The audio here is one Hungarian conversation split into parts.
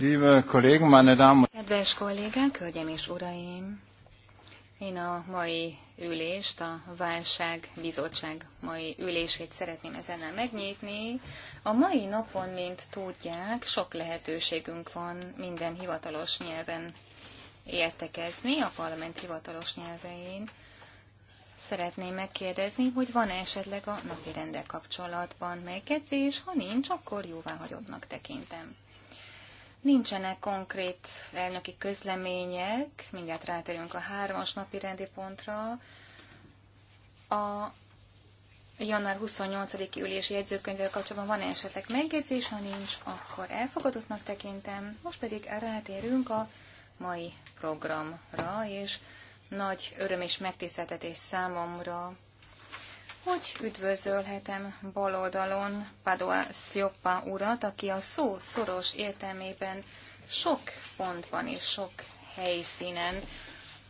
Liebe Kollegen, meine Damen Kedves kollégák, hölgyem és uraim! Én a mai ülést, a válság bizottság mai ülését szeretném ezennel megnyitni. A mai napon, mint tudják, sok lehetőségünk van minden hivatalos nyelven értekezni, a parlament hivatalos nyelvein. Szeretném megkérdezni, hogy van -e esetleg a napi rendel kapcsolatban megjegyzés, ha nincs, akkor jóváhagyottnak tekintem. Nincsenek konkrét elnöki közlemények, mindjárt rátérünk a hármas napi rendi pontra. A január 28-i ülési jegyzőkönyvvel kapcsolatban van -e esetleg megjegyzés, ha nincs, akkor elfogadottnak tekintem. Most pedig rátérünk a mai programra, és nagy öröm és megtiszteltetés számomra, hogy üdvözölhetem baloldalon Padua Szioppa urat, aki a szó szoros értelmében sok pontban és sok helyszínen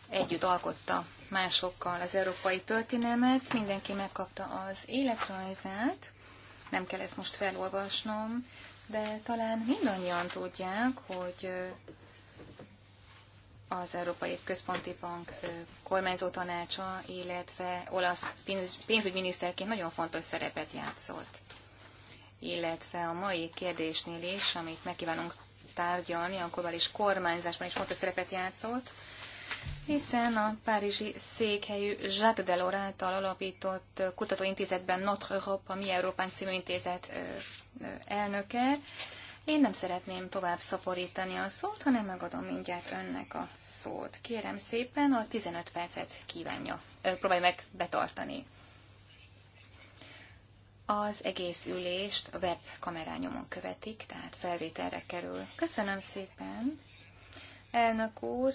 együtt alkotta másokkal az európai történelmet. Mindenki megkapta az életrajzát, nem kell ezt most felolvasnom, de talán mindannyian tudják, hogy az Európai Központi Bank kormányzó tanácsa, illetve olasz pénzügyminiszterként nagyon fontos szerepet játszott. Illetve a mai kérdésnél is, amit megkívánunk tárgyalni, a globális kormányzásban is fontos szerepet játszott, hiszen a párizsi székhelyű Jacques Delors által alapított kutatóintézetben Notre Europe, a Mi Európán című intézet elnöke, én nem szeretném tovább szaporítani a szót, hanem megadom mindjárt önnek a szót. Kérem szépen, a 15 percet kívánja. Próbálj meg betartani. Az egész ülést a web kamerányomon követik, tehát felvételre kerül. Köszönöm szépen, elnök úr.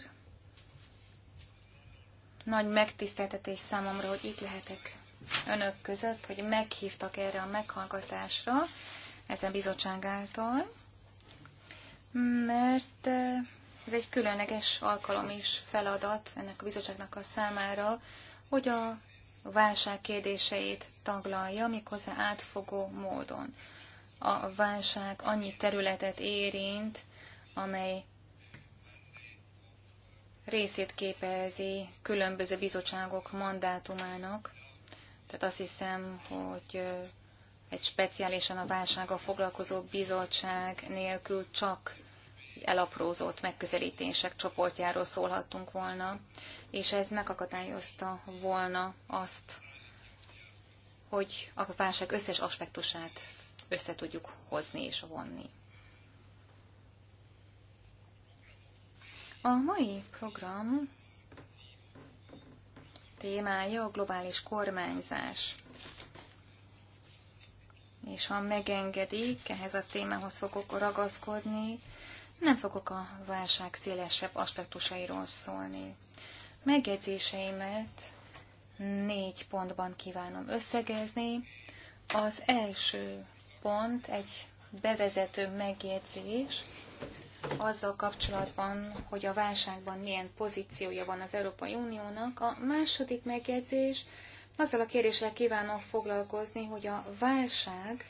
Nagy megtiszteltetés számomra, hogy itt lehetek önök között, hogy meghívtak erre a meghallgatásra ezen bizottság által mert eh, ez egy különleges alkalom és feladat ennek a bizottságnak a számára, hogy a válság kérdéseit taglalja, méghozzá átfogó módon. A válság annyi területet érint, amely részét képezi különböző bizottságok mandátumának. Tehát azt hiszem, hogy eh, egy speciálisan a válsággal foglalkozó bizottság nélkül csak elaprózott megközelítések csoportjáról szólhattunk volna, és ez megakadályozta volna azt, hogy a válság összes aspektusát össze tudjuk hozni és vonni. A mai program témája a globális kormányzás. És ha megengedik, ehhez a témához fogok ragaszkodni, nem fogok a válság szélesebb aspektusairól szólni. Megjegyzéseimet négy pontban kívánom összegezni. Az első pont egy bevezető megjegyzés azzal kapcsolatban, hogy a válságban milyen pozíciója van az Európai Uniónak. A második megjegyzés azzal a kérdéssel kívánom foglalkozni, hogy a válság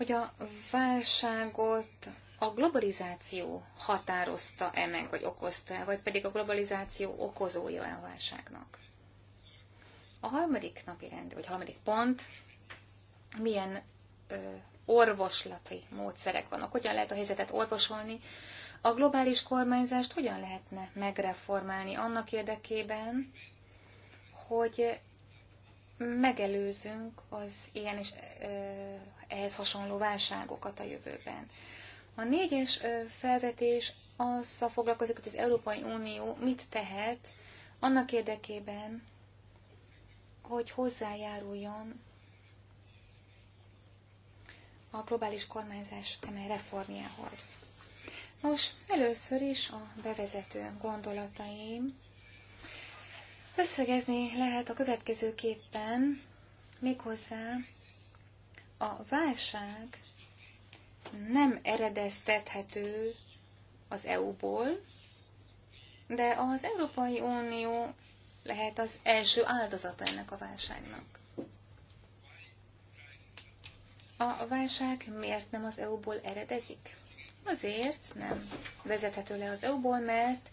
hogy a válságot a globalizáció határozta-e meg, vagy okozta-e, vagy pedig a globalizáció okozója-e a válságnak. A harmadik napi rend, vagy harmadik pont, milyen ö, orvoslati módszerek vannak, hogyan lehet a helyzetet orvosolni, a globális kormányzást hogyan lehetne megreformálni annak érdekében, hogy megelőzünk az ilyen és ehhez hasonló válságokat a jövőben. A négyes felvetés azzal foglalkozik, hogy az Európai Unió mit tehet annak érdekében, hogy hozzájáruljon a globális kormányzás reformjához. Nos, először is a bevezető gondolataim Összegezni lehet a következőképpen, méghozzá a válság nem eredeztethető az EU-ból, de az Európai Unió lehet az első áldozata ennek a válságnak. A válság miért nem az EU-ból eredezik? Azért nem vezethető le az EU-ból, mert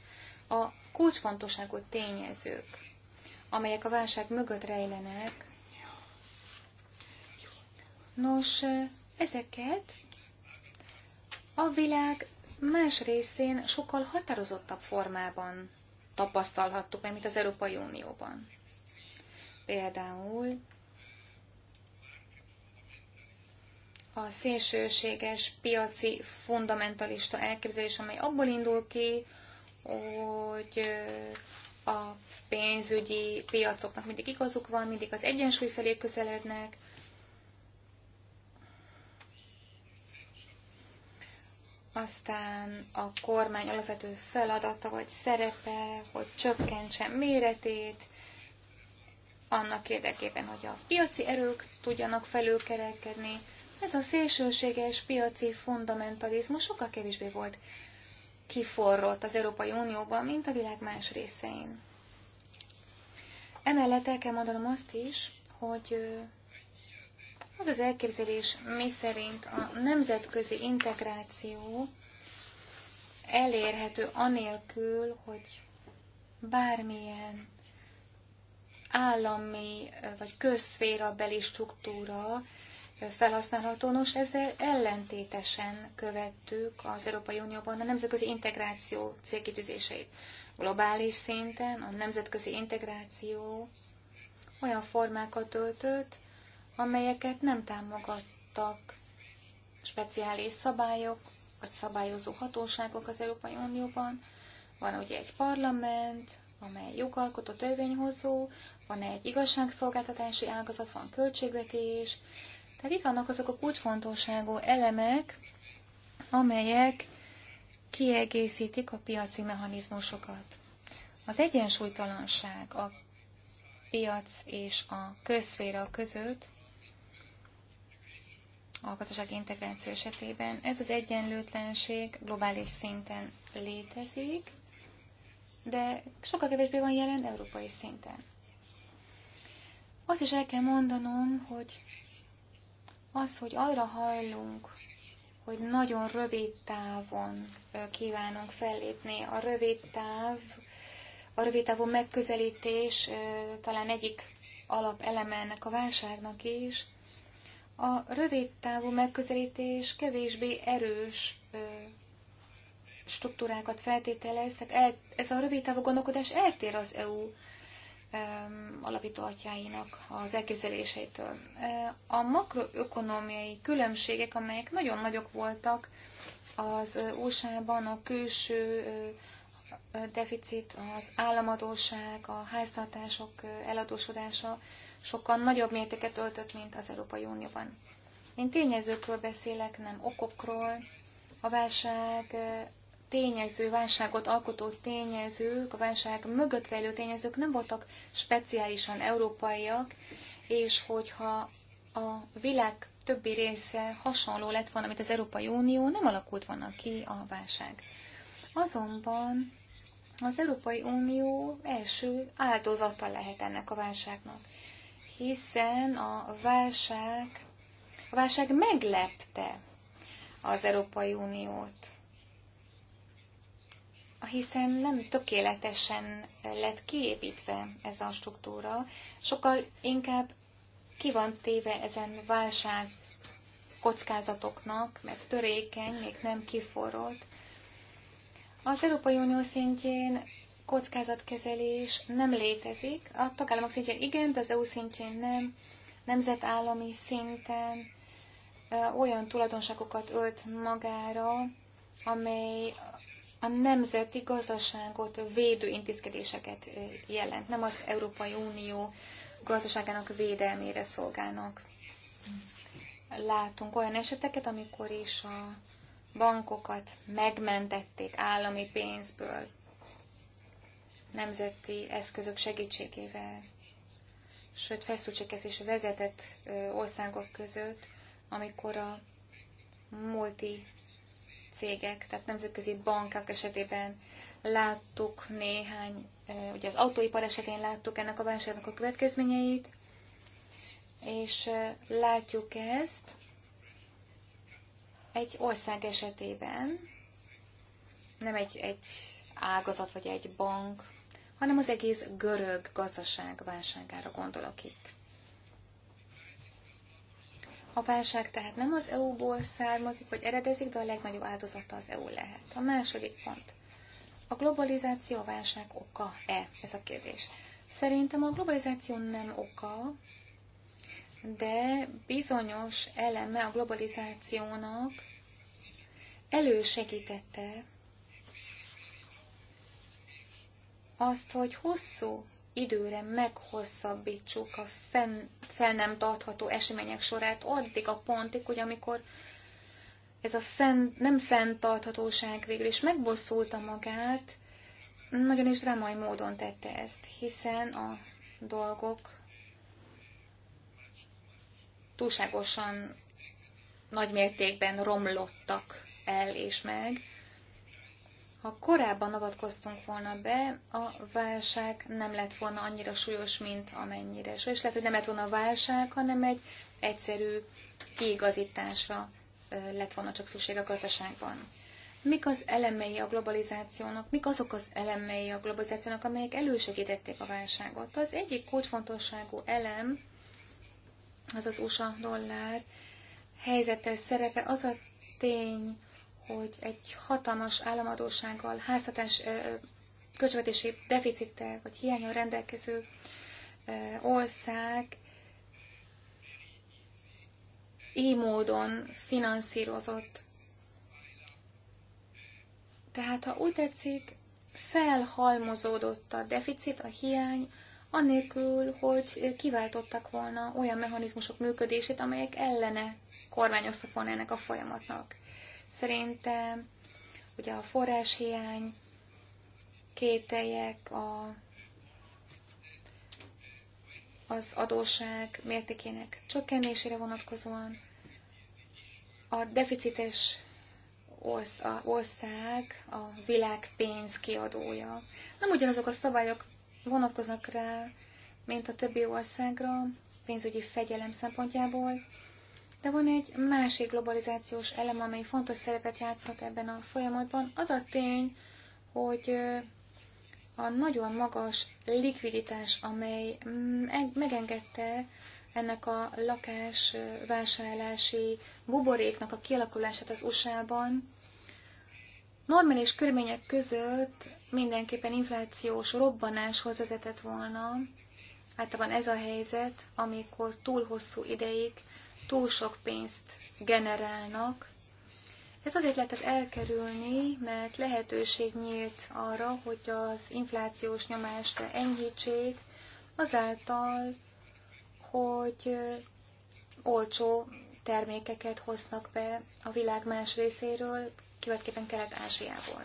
a kulcsfontosságú tényezők amelyek a válság mögött rejlenek. Nos, ezeket a világ más részén sokkal határozottabb formában tapasztalhattuk meg, mint az Európai Unióban. Például a szélsőséges piaci fundamentalista elképzelés, amely abból indul ki, hogy a pénzügyi piacoknak mindig igazuk van, mindig az egyensúly felé közelednek. Aztán a kormány alapvető feladata vagy szerepe, hogy csökkentse méretét, annak érdekében, hogy a piaci erők tudjanak felülkerekedni. Ez a szélsőséges piaci fundamentalizmus sokkal kevésbé volt kiforrott az Európai Unióban, mint a világ más részein. Emellett el kell mondanom azt is, hogy az az elképzelés, mi szerint a nemzetközi integráció elérhető anélkül, hogy bármilyen állami vagy közszférabeli struktúra felhasználható. Nos, ezzel ellentétesen követtük az Európai Unióban a nemzetközi integráció célkitűzéseit. Globális szinten a nemzetközi integráció olyan formákat öltött, amelyeket nem támogattak speciális szabályok, vagy szabályozó hatóságok az Európai Unióban. Van ugye egy parlament, amely jogalkotó törvényhozó, van egy igazságszolgáltatási ágazat, van költségvetés, tehát itt vannak azok a kulcsfontosságú elemek, amelyek kiegészítik a piaci mechanizmusokat. Az egyensúlytalanság a piac és a közszféra között a gazdasági integráció esetében. Ez az egyenlőtlenség globális szinten létezik, de sokkal kevésbé van jelen európai szinten. Azt is el kell mondanom, hogy az, hogy arra hajlunk, hogy nagyon rövid távon kívánunk fellépni. A rövid táv, a rövid távú megközelítés talán egyik eleme ennek a válságnak is. A rövid távú megközelítés kevésbé erős struktúrákat feltételez, tehát ez a rövid távú gondolkodás eltér az EU alapító atyáinak az elképzeléseitől. A makroökonomiai különbségek, amelyek nagyon nagyok voltak az USA-ban, a külső deficit, az államadóság, a háztartások eladósodása sokkal nagyobb mértéket öltött, mint az Európai Unióban. Én tényezőkről beszélek, nem okokról. A válság tényező, válságot alkotó tényezők, a válság mögött rejlő tényezők nem voltak speciálisan európaiak, és hogyha a világ többi része hasonló lett volna, mint az Európai Unió, nem alakult volna ki a válság. Azonban az Európai Unió első áldozata lehet ennek a válságnak, hiszen a válság, a válság meglepte az Európai Uniót hiszen nem tökéletesen lett kiépítve ez a struktúra, sokkal inkább ki van téve ezen válság kockázatoknak, mert törékeny, még nem kiforrott. Az Európai Unió szintjén kockázatkezelés nem létezik, a tagállamok szintjén igen, de az EU szintjén nem, nemzetállami szinten olyan tulajdonságokat ölt magára, amely a nemzeti gazdaságot védő intézkedéseket jelent, nem az Európai Unió gazdaságának védelmére szolgálnak. Látunk olyan eseteket, amikor is a bankokat megmentették állami pénzből, nemzeti eszközök segítségével, sőt feszültséghez is vezetett országok között, amikor a multi cégek, tehát nemzetközi bankák esetében láttuk néhány, ugye az autóipar esetén láttuk ennek a válságnak a következményeit, és látjuk ezt egy ország esetében, nem egy, egy ágazat vagy egy bank, hanem az egész görög gazdaság válságára gondolok itt. A válság tehát nem az EU-ból származik, vagy eredezik, de a legnagyobb áldozata az EU lehet. A második pont. A globalizáció a válság oka-e? Ez a kérdés. Szerintem a globalizáció nem oka, de bizonyos eleme a globalizációnak elősegítette azt, hogy hosszú időre meghosszabbítsuk a fenn, fel nem tartható események sorát addig a pontig, hogy amikor ez a fenn, nem fenntarthatóság végül is megbosszulta magát, nagyon is drámai módon tette ezt, hiszen a dolgok túlságosan nagy mértékben romlottak el és meg. Ha korábban avatkoztunk volna be, a válság nem lett volna annyira súlyos, mint amennyire És Lehet, hogy nem lett volna a válság, hanem egy egyszerű kiigazításra lett volna csak szükség a gazdaságban. Mik az elemei a globalizációnak, mik azok az elemei a globalizációnak, amelyek elősegítették a válságot? Az egyik kulcsfontosságú elem, az az USA dollár helyzetes szerepe az a tény, hogy egy hatalmas államadósággal, házhatás költségvetési deficittel vagy hiányon rendelkező ország így módon finanszírozott. Tehát, ha úgy tetszik, felhalmozódott a deficit, a hiány, anélkül, hogy kiváltottak volna olyan mechanizmusok működését, amelyek ellene kormányoztak volna ennek a folyamatnak. Szerintem ugye a forráshiány, kételjek, a, az adóság mértékének csökkenésére vonatkozóan, a deficites ország a világ pénz kiadója. Nem ugyanazok a szabályok vonatkoznak rá, mint a többi országra, pénzügyi fegyelem szempontjából. De van egy másik globalizációs elem, amely fontos szerepet játszhat ebben a folyamatban. Az a tény, hogy a nagyon magas likviditás, amely mm, megengedte ennek a lakásvásárlási buboréknak a kialakulását az USA-ban, normális körülmények között mindenképpen inflációs robbanáshoz vezetett volna. Általában ez a helyzet, amikor túl hosszú ideig túl sok pénzt generálnak. Ez azért lehetett elkerülni, mert lehetőség nyílt arra, hogy az inflációs nyomást enyhítsék, azáltal, hogy olcsó termékeket hoznak be a világ más részéről, kivetképpen Kelet-Ázsiából.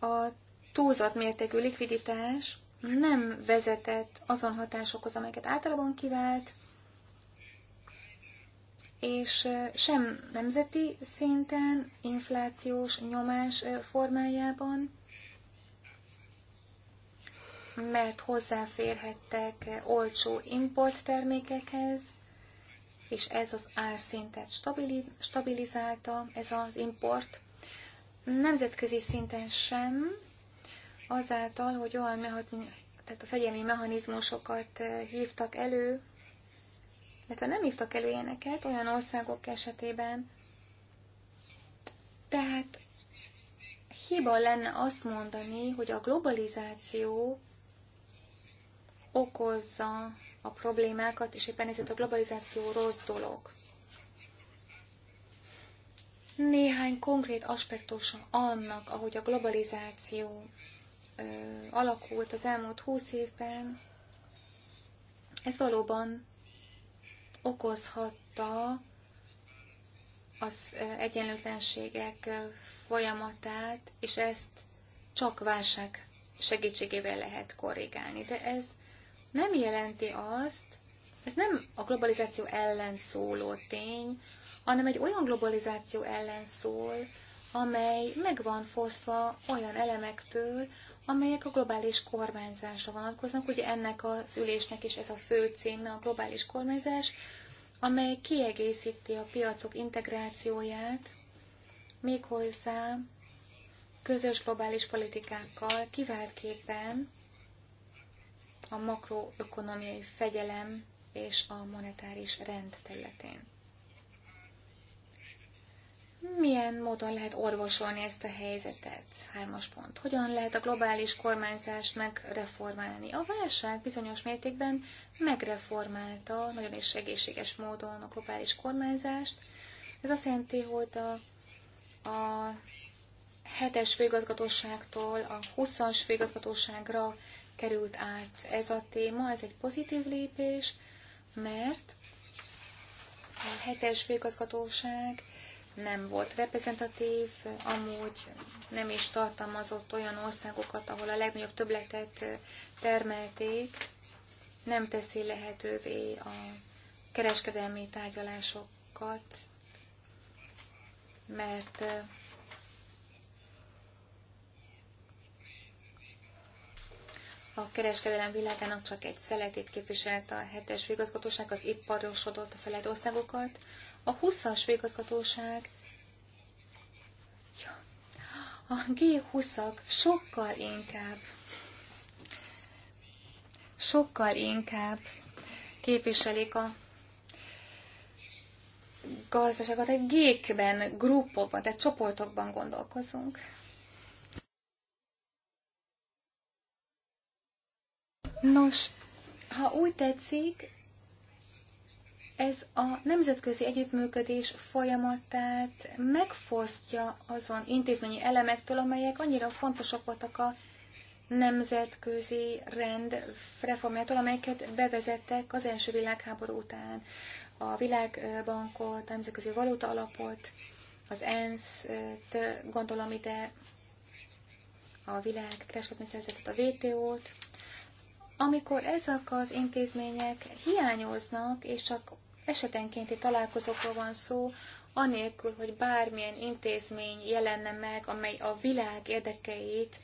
A túlzott mértékű likviditás nem vezetett azon hatásokhoz, amelyeket általában kivált, és sem nemzeti szinten, inflációs nyomás formájában, mert hozzáférhettek olcsó importtermékekhez, és ez az árszintet stabilizálta, ez az import. Nemzetközi szinten sem, azáltal, hogy olyan mechanizmus, tehát a fegyelmi mechanizmusokat hívtak elő, illetve nem írtak elő ilyeneket olyan országok esetében. Tehát hiba lenne azt mondani, hogy a globalizáció okozza a problémákat, és éppen ezért a globalizáció rossz dolog. Néhány konkrét aspektusa annak, ahogy a globalizáció ö, alakult az elmúlt húsz évben, ez valóban okozhatta az egyenlőtlenségek folyamatát, és ezt csak válság segítségével lehet korrigálni. De ez nem jelenti azt, ez nem a globalizáció ellen szóló tény, hanem egy olyan globalizáció ellen szól, amely meg van fosztva olyan elemektől, amelyek a globális kormányzásra vonatkoznak. Ugye ennek az ülésnek is ez a fő címe, a globális kormányzás, amely kiegészíti a piacok integrációját, méghozzá közös globális politikákkal, kiváltképpen a makroökonomiai fegyelem és a monetáris rend területén. Milyen módon lehet orvosolni ezt a helyzetet? Hármas pont. Hogyan lehet a globális kormányzást megreformálni? A válság bizonyos mértékben megreformálta nagyon is egészséges módon a globális kormányzást. Ez azt jelenti, hogy a, a hetes főigazgatóságtól a 20-as főigazgatóságra került át ez a téma. Ez egy pozitív lépés, mert a hetes főigazgatóság nem volt reprezentatív, amúgy nem is tartalmazott olyan országokat, ahol a legnagyobb töbletet eh, termelték, nem teszi lehetővé a kereskedelmi tárgyalásokat, mert eh, a kereskedelem világának csak egy szeletét képviselte a hetes főigazgatóság, az iparosodott a felett országokat, a 20-as végazgatóság, a G20-ak sokkal inkább, sokkal inkább képviselik a gazdaságot, egy gékben, grupokban, tehát csoportokban gondolkozunk. Nos, ha úgy tetszik, ez a nemzetközi együttműködés folyamatát megfosztja azon intézményi elemektől, amelyek annyira fontosak voltak a nemzetközi rend reformjától, amelyeket bevezettek az első világháború után. A Világbankot, a Nemzetközi Valuta Alapot, az ENSZ-t, gondolom ide a világ kereskedelmi szerzetet, a WTO-t, amikor ezek az intézmények hiányoznak, és csak esetenkénti találkozókról van szó, anélkül, hogy bármilyen intézmény jelenne meg, amely a világ érdekeit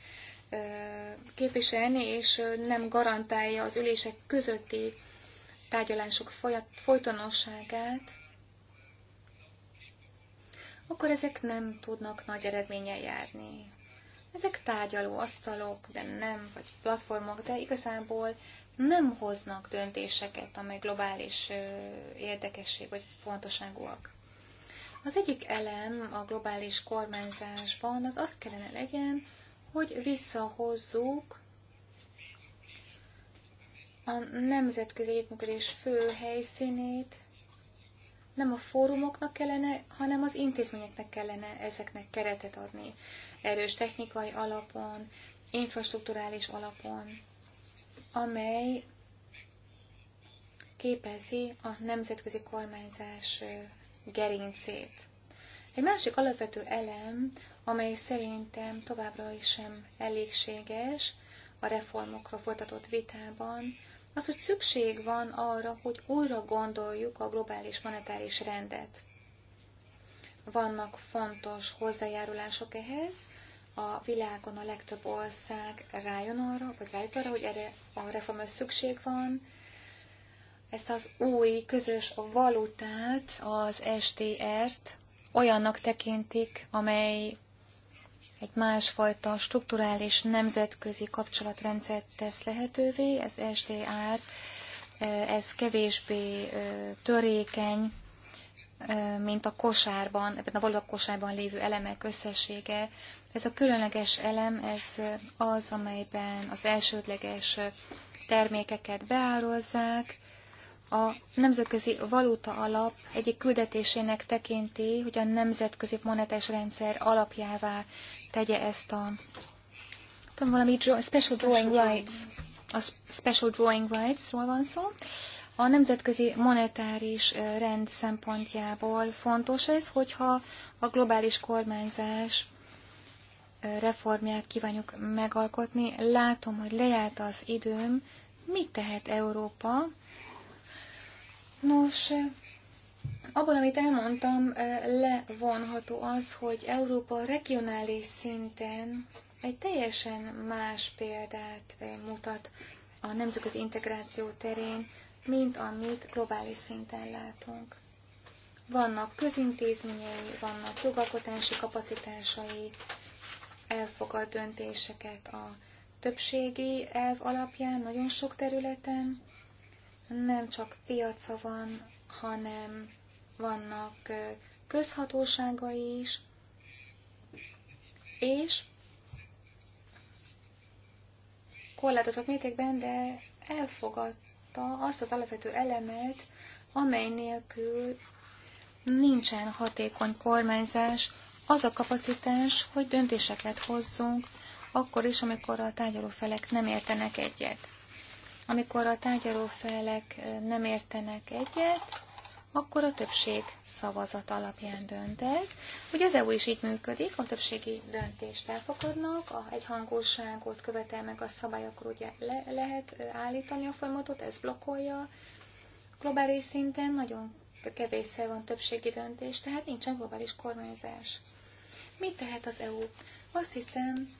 képviselni, és nem garantálja az ülések közötti tárgyalások folytonosságát, akkor ezek nem tudnak nagy eredménnyel járni. Ezek tárgyaló asztalok, de nem, vagy platformok, de igazából nem hoznak döntéseket, amely globális érdekesség vagy fontosságúak. Az egyik elem a globális kormányzásban az azt kellene legyen, hogy visszahozzuk a nemzetközi együttműködés fő helyszínét nem a fórumoknak kellene, hanem az intézményeknek kellene ezeknek keretet adni. Erős technikai alapon, infrastruktúrális alapon, amely képezi a nemzetközi kormányzás gerincét. Egy másik alapvető elem, amely szerintem továbbra is sem elégséges a reformokra folytatott vitában, az, hogy szükség van arra, hogy újra gondoljuk a globális monetáris rendet. Vannak fontos hozzájárulások ehhez, a világon a legtöbb ország rájön arra, vagy rájött arra, hogy erre a reformra szükség van, ezt az új közös valutát, az STR-t olyannak tekintik, amely egy másfajta strukturális nemzetközi kapcsolatrendszert tesz lehetővé, ez SDR, ez kevésbé törékeny, mint a kosárban, ebben a valóban kosárban lévő elemek összessége. Ez a különleges elem, ez az, amelyben az elsődleges termékeket beározzák, a nemzetközi valuta alap egyik küldetésének tekinti, hogy a nemzetközi monetáris rendszer alapjává tegye ezt a tudom, valami draw, special drawing rights. A special drawing rights-ról van szó. A nemzetközi monetáris rend szempontjából fontos ez, hogyha a globális kormányzás reformját kívánjuk megalkotni. Látom, hogy lejárt az időm. Mit tehet Európa? Nos, abban, amit elmondtam, levonható az, hogy Európa regionális szinten egy teljesen más példát mutat a nemzetközi integráció terén, mint amit globális szinten látunk. Vannak közintézményei, vannak jogalkotási kapacitásai, elfogad döntéseket a többségi elv alapján nagyon sok területen, nem csak piaca van hanem vannak közhatóságai is, és korlátozott mértékben, de elfogadta azt az alapvető elemet, amely nélkül nincsen hatékony kormányzás, az a kapacitás, hogy döntéseket hozzunk, akkor is, amikor a tárgyaló felek nem értenek egyet. Amikor a tárgyalófelek nem értenek egyet, akkor a többség szavazat alapján dönt ez. Ugye az EU is így működik, a többségi döntést elfogadnak, a egyhangúságot követel meg a szabály, akkor ugye le- lehet állítani a folyamatot, ez blokkolja. Globális szinten nagyon kevésszer van többségi döntés, tehát nincsen globális kormányzás. Mit tehet az EU? Azt hiszem,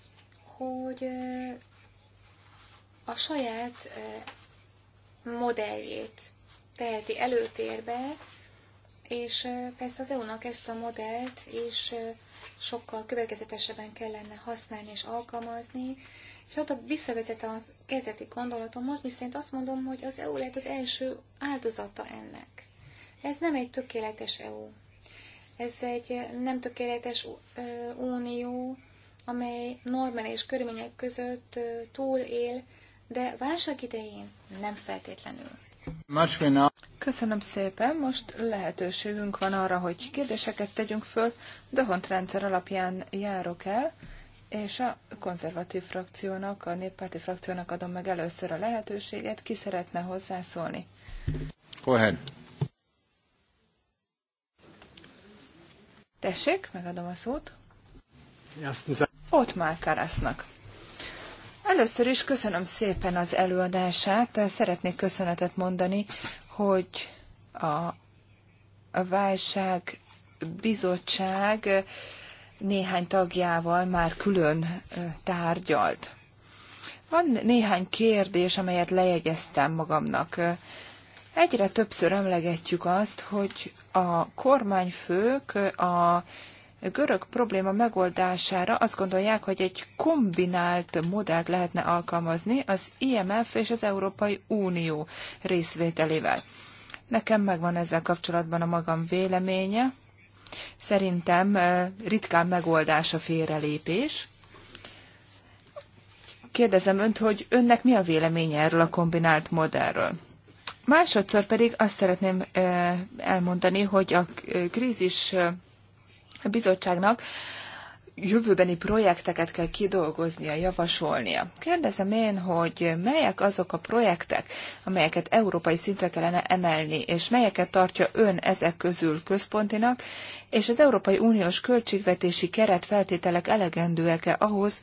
hogy a saját modelljét teheti előtérbe, és persze az EU-nak ezt a modellt is sokkal következetesebben kellene használni és alkalmazni, és ott visszavezet az kezdeti gondolatomhoz, miszerint azt mondom, hogy az EU lehet az első áldozata ennek. Ez nem egy tökéletes EU. Ez egy nem tökéletes unió, amely normális körülmények között túlél de válság idején nem feltétlenül. Köszönöm szépen, most lehetőségünk van arra, hogy kérdéseket tegyünk föl, Dohont rendszer alapján járok el, és a konzervatív frakciónak, a néppárti frakciónak adom meg először a lehetőséget, ki szeretne hozzászólni. Go ahead. Tessék, megadom a szót. Ott már Karasznak. Először is köszönöm szépen az előadását. Szeretnék köszönetet mondani, hogy a, a válság bizottság néhány tagjával már külön tárgyalt. Van néhány kérdés, amelyet lejegyeztem magamnak. Egyre többször emlegetjük azt, hogy a kormányfők a görög probléma megoldására azt gondolják, hogy egy kombinált modellt lehetne alkalmazni az IMF és az Európai Unió részvételével. Nekem megvan ezzel kapcsolatban a magam véleménye. Szerintem ritkán megoldás a félrelépés. Kérdezem önt, hogy önnek mi a véleménye erről a kombinált modellről? Másodszor pedig azt szeretném elmondani, hogy a krízis a bizottságnak jövőbeni projekteket kell kidolgoznia, javasolnia. Kérdezem én, hogy melyek azok a projektek, amelyeket európai szintre kellene emelni, és melyeket tartja ön ezek közül központinak, és az Európai Uniós költségvetési keret feltételek elegendőek-e ahhoz,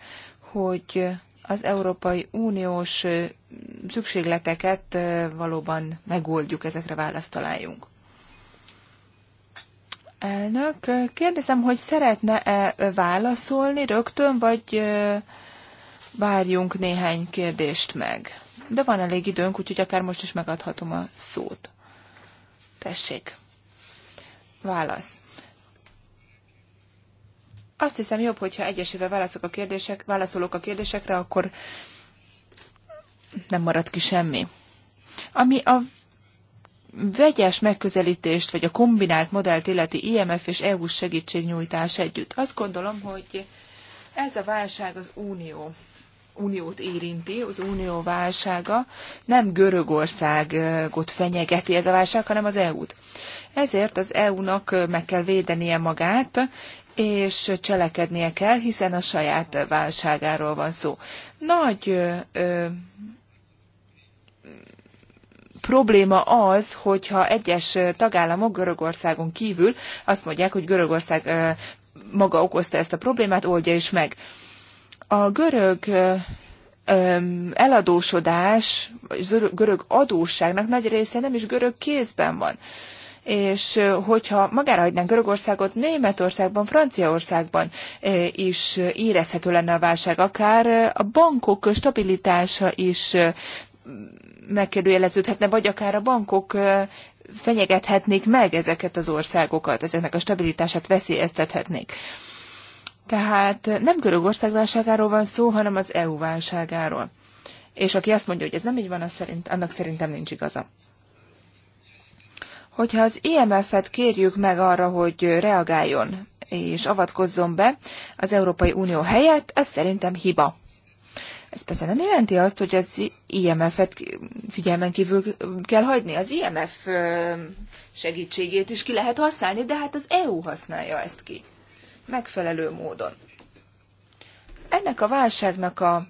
hogy az Európai Uniós szükségleteket valóban megoldjuk, ezekre választ találjunk elnök. Kérdezem, hogy szeretne-e válaszolni rögtön, vagy várjunk néhány kérdést meg. De van elég időnk, úgyhogy akár most is megadhatom a szót. Tessék. Válasz. Azt hiszem jobb, hogyha egyesével válaszok a kérdések, válaszolok a kérdésekre, akkor nem marad ki semmi. Ami a vegyes megközelítést, vagy a kombinált modellt illeti IMF és EU segítségnyújtás együtt. Azt gondolom, hogy ez a válság az unió uniót érinti, az unió válsága nem Görögországot fenyegeti ez a válság, hanem az EU-t. Ezért az EU-nak meg kell védenie magát, és cselekednie kell, hiszen a saját válságáról van szó. Nagy ö, probléma az, hogyha egyes tagállamok Görögországon kívül azt mondják, hogy Görögország maga okozta ezt a problémát, oldja is meg. A görög eladósodás, vagy görög adósságnak nagy része nem is görög kézben van és hogyha magára hagynánk Görögországot, Németországban, Franciaországban is érezhető lenne a válság, akár a bankok stabilitása is megkérdőjeleződhetne, vagy akár a bankok fenyegethetnék meg ezeket az országokat, ezeknek a stabilitását veszélyeztethetnék. Tehát nem Görögország válságáról van szó, hanem az EU válságáról. És aki azt mondja, hogy ez nem így van, az szerint, annak szerintem nincs igaza. Hogyha az IMF-et kérjük meg arra, hogy reagáljon és avatkozzon be az Európai Unió helyett, ez szerintem hiba. Ez persze nem jelenti azt, hogy az IMF-et figyelmen kívül kell hagyni. Az IMF segítségét is ki lehet használni, de hát az EU használja ezt ki. Megfelelő módon. Ennek a válságnak a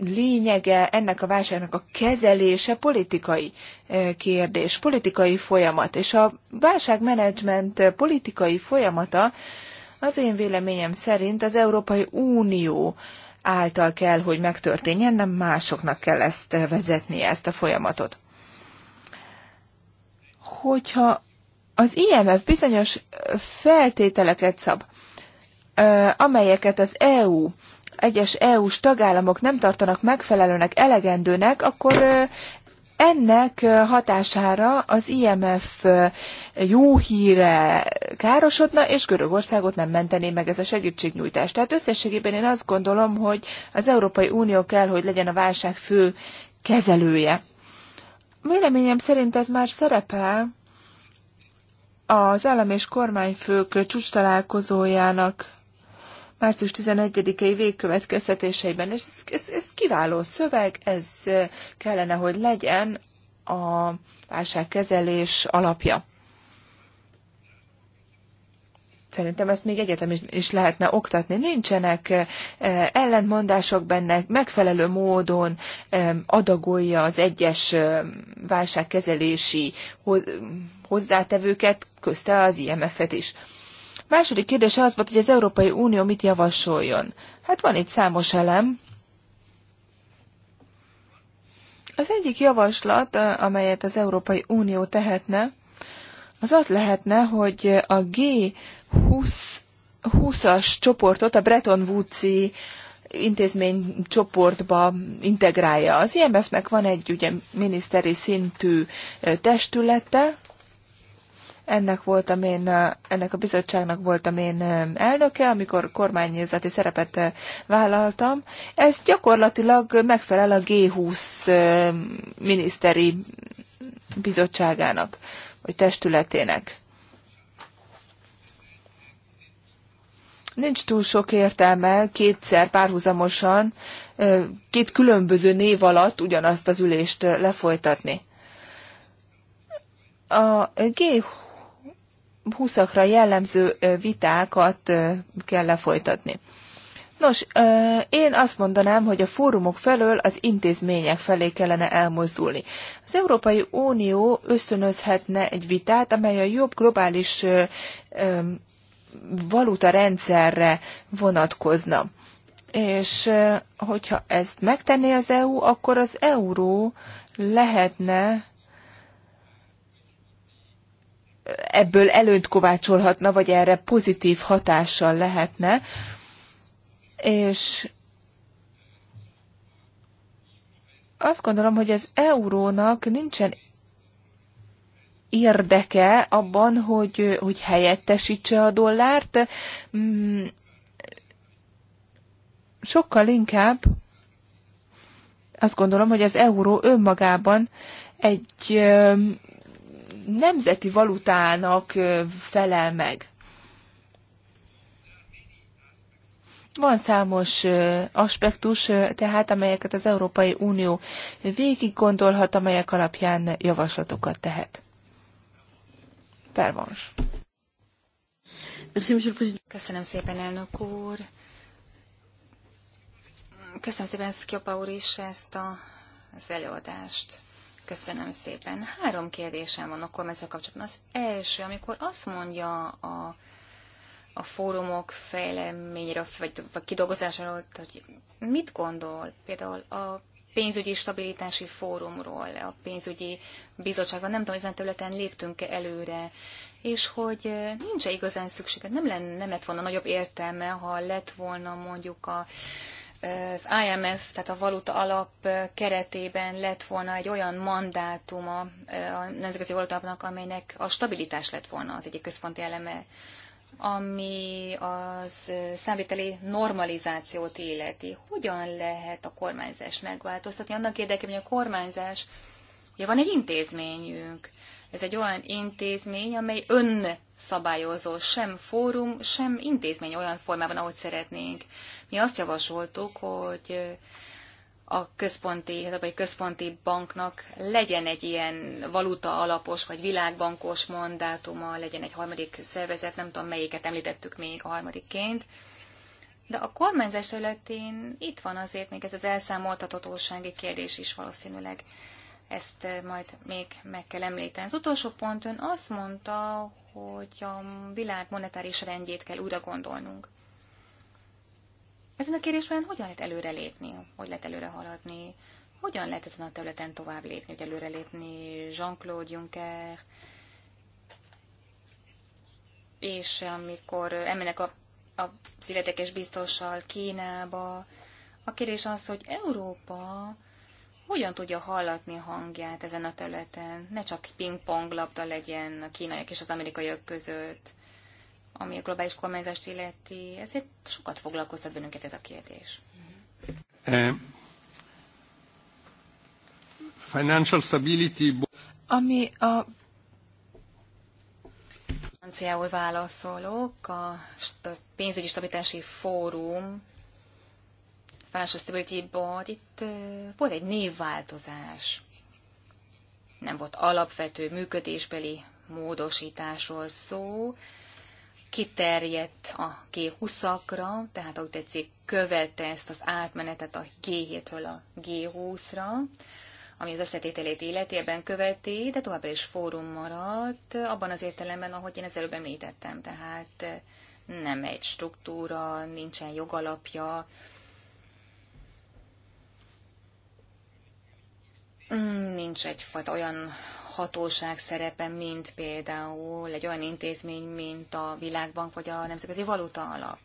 lényege, ennek a válságnak a kezelése politikai kérdés, politikai folyamat. És a válságmenedzsment politikai folyamata az én véleményem szerint az Európai Unió által kell, hogy megtörténjen, nem másoknak kell ezt vezetni, ezt a folyamatot. Hogyha az IMF bizonyos feltételeket szab, amelyeket az EU, egyes EU-s tagállamok nem tartanak megfelelőnek, elegendőnek, akkor ennek hatására az IMF jó híre károsodna, és Görögországot nem mentené meg ez a segítségnyújtás. Tehát összességében én azt gondolom, hogy az Európai Unió kell, hogy legyen a válság fő kezelője. Véleményem szerint ez már szerepel az állam és kormányfők csúcs találkozójának március 11-i végkövetkeztetéseiben. Ez, ez, ez kiváló szöveg, ez kellene, hogy legyen a válságkezelés alapja. Szerintem ezt még egyetem is, is lehetne oktatni. Nincsenek ellentmondások benne, megfelelő módon adagolja az egyes válságkezelési hozzátevőket, közte az IMF-et is. Második kérdése az volt, hogy az Európai Unió mit javasoljon. Hát van itt számos elem. Az egyik javaslat, eh, amelyet az Európai Unió tehetne, az az lehetne, hogy a G20 20-as csoportot a Bretton Woods-i intézménycsoportba integrálja. Az IMF-nek van egy ugye, miniszteri szintű eh, testülete, ennek, voltam én, ennek a bizottságnak voltam én elnöke, amikor kormányzati szerepet vállaltam. Ez gyakorlatilag megfelel a G20 miniszteri bizottságának, vagy testületének. Nincs túl sok értelme kétszer párhuzamosan, két különböző név alatt ugyanazt az ülést lefolytatni a G20 húszakra jellemző vitákat kell lefolytatni. Nos, én azt mondanám, hogy a fórumok felől az intézmények felé kellene elmozdulni. Az Európai Unió ösztönözhetne egy vitát, amely a jobb globális valuta rendszerre vonatkozna. És hogyha ezt megtenné az EU, akkor az euró lehetne ebből előnyt kovácsolhatna, vagy erre pozitív hatással lehetne, és azt gondolom, hogy az eurónak nincsen érdeke abban, hogy, hogy helyettesítse a dollárt, mm, sokkal inkább azt gondolom, hogy az euró önmagában egy nemzeti valutának felel meg. Van számos aspektus, tehát amelyeket az Európai Unió végig gondolhat, amelyek alapján javaslatokat tehet. Pervans. Köszönöm szépen, elnök úr. Köszönöm szépen Szkjopa úr is ezt a, az előadást. Köszönöm szépen. Három kérdésem van a kormányzó kapcsolatban. Az első, amikor azt mondja a, a fórumok fejleményre, vagy, vagy kidolgozásáról, hogy mit gondol például a pénzügyi stabilitási fórumról, a pénzügyi bizottságban, nem tudom, ezen területen léptünk-e előre, és hogy nincs -e igazán szüksége, nem, lenne, nem lett volna nagyobb értelme, ha lett volna mondjuk a az IMF, tehát a valuta alap keretében lett volna egy olyan mandátuma a nemzetközi valutapnak, amelynek a stabilitás lett volna az egyik központi eleme, ami az számviteli normalizációt illeti. Hogyan lehet a kormányzást megváltoztatni? Annak érdekében, hogy a kormányzás, ugye van egy intézményünk, ez egy olyan intézmény, amely önszabályozó, sem fórum, sem intézmény olyan formában, ahogy szeretnénk. Mi azt javasoltuk, hogy a központi, az a Központi Banknak legyen egy ilyen valuta alapos vagy világbankos mandátuma, legyen egy harmadik szervezet, nem tudom melyiket említettük még a harmadikként. De a kormányzás területén itt van azért még ez az elszámoltatatósági kérdés is valószínűleg ezt eh, majd még meg kell említeni. Az utolsó pont ön azt mondta, hogy a világ monetáris rendjét kell újra gondolnunk. Ezen a kérdésben hogyan lehet előrelépni, hogy lehet előre haladni, hogyan lehet ezen a területen tovább lépni, hogy előrelépni Jean-Claude Juncker, és amikor emelnek a, a születekes biztossal Kínába, a kérdés az, hogy Európa hogyan tudja hallatni hangját ezen a területen. Ne csak pingpong labda legyen a kínaiak és az amerikaiak között, ami a globális kormányzást illeti. Ezért sokat foglalkoztat bennünket ez a kérdés. Eh, financial stability... Ami a Franciául válaszolok, a pénzügyi stabilitási fórum Financial Stability Board, itt volt egy névváltozás. Nem volt alapvető működésbeli módosításról szó, kiterjedt a G20-akra, tehát ahogy tetszik, követte ezt az átmenetet a G7-től a G20-ra, ami az összetételét életében követi, de továbbra is fórum maradt, abban az értelemben, ahogy én ezelőbb említettem. Tehát nem egy struktúra, nincsen jogalapja, nincs egyfajta olyan hatóság szerepe, mint például egy olyan intézmény, mint a Világbank vagy a Nemzetközi Valuta Alap.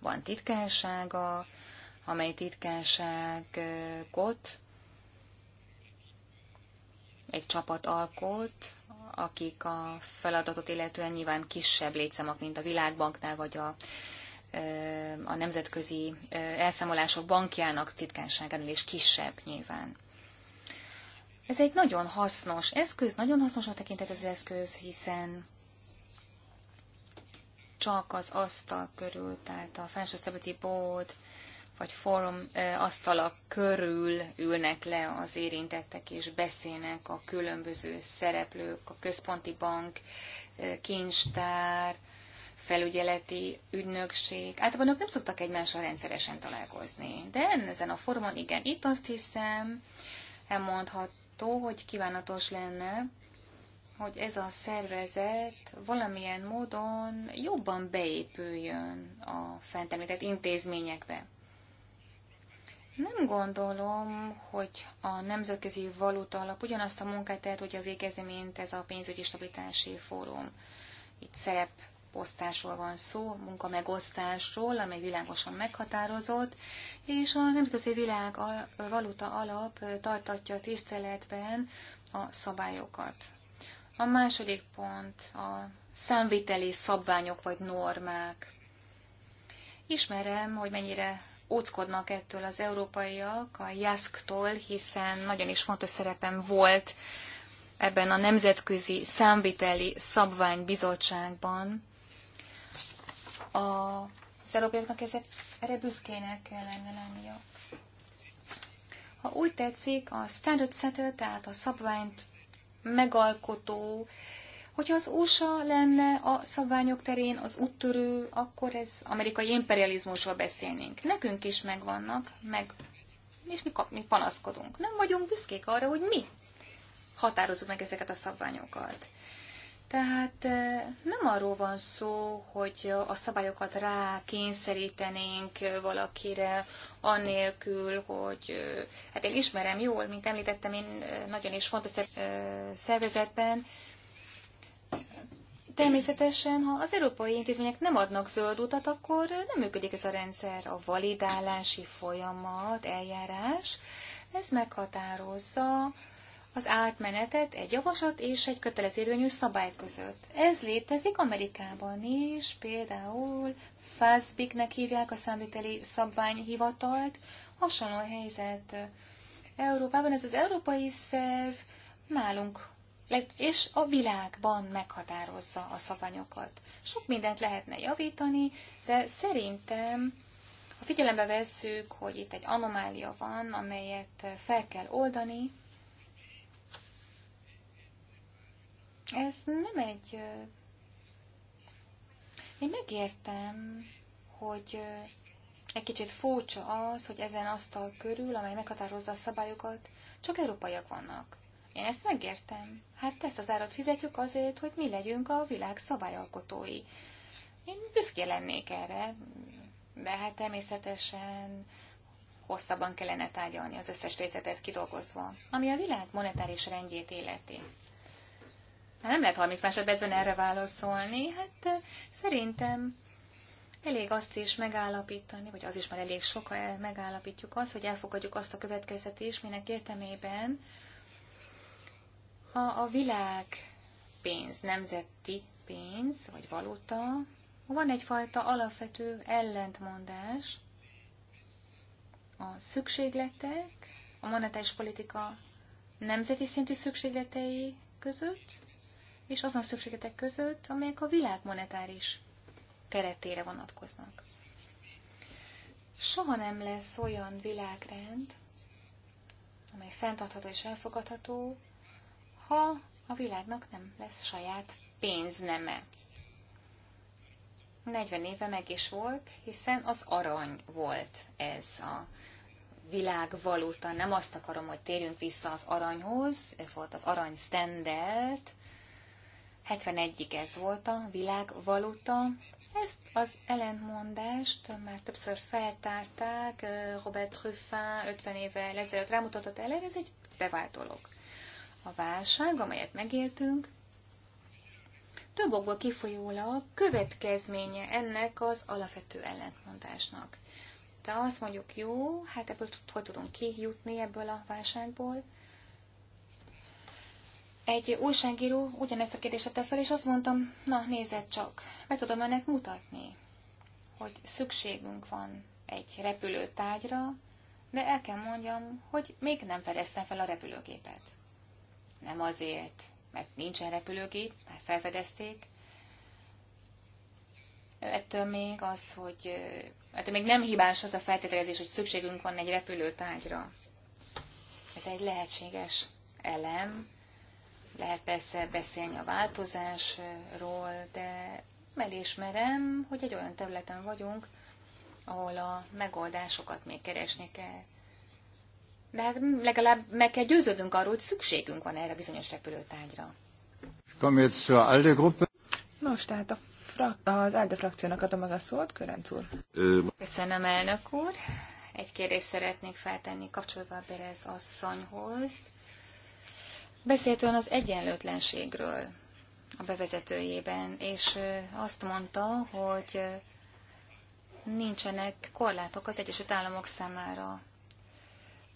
Van titkársága, amely titkárságot egy csapat alkot, akik a feladatot illetően nyilván kisebb létszámok, mint a Világbanknál vagy a, a Nemzetközi Elszámolások Bankjának titkánságánál is kisebb nyilván. Ez egy nagyon hasznos eszköz, nagyon hasznos a tekintet az eszköz, hiszen csak az asztal körül, tehát a Financial Stability Board vagy forum asztala körül ülnek le az érintettek és beszélnek a különböző szereplők, a központi bank, kincstár, felügyeleti ügynökség. Általában ők nem szoktak egymással rendszeresen találkozni, de ezen a fórumon igen. Itt azt hiszem, elmondhat, látható, hogy kívánatos lenne, hogy ez a szervezet valamilyen módon jobban beépüljön a fent említett intézményekbe. Nem gondolom, hogy a Nemzetközi Valuta Alap ugyanazt a munkát el tudja végezni, mint ez a pénzügyi stabilitási fórum. Itt szerep osztásról van szó, munkamegosztásról, amely világosan meghatározott, és a Nemzetközi Világ Valuta Alap tartatja tiszteletben a szabályokat. A második pont a számviteli szabványok vagy normák. Ismerem, hogy mennyire óckodnak ettől az európaiak a JASK-tól, hiszen nagyon is fontos szerepem volt ebben a Nemzetközi Számviteli Szabványbizottságban, a, az európaiaknak ezek, erre büszkének kellene lennie. Ha úgy tetszik, a standard setter, tehát a szabványt megalkotó, hogyha az USA lenne a szabványok terén az úttörő, akkor ez amerikai imperializmusról beszélnénk. Nekünk is megvannak, meg és mi, kap, mi panaszkodunk. Nem vagyunk büszkék arra, hogy mi határozunk meg ezeket a szabványokat. Tehát eh, nem arról van szó, hogy a szabályokat rá kényszerítenénk valakire, annélkül, hogy eh, hát én ismerem jól, mint említettem, én eh, nagyon is fontos szervezetben, Természetesen, ha az európai intézmények nem adnak zöld utat, akkor nem működik ez a rendszer, a validálási folyamat, eljárás. Ez meghatározza az átmenetet egy javaslat és egy kötelezérvényű szabály között. Ez létezik Amerikában is, például FASBIC-nek hívják a számviteli szabványhivatalt, hasonló helyzet Európában. Ez az európai szerv nálunk és a világban meghatározza a szabványokat. Sok mindent lehetne javítani, de szerintem, ha figyelembe vesszük, hogy itt egy anomália van, amelyet fel kell oldani, Ez nem egy... Én megértem, hogy egy kicsit furcsa az, hogy ezen asztal körül, amely meghatározza a szabályokat, csak európaiak vannak. Én ezt megértem. Hát ezt az árat fizetjük azért, hogy mi legyünk a világ szabályalkotói. Én büszké lennék erre, de hát természetesen hosszabban kellene tárgyalni az összes részletet kidolgozva, ami a világ monetáris rendjét életi. Hát nem lehet 30 másodpercben erre válaszolni. Hát szerintem elég azt is megállapítani, vagy az is már elég sok, ha megállapítjuk azt, hogy elfogadjuk azt a következtetést, minek értelmében a, a világ pénz, nemzeti pénz, vagy valuta, van egyfajta alapvető ellentmondás a szükségletek, a monetáris politika nemzeti szintű szükségletei között, és azon szükségetek között, amelyek a világ monetáris keretére vonatkoznak. Soha nem lesz olyan világrend, amely fenntartható és elfogadható, ha a világnak nem lesz saját pénzneme. 40 éve meg is volt, hiszen az arany volt ez a világvaluta. Nem azt akarom, hogy térjünk vissza az aranyhoz, ez volt az arany standard, 71-ig ez volt a világvaluta. Ezt az ellentmondást már többször feltárták, Robert Truffin 50 évvel ezelőtt rámutatott elő, ez egy bevált dolog. A válság, amelyet megéltünk, több okból kifolyólag következménye ennek az alapvető ellentmondásnak. De azt mondjuk, jó, hát ebből hogy tudunk kijutni ebből a válságból? Egy újságíró ugyanezt a kérdést tette fel, és azt mondtam, na nézed csak, meg tudom önnek mutatni, hogy szükségünk van egy repülőtágyra, de el kell mondjam, hogy még nem fedeztem fel a repülőgépet. Nem azért, mert nincsen repülőgép, már felfedezték. Ettől még az, hogy ettől még nem hibás az a feltételezés, hogy szükségünk van egy repülőtágyra. Ez egy lehetséges elem, lehet persze beszélni a változásról, de elismerem, hogy egy olyan területen vagyunk, ahol a megoldásokat még keresni kell. De hát legalább meg kell győződnünk arról, hogy szükségünk van erre a bizonyos repülőtágyra. Nos, tehát a frak- az ALDE frakciónak adom meg a szót, Körenc úr. Köszönöm, elnök úr. Egy kérdést szeretnék feltenni kapcsolva a Berez asszonyhoz. Beszélt ön az egyenlőtlenségről a bevezetőjében, és azt mondta, hogy nincsenek korlátok az Egyesült Államok számára.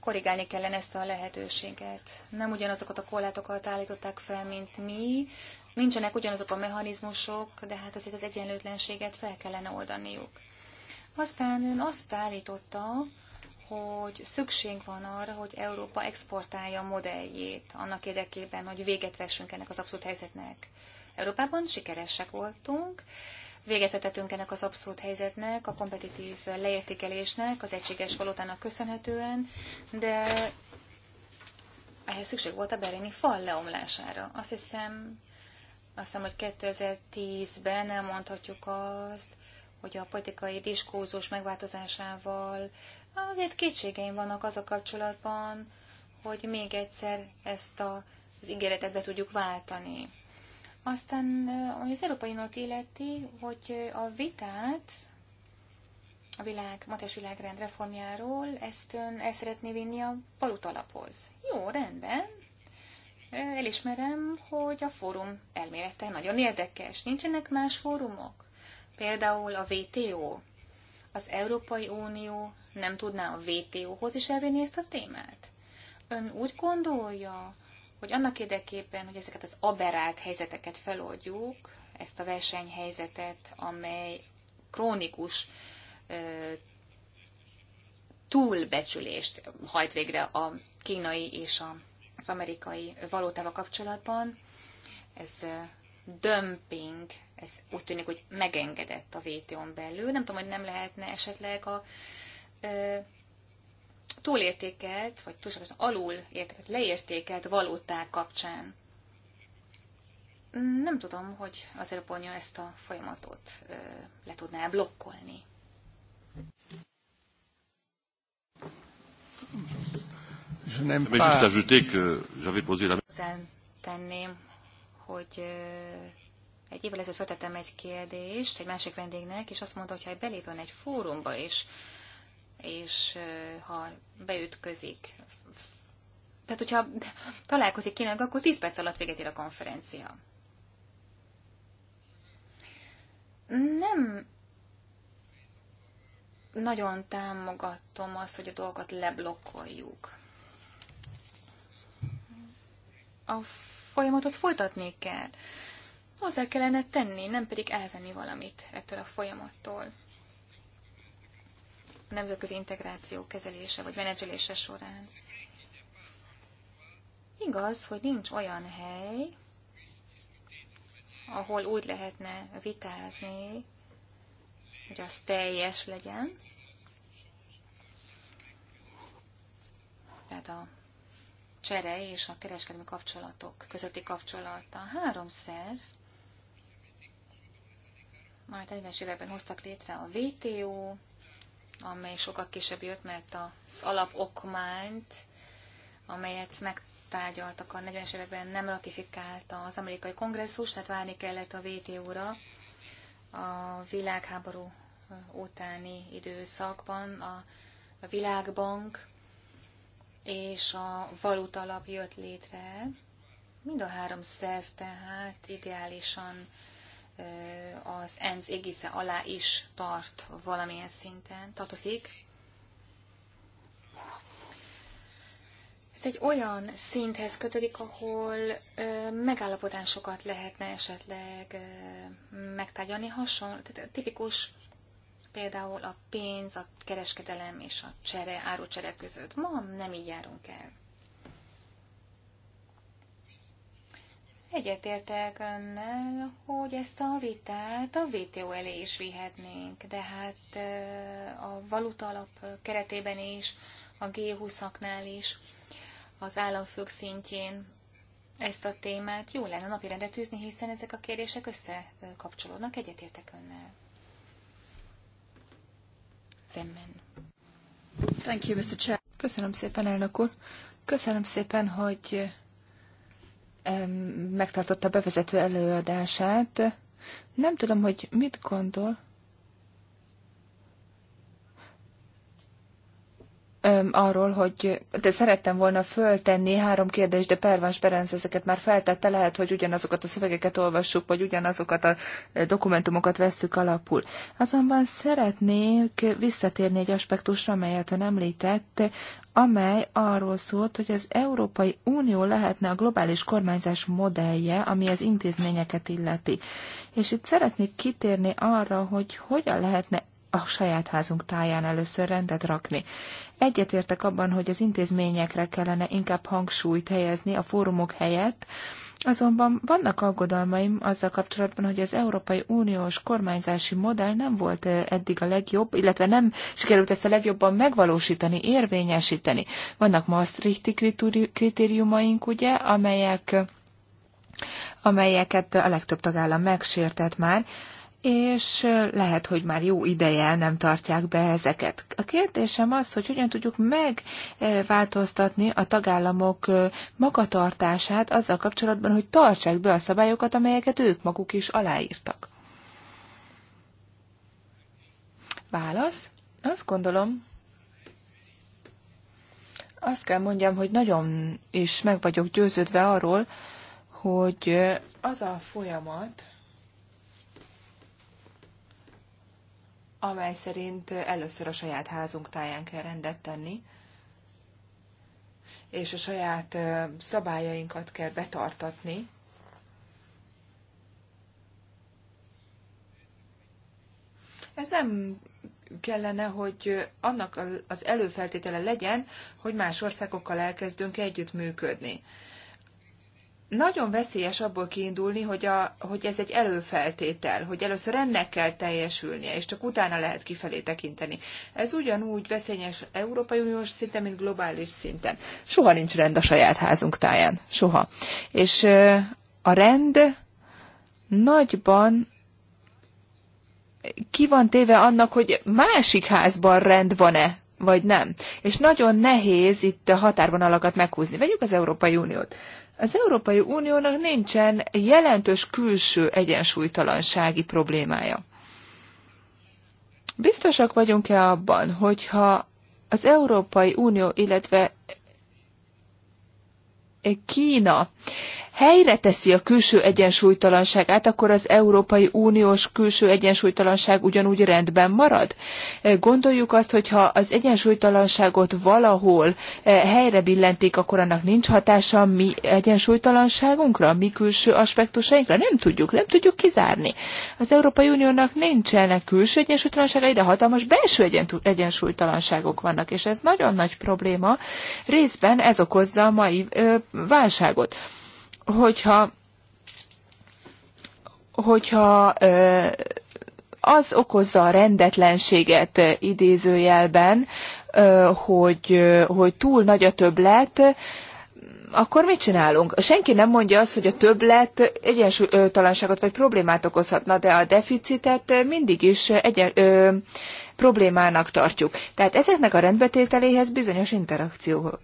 Korrigálni kellene ezt a lehetőséget. Nem ugyanazokat a korlátokat állították fel, mint mi, nincsenek ugyanazok a mechanizmusok, de hát azért az egyenlőtlenséget fel kellene oldaniuk. Aztán ön azt állította, hogy szükség van arra, hogy Európa exportálja a modelljét annak érdekében, hogy véget vessünk ennek az abszolút helyzetnek. Európában sikeresek voltunk, véget vetettünk ennek az abszolút helyzetnek, a kompetitív leértékelésnek, az egységes valótának köszönhetően, de ehhez szükség volt a berlini fal leomlására. Azt hiszem, azt hiszem, hogy 2010-ben elmondhatjuk azt, hogy a politikai diskózus megváltozásával azért kétségeim vannak az a kapcsolatban, hogy még egyszer ezt a, az ígéretet be tudjuk váltani. Aztán, ami az Európai Unót illeti, hogy a vitát a világ, matás világrend reformjáról, ezt ön el szeretné vinni a valutalaphoz. Jó, rendben. Elismerem, hogy a fórum elmélete nagyon érdekes. Nincsenek más fórumok? Például a WTO. Az Európai Unió nem tudná a WTO-hoz is elvinni ezt a témát? Ön úgy gondolja, hogy annak érdekében, hogy ezeket az aberált helyzeteket feloldjuk, ezt a versenyhelyzetet, amely krónikus túlbecsülést hajt végre a kínai és az amerikai valótával kapcsolatban. Ez dömping ez úgy tűnik, hogy megengedett a VTO-n belül. Nem tudom, hogy nem lehetne esetleg a ö, túlértékelt, vagy túlságosan alul értékelt, leértékelt valóták kapcsán. Nem tudom, hogy az Eroponya ezt a folyamatot ö, le tudná blokkolni. Je n'aime pas... Mais juste ajouter que j'avais posé la... Tenném, hogy egy évvel ezelőtt feltettem egy kérdést egy másik vendégnek, és azt mondta, hogy ha belépőn egy fórumba is, és ha beütközik, tehát hogyha találkozik kinek, akkor 10 perc alatt véget ér a konferencia. Nem nagyon támogatom azt, hogy a dolgot leblokkoljuk. A folyamatot folytatni kell hozzá kellene tenni, nem pedig elvenni valamit ettől a folyamattól. A nemzetközi integráció kezelése vagy menedzselése során. Igaz, hogy nincs olyan hely, ahol úgy lehetne vitázni, hogy az teljes legyen. Tehát a csere és a kereskedelmi kapcsolatok közötti kapcsolat a három szerv már 40-es években hoztak létre a VTO, amely sokkal később jött, mert az alapokmányt, amelyet megtárgyaltak a 40-es években, nem ratifikálta az amerikai kongresszus, tehát várni kellett a VTO-ra a világháború utáni időszakban a világbank és a valutalap jött létre. Mind a három szerv tehát ideálisan az ENSZ égisze alá is tart valamilyen szinten, tartozik. Ez egy olyan szinthez kötődik, ahol ö, megállapodásokat lehetne esetleg ö, megtárgyalni. Hasonló, tehát tipikus például a pénz, a kereskedelem és a csere, árucsere között. Ma nem így járunk el. Egyetértek önnel, hogy ezt a vitát a VTO elé is vihetnénk, de hát a valuta alap keretében is, a G20-aknál is, az államfők szintjén ezt a témát jó lenne napi tűzni, hiszen ezek a kérdések összekapcsolódnak. Egyetértek önnel. Femmen. Thank you, Mr. Chair. Köszönöm szépen, elnök úr. Köszönöm szépen, hogy megtartotta bevezető előadását. Nem tudom, hogy mit gondol arról, hogy de szerettem volna föltenni három kérdést, de Pervans Berenc ezeket már feltette, lehet, hogy ugyanazokat a szövegeket olvassuk, vagy ugyanazokat a dokumentumokat vesszük alapul. Azonban szeretnék visszatérni egy aspektusra, amelyet ön említett, amely arról szólt, hogy az Európai Unió lehetne a globális kormányzás modellje, ami az intézményeket illeti. És itt szeretnék kitérni arra, hogy hogyan lehetne a saját házunk táján először rendet rakni. Egyetértek abban, hogy az intézményekre kellene inkább hangsúlyt helyezni a fórumok helyett, Azonban vannak aggodalmaim azzal kapcsolatban, hogy az Európai Uniós kormányzási modell nem volt eh, eddig a legjobb, illetve nem sikerült ezt a legjobban megvalósítani, érvényesíteni. Vannak Maastrichti kritériumaink, ugye, amelyek, amelyeket a legtöbb tagállam megsértett már, és lehet, hogy már jó ideje nem tartják be ezeket. A kérdésem az, hogy hogyan tudjuk megváltoztatni a tagállamok magatartását azzal kapcsolatban, hogy tartsák be a szabályokat, amelyeket ők maguk is aláírtak. Válasz? Azt gondolom, azt kell mondjam, hogy nagyon is meg vagyok győződve arról, hogy az a folyamat, amely szerint először a saját házunk táján kell rendet tenni, és a saját szabályainkat kell betartatni, ez nem kellene, hogy annak az előfeltétele legyen, hogy más országokkal elkezdünk együttműködni nagyon veszélyes abból kiindulni, hogy, a, hogy ez egy előfeltétel, hogy először ennek kell teljesülnie, és csak utána lehet kifelé tekinteni. Ez ugyanúgy veszélyes Európai Uniós szinten, mint globális szinten. Soha nincs rend a saját házunk táján. Soha. És a rend nagyban ki van téve annak, hogy másik házban rend van-e, vagy nem. És nagyon nehéz itt a határvonalakat meghúzni. Vegyük az Európai Uniót. Az Európai Uniónak nincsen jelentős külső egyensúlytalansági problémája. Biztosak vagyunk-e abban, hogyha az Európai Unió, illetve Kína helyre teszi a külső egyensúlytalanságát, akkor az Európai Uniós külső egyensúlytalanság ugyanúgy rendben marad? Gondoljuk azt, hogyha az egyensúlytalanságot valahol helyre billentik, akkor annak nincs hatása a mi egyensúlytalanságunkra, a mi külső aspektusainkra? Nem tudjuk, nem tudjuk kizárni. Az Európai Uniónak nincsenek külső egyensúlytalanságai, de hatalmas belső egyensúlytalanságok vannak, és ez nagyon nagy probléma. Részben ez okozza a mai válságot hogyha hogyha az okozza a rendetlenséget idézőjelben, hogy, hogy túl nagy a többlet, akkor mit csinálunk? Senki nem mondja azt, hogy a többlet egyensúlytalanságot vagy problémát okozhatna, de a deficitet mindig is egyen, ö, problémának tartjuk. Tehát ezeknek a rendbetételéhez bizonyos interakció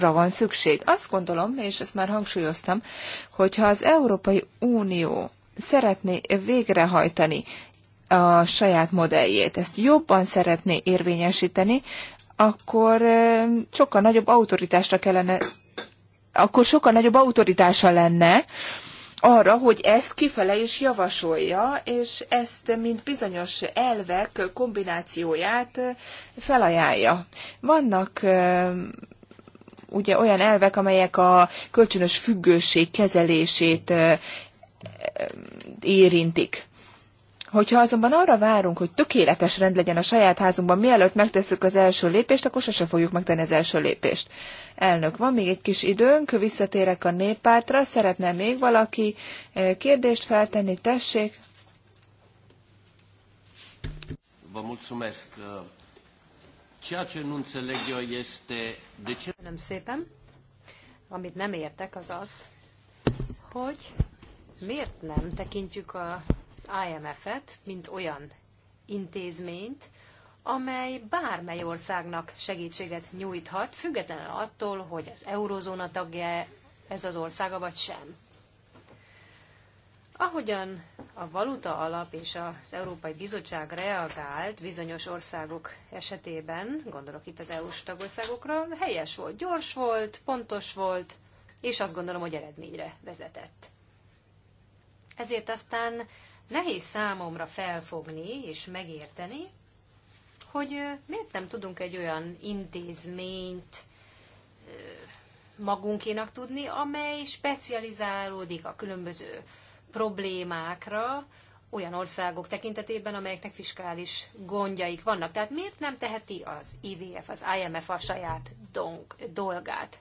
van szükség. Azt gondolom, és ezt már hangsúlyoztam, hogyha az Európai Unió szeretné végrehajtani a saját modelljét, ezt jobban szeretné érvényesíteni, akkor sokkal nagyobb autoritásra kellene, akkor sokkal nagyobb autoritása lenne arra, hogy ezt kifele is javasolja, és ezt, mint bizonyos elvek kombinációját felajánlja. Vannak ugye olyan elvek, amelyek a kölcsönös függőség kezelését érintik. Hogyha azonban arra várunk, hogy tökéletes rend legyen a saját házunkban, mielőtt megtesszük az első lépést, akkor sose fogjuk megtenni az első lépést. Elnök, van még egy kis időnk, visszatérek a néppártra. Szeretne még valaki kérdést feltenni? Tessék! Vă mulțumesc. Ceea ce nu înțeleg eu este de ce... Köszönöm szépen. Amit nem értek, az az, hogy miért nem tekintjük az IMF-et, mint olyan intézményt, amely bármely országnak segítséget nyújthat, függetlenül attól, hogy az eurozóna tagja ez az országa vagy sem. Ahogyan a valuta alap és az Európai Bizottság reagált bizonyos országok esetében, gondolok itt az EU-s tagországokra, helyes volt, gyors volt, pontos volt, és azt gondolom, hogy eredményre vezetett. Ezért aztán nehéz számomra felfogni és megérteni, hogy miért nem tudunk egy olyan intézményt magunkénak tudni, amely specializálódik a különböző problémákra olyan országok tekintetében, amelyeknek fiskális gondjaik vannak. Tehát miért nem teheti az IVF, az IMF a saját dong, dolgát?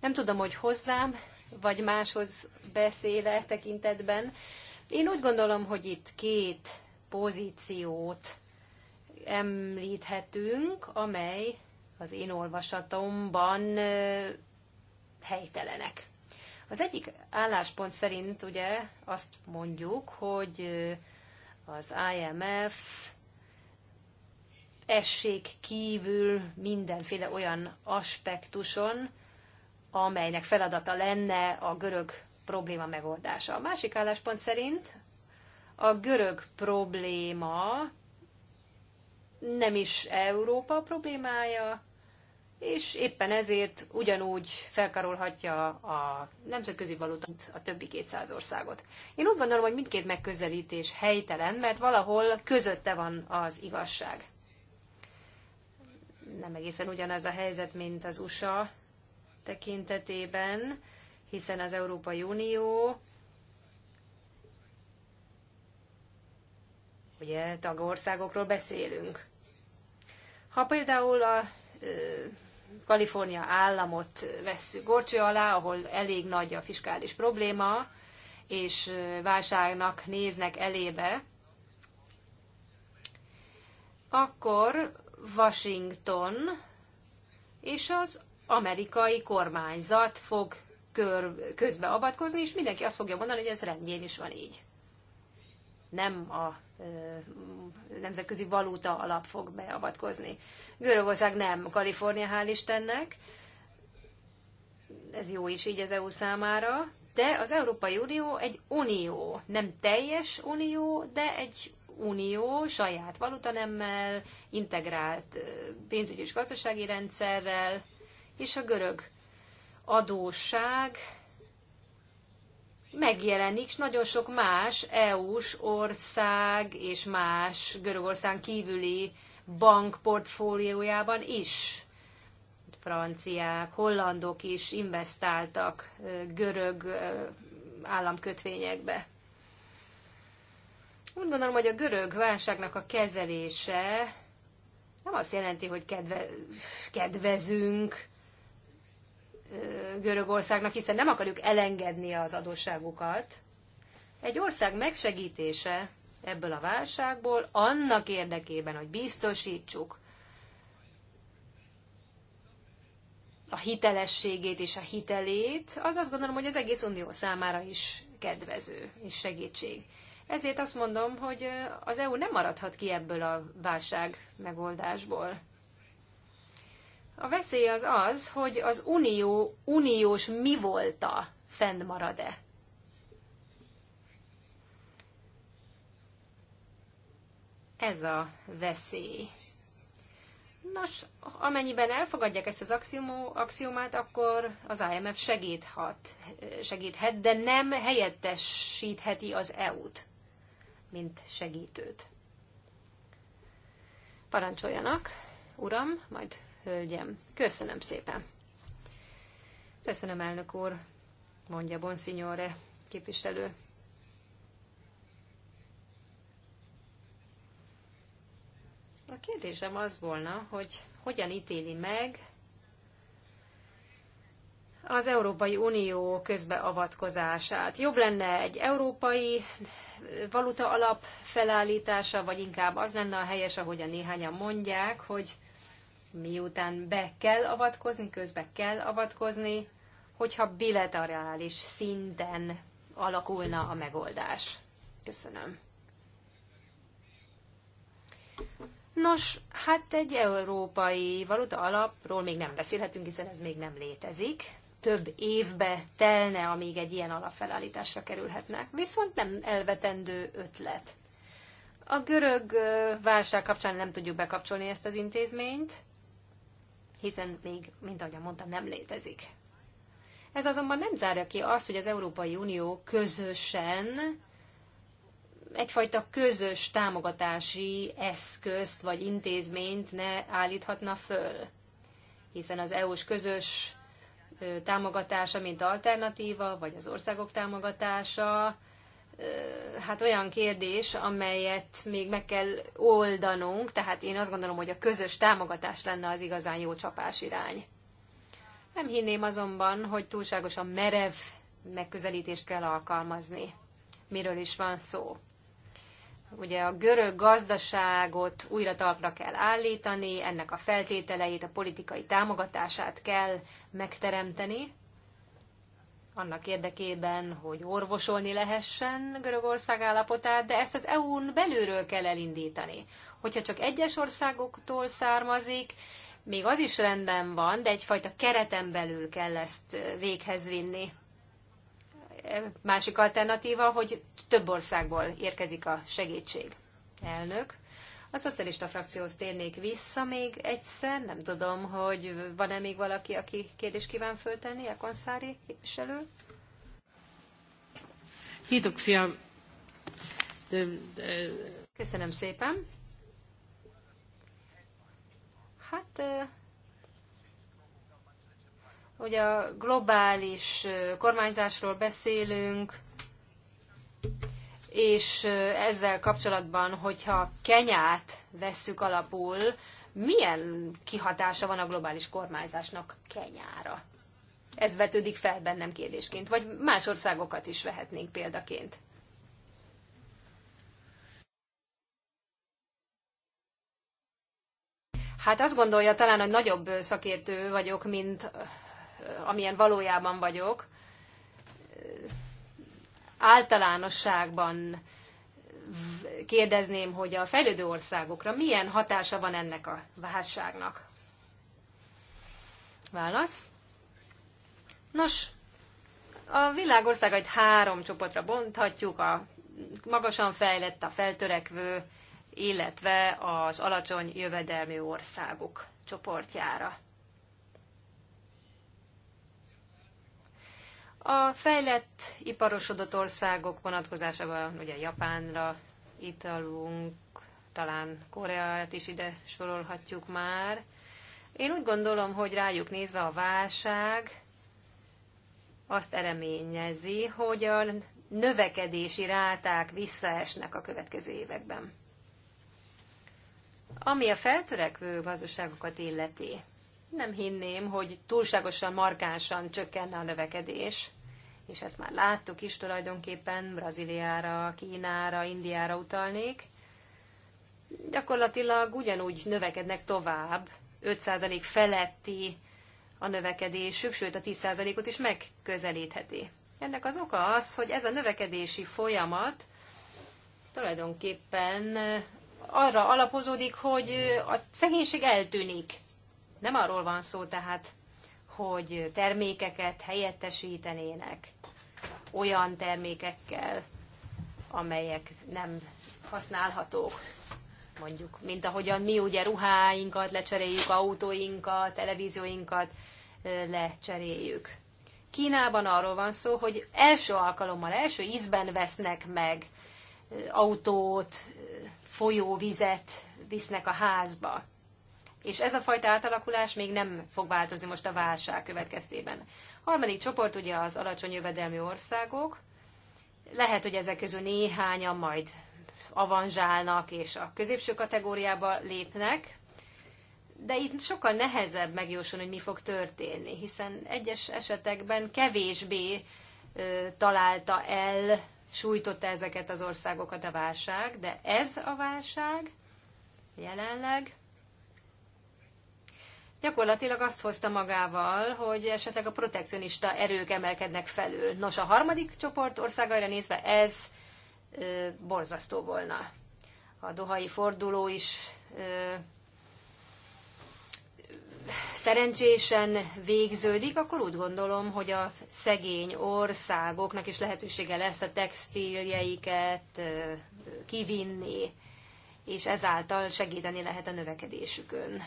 Nem tudom, hogy hozzám vagy máshoz beszéle tekintetben. Én úgy gondolom, hogy itt két pozíciót említhetünk, amely az én olvasatomban helytelenek. Az egyik álláspont szerint ugye azt mondjuk, hogy az IMF essék kívül mindenféle olyan aspektuson, amelynek feladata lenne a görög probléma megoldása. A másik álláspont szerint a görög probléma nem is Európa problémája, és éppen ezért ugyanúgy felkarolhatja a nemzetközi valutát a többi 200 országot. Én úgy gondolom, hogy mindkét megközelítés helytelen, mert valahol közötte van az igazság. Nem egészen ugyanaz a helyzet, mint az USA tekintetében, hiszen az Európai Unió ugye tagországokról beszélünk. Ha például a Kalifornia államot vesszük gorcső alá, ahol elég nagy a fiskális probléma, és válságnak néznek elébe, akkor Washington és az amerikai kormányzat fog közbeavatkozni, és mindenki azt fogja mondani, hogy ez rendjén is van így nem a nemzetközi valuta alap fog beavatkozni. Görögország nem, Kalifornia hál' Istennek, ez jó is így az EU számára, de az Európai Unió egy unió, nem teljes unió, de egy unió saját valutanemmel, integrált pénzügyi és gazdasági rendszerrel, és a görög adósság megjelenik, és nagyon sok más EU-s ország és más Görögország kívüli bank portfóliójában is. Franciák, hollandok is investáltak görög államkötvényekbe. Úgy gondolom, hogy a görög válságnak a kezelése nem azt jelenti, hogy kedve, kedvezünk, Görögországnak, hiszen nem akarjuk elengedni az adósságukat. Egy ország megsegítése ebből a válságból annak érdekében, hogy biztosítsuk a hitelességét és a hitelét, az azt gondolom, hogy az egész unió számára is kedvező és segítség. Ezért azt mondom, hogy az EU nem maradhat ki ebből a válság megoldásból. A veszély az az, hogy az unió, uniós mi volta fennmarad-e. Ez a veszély. Nos, amennyiben elfogadják ezt az axiomó, axiomát, akkor az IMF segíthat, segíthet, de nem helyettesítheti az EU-t, mint segítőt. Parancsoljanak, uram, majd hölgyem. Köszönöm szépen. Köszönöm, elnök úr, mondja Bonsignore képviselő. A kérdésem az volna, hogy hogyan ítéli meg az Európai Unió közbeavatkozását. Jobb lenne egy európai valuta alap felállítása, vagy inkább az lenne a helyes, ahogyan néhányan mondják, hogy miután be kell avatkozni, közbe kell avatkozni, hogyha bilaterális szinten alakulna a megoldás. Köszönöm. Nos, hát egy európai valuta alapról még nem beszélhetünk, hiszen ez még nem létezik. Több évbe telne, amíg egy ilyen alapfelállításra kerülhetnek. Viszont nem elvetendő ötlet. A görög válság kapcsán nem tudjuk bekapcsolni ezt az intézményt, hiszen még, mint ahogy mondtam, nem létezik. Ez azonban nem zárja ki azt, hogy az Európai Unió közösen egyfajta közös támogatási eszközt vagy intézményt ne állíthatna föl. Hiszen az EU-s közös támogatása, mint alternatíva, vagy az országok támogatása hát olyan kérdés, amelyet még meg kell oldanunk, tehát én azt gondolom, hogy a közös támogatás lenne az igazán jó csapás irány. Nem hinném azonban, hogy túlságosan merev megközelítést kell alkalmazni. Miről is van szó? Ugye a görög gazdaságot újra talpra kell állítani, ennek a feltételeit, a politikai támogatását kell megteremteni, annak érdekében, hogy orvosolni lehessen Görögország állapotát, de ezt az EU-n belülről kell elindítani. Hogyha csak egyes országoktól származik, még az is rendben van, de egyfajta kereten belül kell ezt véghez vinni. Másik alternatíva, hogy több országból érkezik a segítség. Elnök, a szocialista frakcióhoz térnék vissza még egyszer, nem tudom, hogy van-e még valaki, aki kérdést kíván föltenni, a konszári képviselő? Kiitoksia. Köszönöm szépen. Hát, hogy a globális kormányzásról beszélünk, és ezzel kapcsolatban, hogyha Kenyát vesszük alapul, milyen kihatása van a globális kormányzásnak Kenyára? Ez vetődik fel bennem kérdésként, vagy más országokat is vehetnénk példaként. Hát azt gondolja talán, hogy nagyobb szakértő vagyok, mint amilyen valójában vagyok általánosságban kérdezném, hogy a fejlődő országokra milyen hatása van ennek a válságnak? Válasz? Nos, a világországait három csoportra bonthatjuk, a magasan fejlett, a feltörekvő, illetve az alacsony jövedelmű országok csoportjára. A fejlett iparosodott országok vonatkozásában ugye Japánra italunk, talán Koreát is ide sorolhatjuk már. Én úgy gondolom, hogy rájuk nézve a válság azt eredményezi, hogy a növekedési ráták visszaesnek a következő években. Ami a feltörekvő gazdaságokat illeti, nem hinném, hogy túlságosan markánsan csökkenne a növekedés és ezt már láttuk is tulajdonképpen, Brazíliára, Kínára, Indiára utalnék, gyakorlatilag ugyanúgy növekednek tovább, 5% feletti a növekedésük, sőt a 10%-ot is megközelítheti. Ennek az oka az, hogy ez a növekedési folyamat tulajdonképpen arra alapozódik, hogy a szegénység eltűnik. Nem arról van szó tehát, hogy termékeket helyettesítenének olyan termékekkel, amelyek nem használhatók. Mondjuk, mint ahogyan mi ugye ruháinkat lecseréljük, autóinkat, televízióinkat lecseréljük. Kínában arról van szó, hogy első alkalommal, első ízben vesznek meg autót, folyóvizet visznek a házba és ez a fajta átalakulás még nem fog változni most a válság következtében. A harmadik csoport ugye az alacsony jövedelmi országok, lehet, hogy ezek közül néhányan majd avanzsálnak és a középső kategóriába lépnek, de itt sokkal nehezebb megjósolni, hogy mi fog történni, hiszen egyes esetekben kevésbé ö, találta el, sújtotta ezeket az országokat a válság, de ez a válság jelenleg gyakorlatilag azt hozta magával, hogy esetleg a protekcionista erők emelkednek felül. Nos, a harmadik csoport országaira nézve ez ö, borzasztó volna. A dohai forduló is ö, szerencsésen végződik, akkor úgy gondolom, hogy a szegény országoknak is lehetősége lesz a textiljeiket kivinni, és ezáltal segíteni lehet a növekedésükön.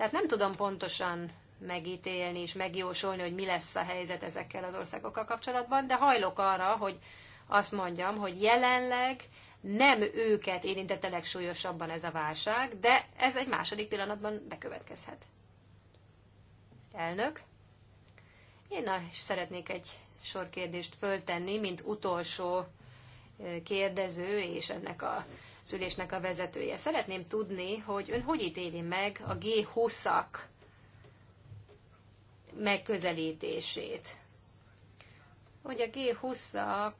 Tehát nem tudom pontosan megítélni és megjósolni, hogy mi lesz a helyzet ezekkel az országokkal kapcsolatban, de hajlok arra, hogy azt mondjam, hogy jelenleg nem őket érintette legsúlyosabban ez a válság, de ez egy második pillanatban bekövetkezhet. Elnök, én is szeretnék egy sor kérdést föltenni, mint utolsó eh, kérdező és ennek a szülésnek a vezetője. Szeretném tudni, hogy ön hogy ítéli meg a G20-ak megközelítését. Hogy a G20-ak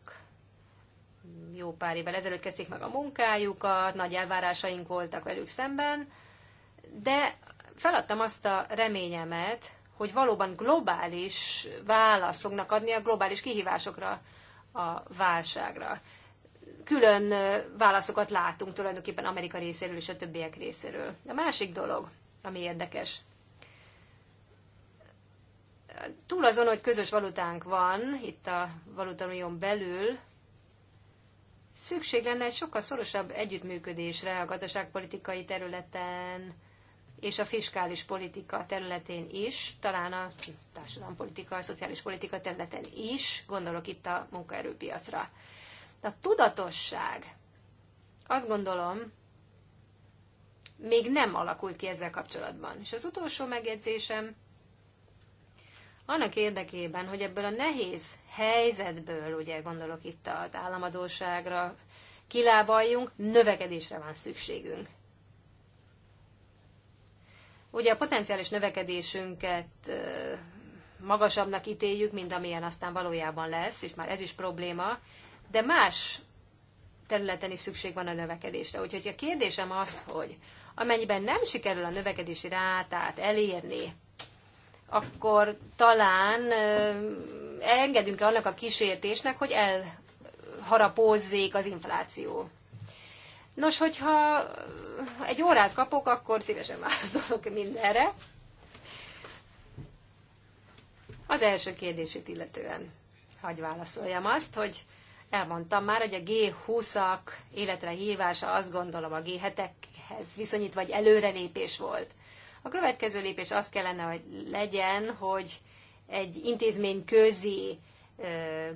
jó pár évvel ezelőtt kezdték meg a munkájukat, nagy elvárásaink voltak velük szemben, de feladtam azt a reményemet, hogy valóban globális választ fognak adni a globális kihívásokra, a válságra külön válaszokat látunk tulajdonképpen Amerika részéről és a többiek részéről. A másik dolog, ami érdekes, túl azon, hogy közös valutánk van itt a valutanion belül, szükség lenne egy sokkal szorosabb együttműködésre a gazdaságpolitikai területen és a fiskális politika területén is, talán a társadalompolitika, a szociális politika területen is, gondolok itt a munkaerőpiacra. De a tudatosság, azt gondolom, még nem alakult ki ezzel kapcsolatban. És az utolsó megjegyzésem, annak érdekében, hogy ebből a nehéz helyzetből, ugye gondolok itt az államadóságra, kilábaljunk, növekedésre van szükségünk. Ugye a potenciális növekedésünket magasabbnak ítéljük, mint amilyen aztán valójában lesz, és már ez is probléma, de más területen is szükség van a növekedésre. Úgyhogy a kérdésem az, hogy amennyiben nem sikerül a növekedési rátát elérni, akkor talán engedünk-e annak a kísértésnek, hogy elharapózzék az infláció. Nos, hogyha egy órát kapok, akkor szívesen válaszolok mindenre. Az első kérdését illetően hagy válaszoljam azt, hogy Elmondtam már, hogy a G20-ak életre hívása azt gondolom a G7-ekhez viszonyítva vagy előrelépés volt. A következő lépés az kellene, hogy legyen, hogy egy intézmény közi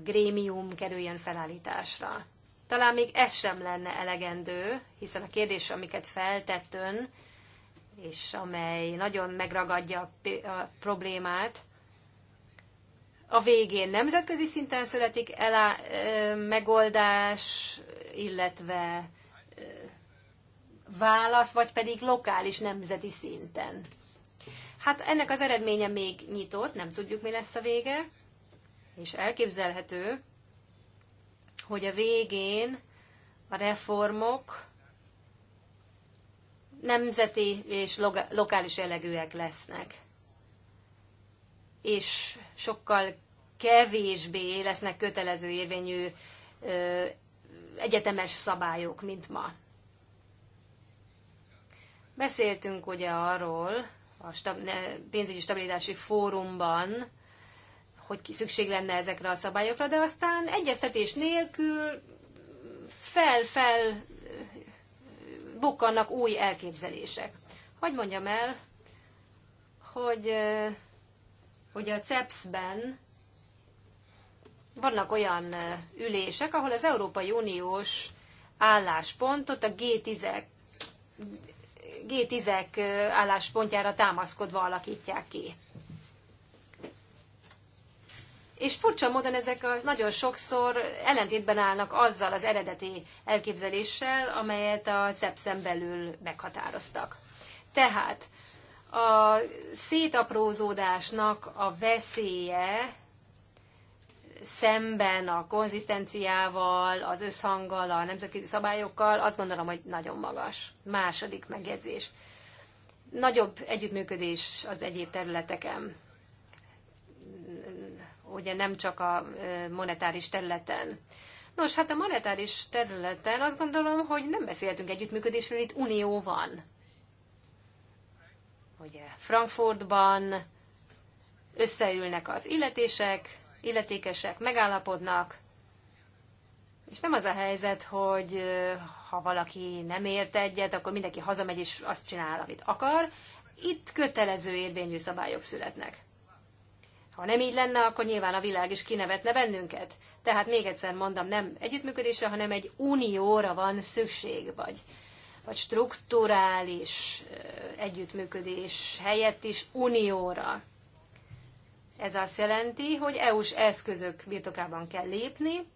grémium kerüljön felállításra. Talán még ez sem lenne elegendő, hiszen a kérdés, amiket feltett ön, és amely nagyon megragadja a problémát, a végén nemzetközi szinten születik elá, ö, megoldás, illetve ö, válasz, vagy pedig lokális nemzeti szinten. Hát ennek az eredménye még nyitott, nem tudjuk, mi lesz a vége, és elképzelhető, hogy a végén a reformok nemzeti és lokális jellegűek lesznek. És sokkal kevésbé lesznek kötelező érvényű egyetemes szabályok, mint ma. Beszéltünk ugye arról a stab- pénzügyi stabilitási fórumban, hogy szükség lenne ezekre a szabályokra, de aztán egyeztetés nélkül fel-fel bukkannak új elképzelések. Hogy mondjam el, hogy, hogy a CEPS-ben vannak olyan ülések, ahol az Európai Uniós álláspontot a G10-ek G10 álláspontjára támaszkodva alakítják ki. És furcsa módon ezek a, nagyon sokszor ellentétben állnak azzal az eredeti elképzeléssel, amelyet a CEPSZen belül meghatároztak. Tehát a szétaprózódásnak a veszélye szemben a konzisztenciával, az összhanggal, a nemzetközi szabályokkal, azt gondolom, hogy nagyon magas. Második megjegyzés. Nagyobb együttműködés az egyéb területeken. Ugye nem csak a monetáris területen. Nos, hát a monetáris területen azt gondolom, hogy nem beszélhetünk együttműködésről, itt unió van. Ugye Frankfurtban összeülnek az illetések, illetékesek megállapodnak, és nem az a helyzet, hogy ha valaki nem ért egyet, akkor mindenki hazamegy és azt csinál, amit akar. Itt kötelező érvényű szabályok születnek. Ha nem így lenne, akkor nyilván a világ is kinevetne bennünket. Tehát még egyszer mondom, nem együttműködésre, hanem egy unióra van szükség, vagy, vagy strukturális együttműködés helyett is unióra. Ez azt jelenti, hogy EU-s eszközök birtokában kell lépni,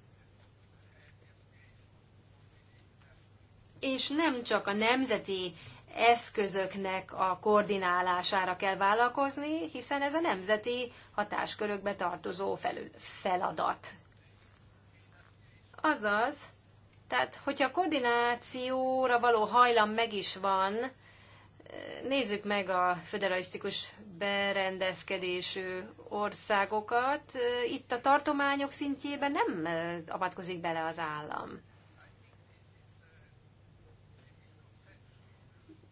és nem csak a nemzeti eszközöknek a koordinálására kell vállalkozni, hiszen ez a nemzeti hatáskörökbe tartozó felül, feladat. Azaz, tehát hogyha a koordinációra való hajlam meg is van, nézzük meg a föderalisztikus berendezkedésű országokat, itt a tartományok szintjében nem avatkozik bele az állam.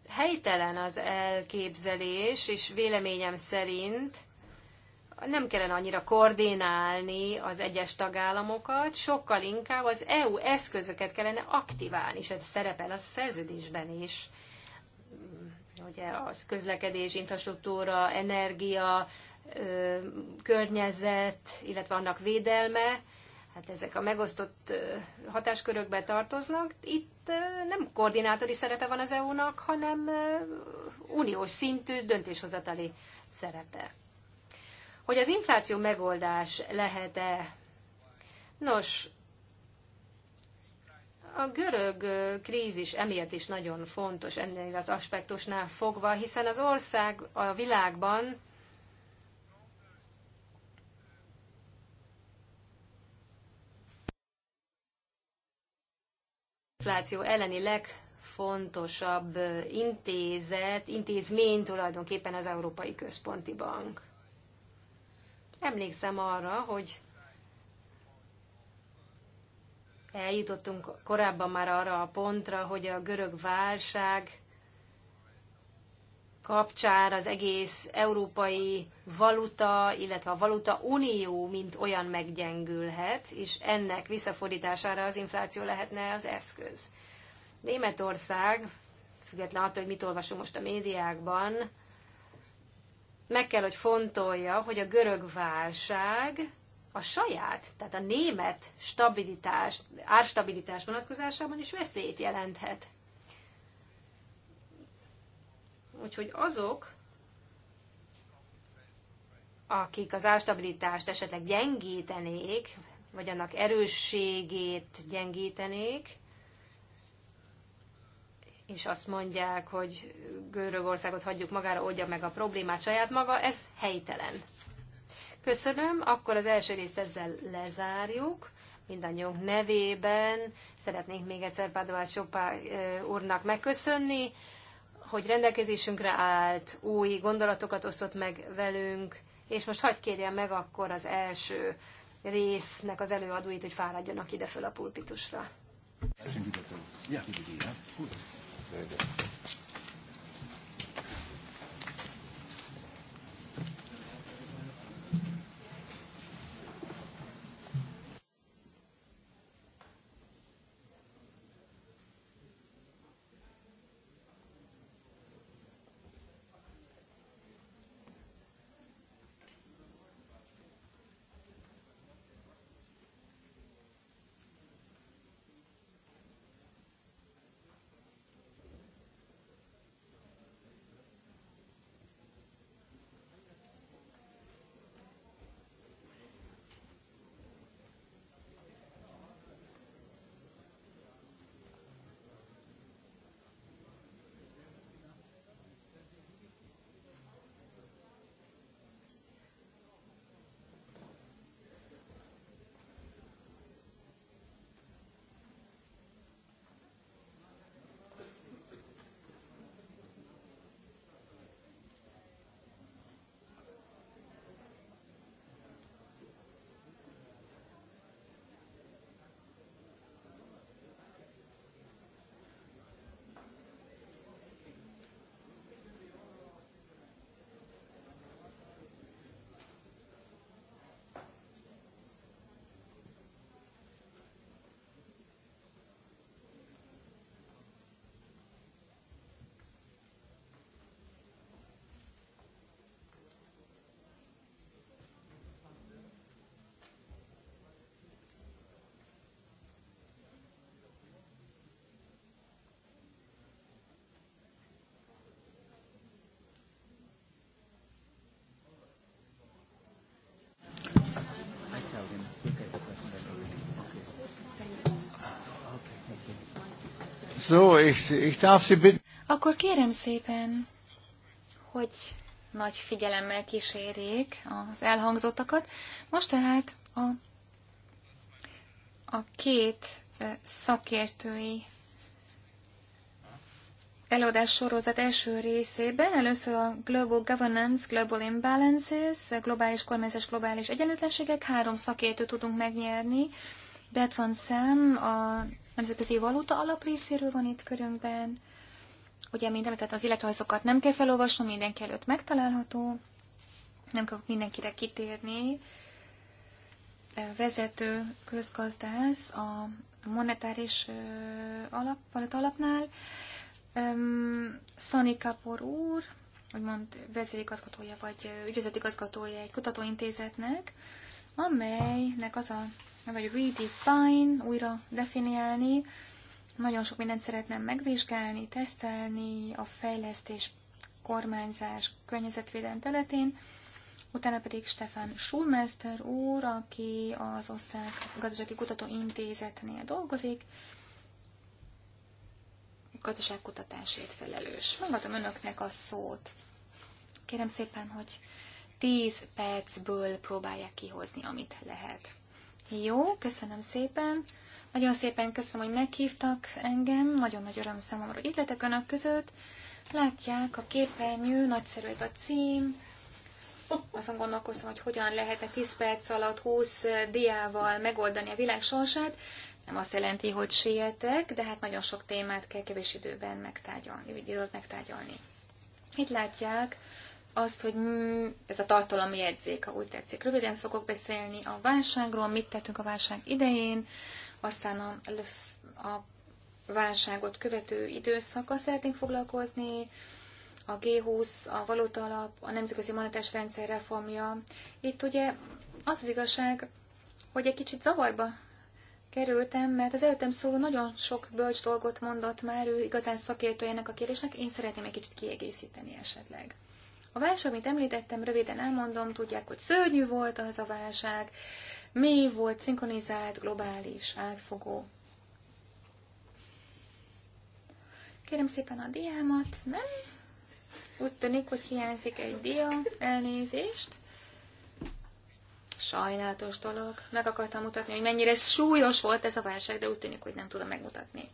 Helytelen az elképzelés, és véleményem szerint nem kellene annyira koordinálni az egyes tagállamokat, sokkal inkább az EU eszközöket kellene aktiválni, és ez szerepel a szerződésben is ugye az közlekedés, infrastruktúra, energia, környezet, illetve annak védelme, hát ezek a megosztott hatáskörökbe tartoznak. Itt nem koordinátori szerepe van az EU-nak, hanem uniós szintű döntéshozatali szerepe. Hogy az infláció megoldás lehet-e? Nos, a görög krízis emiatt is nagyon fontos ennél az aspektusnál fogva, hiszen az ország a világban infláció elleni legfontosabb intézet, intézmény tulajdonképpen az Európai Központi Bank. Emlékszem arra, hogy eljutottunk korábban már arra a pontra, hogy a görög válság kapcsán az egész európai valuta, illetve a valuta unió, mint olyan meggyengülhet, és ennek visszafordítására az infláció lehetne az eszköz. Németország, független attól, hogy mit olvasunk most a médiákban, meg kell, hogy fontolja, hogy a görög válság a saját, tehát a német stabilitás, árstabilitás vonatkozásában is veszélyt jelenthet. Úgyhogy azok, akik az árstabilitást esetleg gyengítenék, vagy annak erősségét gyengítenék, és azt mondják, hogy Görögországot hagyjuk magára, oldja meg a problémát saját maga, ez helytelen. Köszönöm, akkor az első részt ezzel lezárjuk. Mindannyiunk nevében szeretnénk még egyszer Padoás Sopá úrnak megköszönni, hogy rendelkezésünkre állt, új gondolatokat osztott meg velünk, és most hagyd kérjem meg akkor az első résznek az előadóit, hogy fáradjanak ide föl a pulpitusra. So, ich, ich darf Sie bitten. Akkor kérem szépen, hogy nagy figyelemmel kísérjék az elhangzottakat. Most tehát a, a két szakértői előadás sorozat első részében először a Global Governance, Global Imbalances, globális kormányzás, globális egyenlőtlenségek, három szakértő tudunk megnyerni. Bet van Sam, a nemzetközi valuta alap részéről van itt körünkben. Ugye minden, tehát az illetrajzokat nem kell felolvasnom, mindenki előtt megtalálható. Nem kell mindenkire kitérni. Vezető közgazdász a monetáris alap, alapnál. Szani Kapor úr, úgymond vezérigazgatója vagy ügyvezetigazgatója egy kutatóintézetnek, amelynek az a vagy redefine, újra definiálni. Nagyon sok mindent szeretném megvizsgálni, tesztelni a fejlesztés, kormányzás, környezetvédelem területén. Utána pedig Stefan Schulmeister úr, aki az Osztrák Gazdasági Kutató Intézetnél dolgozik, gazdaságkutatásért felelős. Megadom önöknek a szót. Kérem szépen, hogy 10 percből próbálják kihozni, amit lehet. Jó, köszönöm szépen. Nagyon szépen köszönöm, hogy meghívtak engem. Nagyon nagy öröm számomra, hogy itt letek önök között. Látják a képernyő, nagyszerű ez a cím. Azon gondolkoztam, hogy hogyan lehetne 10 perc alatt 20 diával megoldani a világ sorsát. Nem azt jelenti, hogy sietek, de hát nagyon sok témát kell kevés időben megtárgyalni, megtárgyalni. Itt látják azt, hogy mm, ez a tartalmi jegyzék, ha úgy tetszik. Röviden fogok beszélni a válságról, mit tettünk a válság idején, aztán a, a válságot követő időszakkal szeretnénk foglalkozni, a G20, a valóta alap, a nemzetközi monetáris rendszer reformja. Itt ugye az az igazság, hogy egy kicsit zavarba kerültem, mert az előttem szóló nagyon sok bölcs dolgot mondott már, ő igazán szakértőjének a kérdésnek, én szeretném egy kicsit kiegészíteni esetleg. A válság, amit említettem, röviden elmondom, tudják, hogy szörnyű volt az a válság, mély volt, szinkronizált, globális, átfogó. Kérem szépen a diámat, nem? Úgy tűnik, hogy hiányzik egy dia, elnézést. Sajnálatos dolog. Meg akartam mutatni, hogy mennyire súlyos volt ez a válság, de úgy tűnik, hogy nem tudom megmutatni.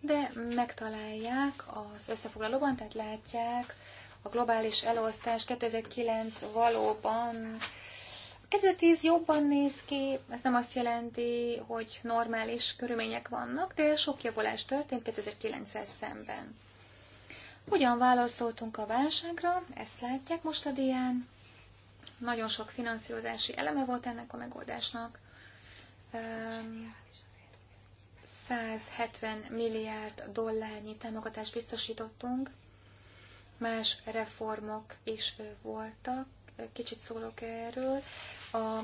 De megtalálják az összefoglalóban, tehát látják, a globális elosztás 2009 valóban 2010 jobban néz ki, ez nem azt jelenti, hogy normális körülmények vannak, de sok javulás történt 2009 es szemben. Hogyan válaszoltunk a válságra, ezt látják most a dián. Nagyon sok finanszírozási eleme volt ennek a megoldásnak. 170 milliárd dollárnyi támogatást biztosítottunk Más reformok is voltak, kicsit szólok erről. A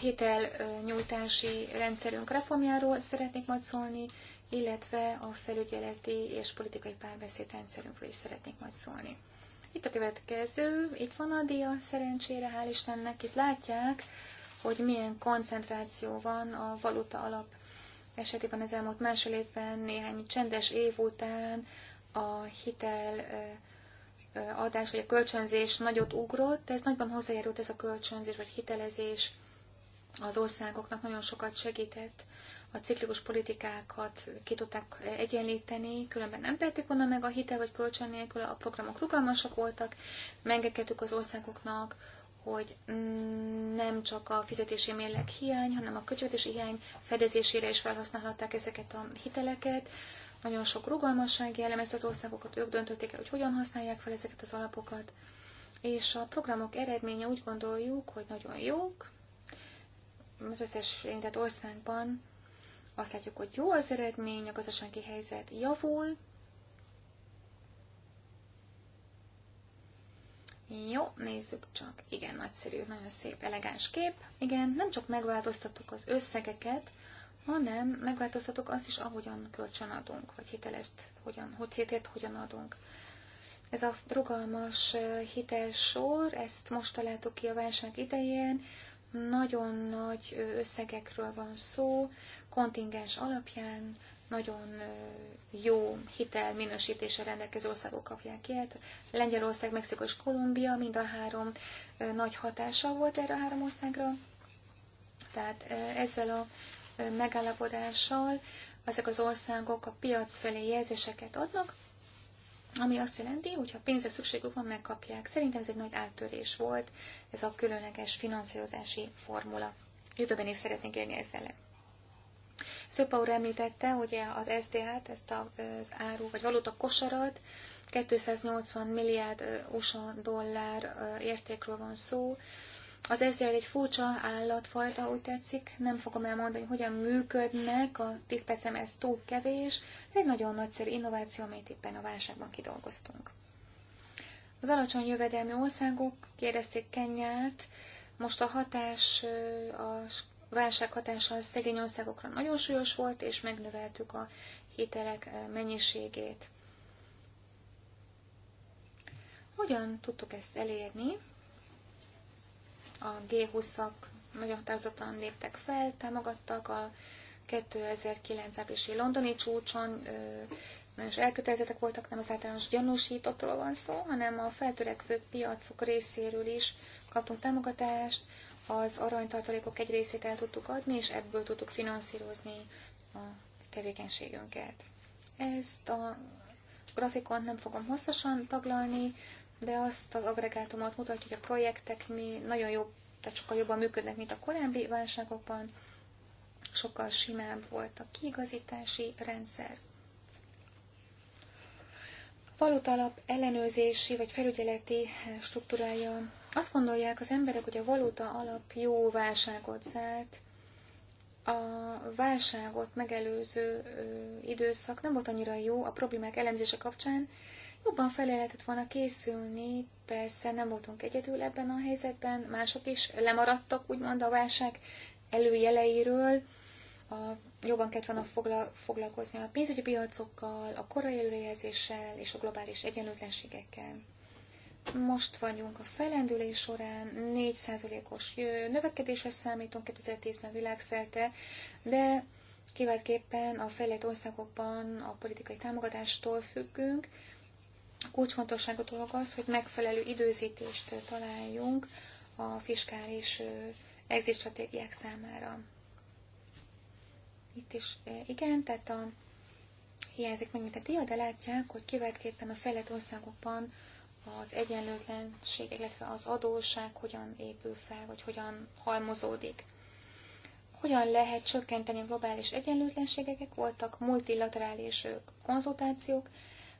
hitelnyújtási rendszerünk reformjáról szeretnék majd szólni, illetve a felügyeleti és politikai párbeszéd rendszerünkről is szeretnék majd szólni. Itt a következő, itt van a dia, szerencsére, hál' Istennek, itt látják, hogy milyen koncentráció van a valuta alap esetében az elmúlt másfél évben, néhány csendes év után a hitel adás vagy a kölcsönzés nagyot ugrott, de ez nagyban hozzájárult ez a kölcsönzés vagy hitelezés az országoknak nagyon sokat segített, a ciklikus politikákat ki tudták egyenlíteni, különben nem tették volna meg a hitel vagy kölcsön nélkül, a programok rugalmasak voltak, megengedtük az országoknak, hogy nem csak a fizetési mérleg hiány, hanem a költségvetési hiány fedezésére is felhasználhatták ezeket a hiteleket. Nagyon sok rugalmasság jellemezte az országokat, ők döntötték el, hogy hogyan használják fel ezeket az alapokat, és a programok eredménye úgy gondoljuk, hogy nagyon jók. Az összes érintett országban azt látjuk, hogy jó az eredmény, a gazdasági helyzet javul. Jó, nézzük csak. Igen, nagyszerű, nagyon szép, elegáns kép. Igen, nem csak megváltoztattuk az összegeket, hanem megváltoztatok azt is, ahogyan kölcsönadunk, vagy hitelest, hogyan, hogy hogyan adunk. Ez a rugalmas hitelsor, ezt most találtuk ki a válság idején, nagyon nagy összegekről van szó, kontingens alapján, nagyon jó hitel minősítése rendelkező országok kapják ilyet. Hát Lengyelország, Mexikó és Kolumbia mind a három nagy hatása volt erre a három országra. Tehát ezzel a megállapodással ezek az országok a piac felé jelzéseket adnak, ami azt jelenti, hogy ha pénzre szükségük van, megkapják. Szerintem ez egy nagy áttörés volt, ez a különleges finanszírozási formula. Jövőben is szeretnénk élni ezzel. Szöpa úr említette, hogy az SDA-t, ezt az áru vagy valuta kosarat, 280 milliárd USA dollár értékről van szó, az ezzel egy furcsa állatfajta, úgy tetszik. Nem fogom elmondani, hogy hogyan működnek, a 10 percem ez túl kevés. Ez egy nagyon nagyszerű innováció, amit éppen a válságban kidolgoztunk. Az alacsony jövedelmi országok kérdezték Kenyát, most a hatás, a válság hatása a szegény országokra nagyon súlyos volt, és megnöveltük a hitelek mennyiségét. Hogyan tudtuk ezt elérni? a G20-ak nagyon határozottan léptek fel, támogattak a 2009 áprilisi londoni csúcson, nagyon is elkötelezettek voltak, nem az általános gyanúsítottról van szó, hanem a feltörekvő piacok részéről is kaptunk támogatást, az aranytartalékok egy részét el tudtuk adni, és ebből tudtuk finanszírozni a tevékenységünket. Ezt a grafikont nem fogom hosszasan taglalni, de azt az agregátumot mutatja, hogy a projektek mi nagyon jobb, tehát sokkal jobban működnek, mint a korábbi válságokban, sokkal simább volt a kiigazítási rendszer. A valutalap ellenőrzési vagy felügyeleti struktúrája. Azt gondolják az emberek, hogy a valuta alap jó válságot zárt, a válságot megelőző időszak nem volt annyira jó a problémák elemzése kapcsán, Jobban fel lehetett volna készülni, persze nem voltunk egyedül ebben a helyzetben, mások is lemaradtak, úgymond a válság előjeleiről, a, jobban kellett volna fogla, foglalkozni a pénzügyi piacokkal, a korai előrejelzéssel és a globális egyenlőtlenségekkel. Most vagyunk a felendülés során, 4%-os növekedésre számítunk 2010-ben világszerte, de kiváltképpen a fejlett országokban a politikai támogatástól függünk, kulcsfontosságú dolog az, hogy megfelelő időzítést találjunk a fiskális exit stratégiák számára. Itt is igen, tehát a, hiányzik meg, mint a dia, de látják, hogy kivetképpen a fejlett országokban az egyenlőtlenség, illetve az adósság hogyan épül fel, vagy hogyan halmozódik. Hogyan lehet csökkenteni a globális egyenlőtlenségeket? Voltak multilaterális konzultációk,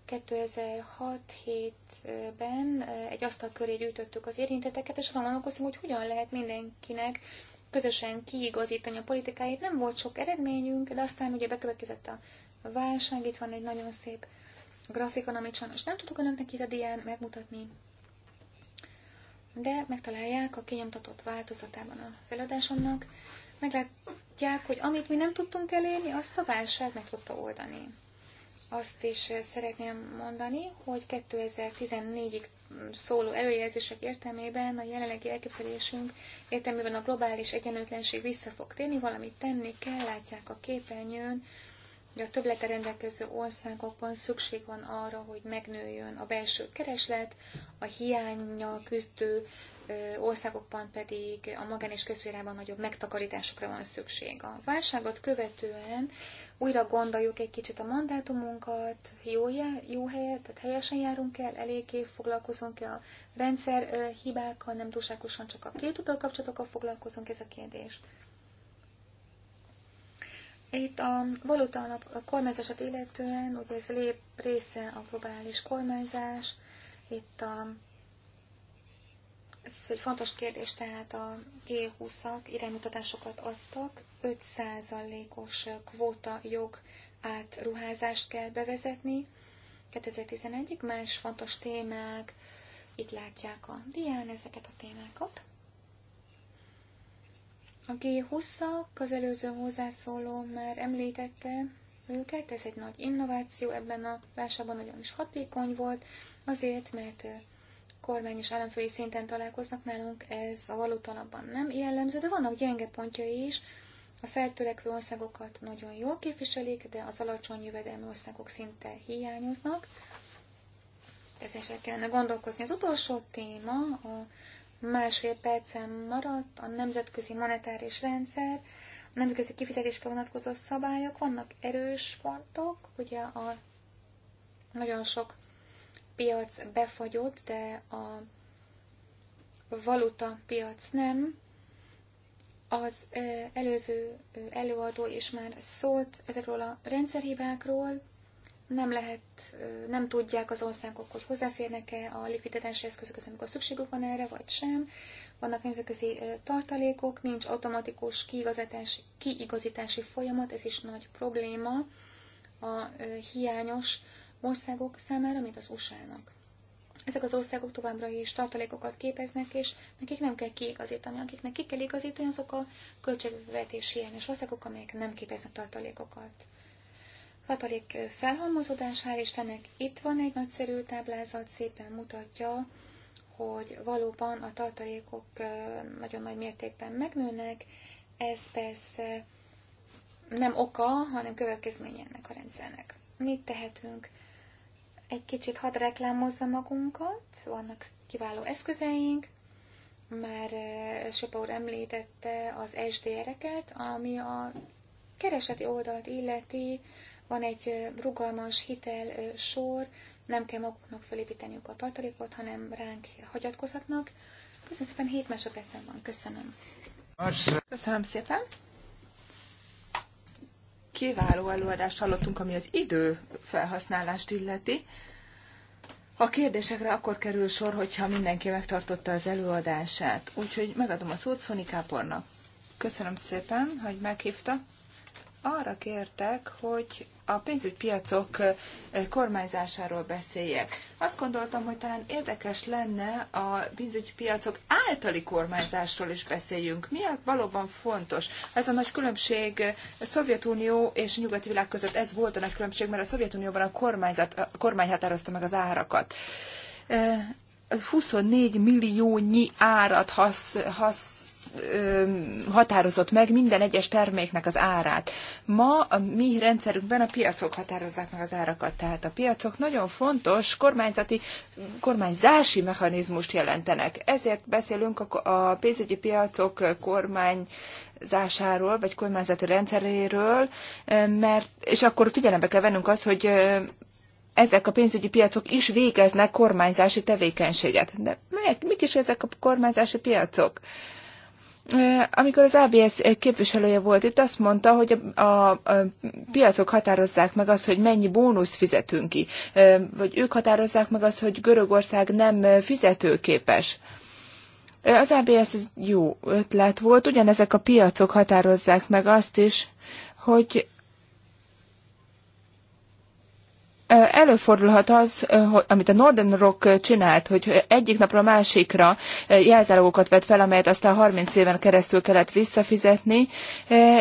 2006-7-ben eh, egy asztal köré gyűjtöttük az érintetteket, és azon gondolkoztam, hogy hogyan lehet mindenkinek közösen kiigazítani a politikáit. Nem volt sok eredményünk, de aztán ugye bekövetkezett a válság, itt van egy nagyon szép grafikon, amit sajnos nem tudok önöknek itt a dián megmutatni, de megtalálják a kinyomtatott változatában az előadásomnak. Meglátják, hogy amit mi nem tudtunk elérni, azt a válság meg tudta oldani azt is szeretném mondani, hogy 2014-ig szóló előjelzések értelmében a jelenlegi elképzelésünk értelmében a globális egyenlőtlenség vissza fog térni, valamit tenni kell, látják a képernyőn, hogy a többlete rendelkező országokban szükség van arra, hogy megnőjön a belső kereslet, a hiányjal küzdő országokban pedig a magán és közférában nagyobb megtakarításokra van szükség. A válságot követően újra gondoljuk egy kicsit a mandátumunkat, jó, jó helyet, tehát helyesen járunk el, eléggé foglalkozunk e a rendszer hibákkal, nem túlságosan csak a két kapcsolatokkal foglalkozunk, ez a kérdés. Itt a valuta a kormányzását illetően, ugye ez lép része a globális kormányzás, itt a ez egy fontos kérdés, tehát a G20-ak iránymutatásokat adtak, 5%-os kvóta jog átruházást kell bevezetni 2011-ig, más fontos témák, itt látják a dián ezeket a témákat. A G20-ak, az előző hozzászóló már említette őket, ez egy nagy innováció ebben a válságban, nagyon is hatékony volt, azért, mert kormány és államfői szinten találkoznak nálunk, ez a valótalabban nem jellemző, de vannak gyenge pontjai is. A feltörekvő országokat nagyon jól képviselik, de az alacsony jövedelmi országok szinte hiányoznak. Ezen kellene gondolkozni. Az utolsó téma, a másfél percen maradt, a nemzetközi monetáris rendszer, a nemzetközi kifizetésre vonatkozó szabályok, vannak erős pontok, ugye a nagyon sok piac befagyott, de a valuta piac nem. Az előző előadó is már szólt ezekről a rendszerhibákról. Nem lehet, nem tudják az országok, hogy hozzáférnek-e a likviditási eszközökhöz, amikor szükségük van erre, vagy sem. Vannak nemzetközi tartalékok, nincs automatikus kiigazítási, kiigazítási folyamat, ez is nagy probléma. A hiányos országok számára, mint az USA-nak. Ezek az országok továbbra is tartalékokat képeznek, és nekik nem kell kiigazítani. Akiknek ki kell igazítani, azok a költségvetési hiányos országok, amelyek nem képeznek tartalékokat. Tartalék felhalmozódás, hál' Istennek, itt van egy nagyszerű táblázat, szépen mutatja, hogy valóban a tartalékok nagyon nagy mértékben megnőnek, ez persze nem oka, hanem következménye ennek a rendszernek. Mit tehetünk? egy kicsit hadd reklámozza magunkat, vannak kiváló eszközeink, már Sopa úr említette az SDR-eket, ami a kereseti oldalt illeti, van egy rugalmas hitel sor, nem kell maguknak felépíteniük a tartalékot, hanem ránk hagyatkozhatnak. Köszönöm szépen, 7 másodpercen van. Köszönöm. Köszönöm szépen kiváló előadást hallottunk, ami az idő felhasználást illeti. A kérdésekre akkor kerül sor, hogyha mindenki megtartotta az előadását. Úgyhogy megadom a szót Szoni Kápornak. Köszönöm szépen, hogy meghívta. Arra kértek, hogy a pénzügypiacok kormányzásáról beszéljek. Azt gondoltam, hogy talán érdekes lenne a pénzügypiacok általi kormányzásról is beszéljünk. Mi valóban fontos? Ez a nagy különbség a Szovjetunió és a nyugati világ között ez volt a nagy különbség, mert a Szovjetunióban a, kormányzat, a kormány határozta meg az árakat. 24 milliónyi árat hasz, hasz, határozott meg minden egyes terméknek az árát. Ma a mi rendszerünkben a piacok határozzák meg az árakat, tehát a piacok nagyon fontos kormányzati, kormányzási mechanizmust jelentenek. Ezért beszélünk a pénzügyi piacok kormány zásáról, vagy kormányzati rendszeréről, mert, és akkor figyelembe kell vennünk azt, hogy ezek a pénzügyi piacok is végeznek kormányzási tevékenységet. De melyek, mik is ezek a kormányzási piacok? Amikor az ABS képviselője volt itt, azt mondta, hogy a, a, a piacok határozzák meg azt, hogy mennyi bónuszt fizetünk ki, vagy ők határozzák meg azt, hogy Görögország nem fizetőképes. Az ABS jó ötlet volt, ugyanezek a piacok határozzák meg azt is, hogy Előfordulhat az, amit a Northern Rock csinált, hogy egyik napra a másikra jelzálogokat vett fel, amelyet aztán 30 éven keresztül kellett visszafizetni,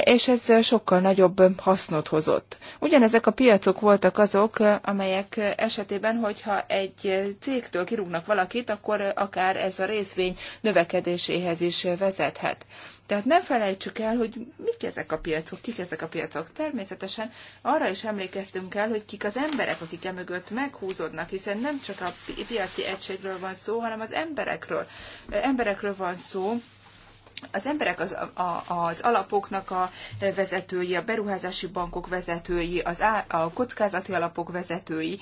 és ez sokkal nagyobb hasznot hozott. Ugyanezek a piacok voltak azok, amelyek esetében, hogyha egy cégtől kirúgnak valakit, akkor akár ez a részvény növekedéséhez is vezethet. Tehát ne felejtsük el, hogy mik ezek a piacok, kik ezek a piacok. Természetesen arra is emlékeztünk el, hogy kik az emberek, emberek, akik emögött meghúzódnak, hiszen nem csak a piaci egységről van szó, hanem az emberekről. Emberekről van szó, az emberek az, a, az alapoknak a vezetői, a beruházási bankok vezetői, az á, a kockázati alapok vezetői.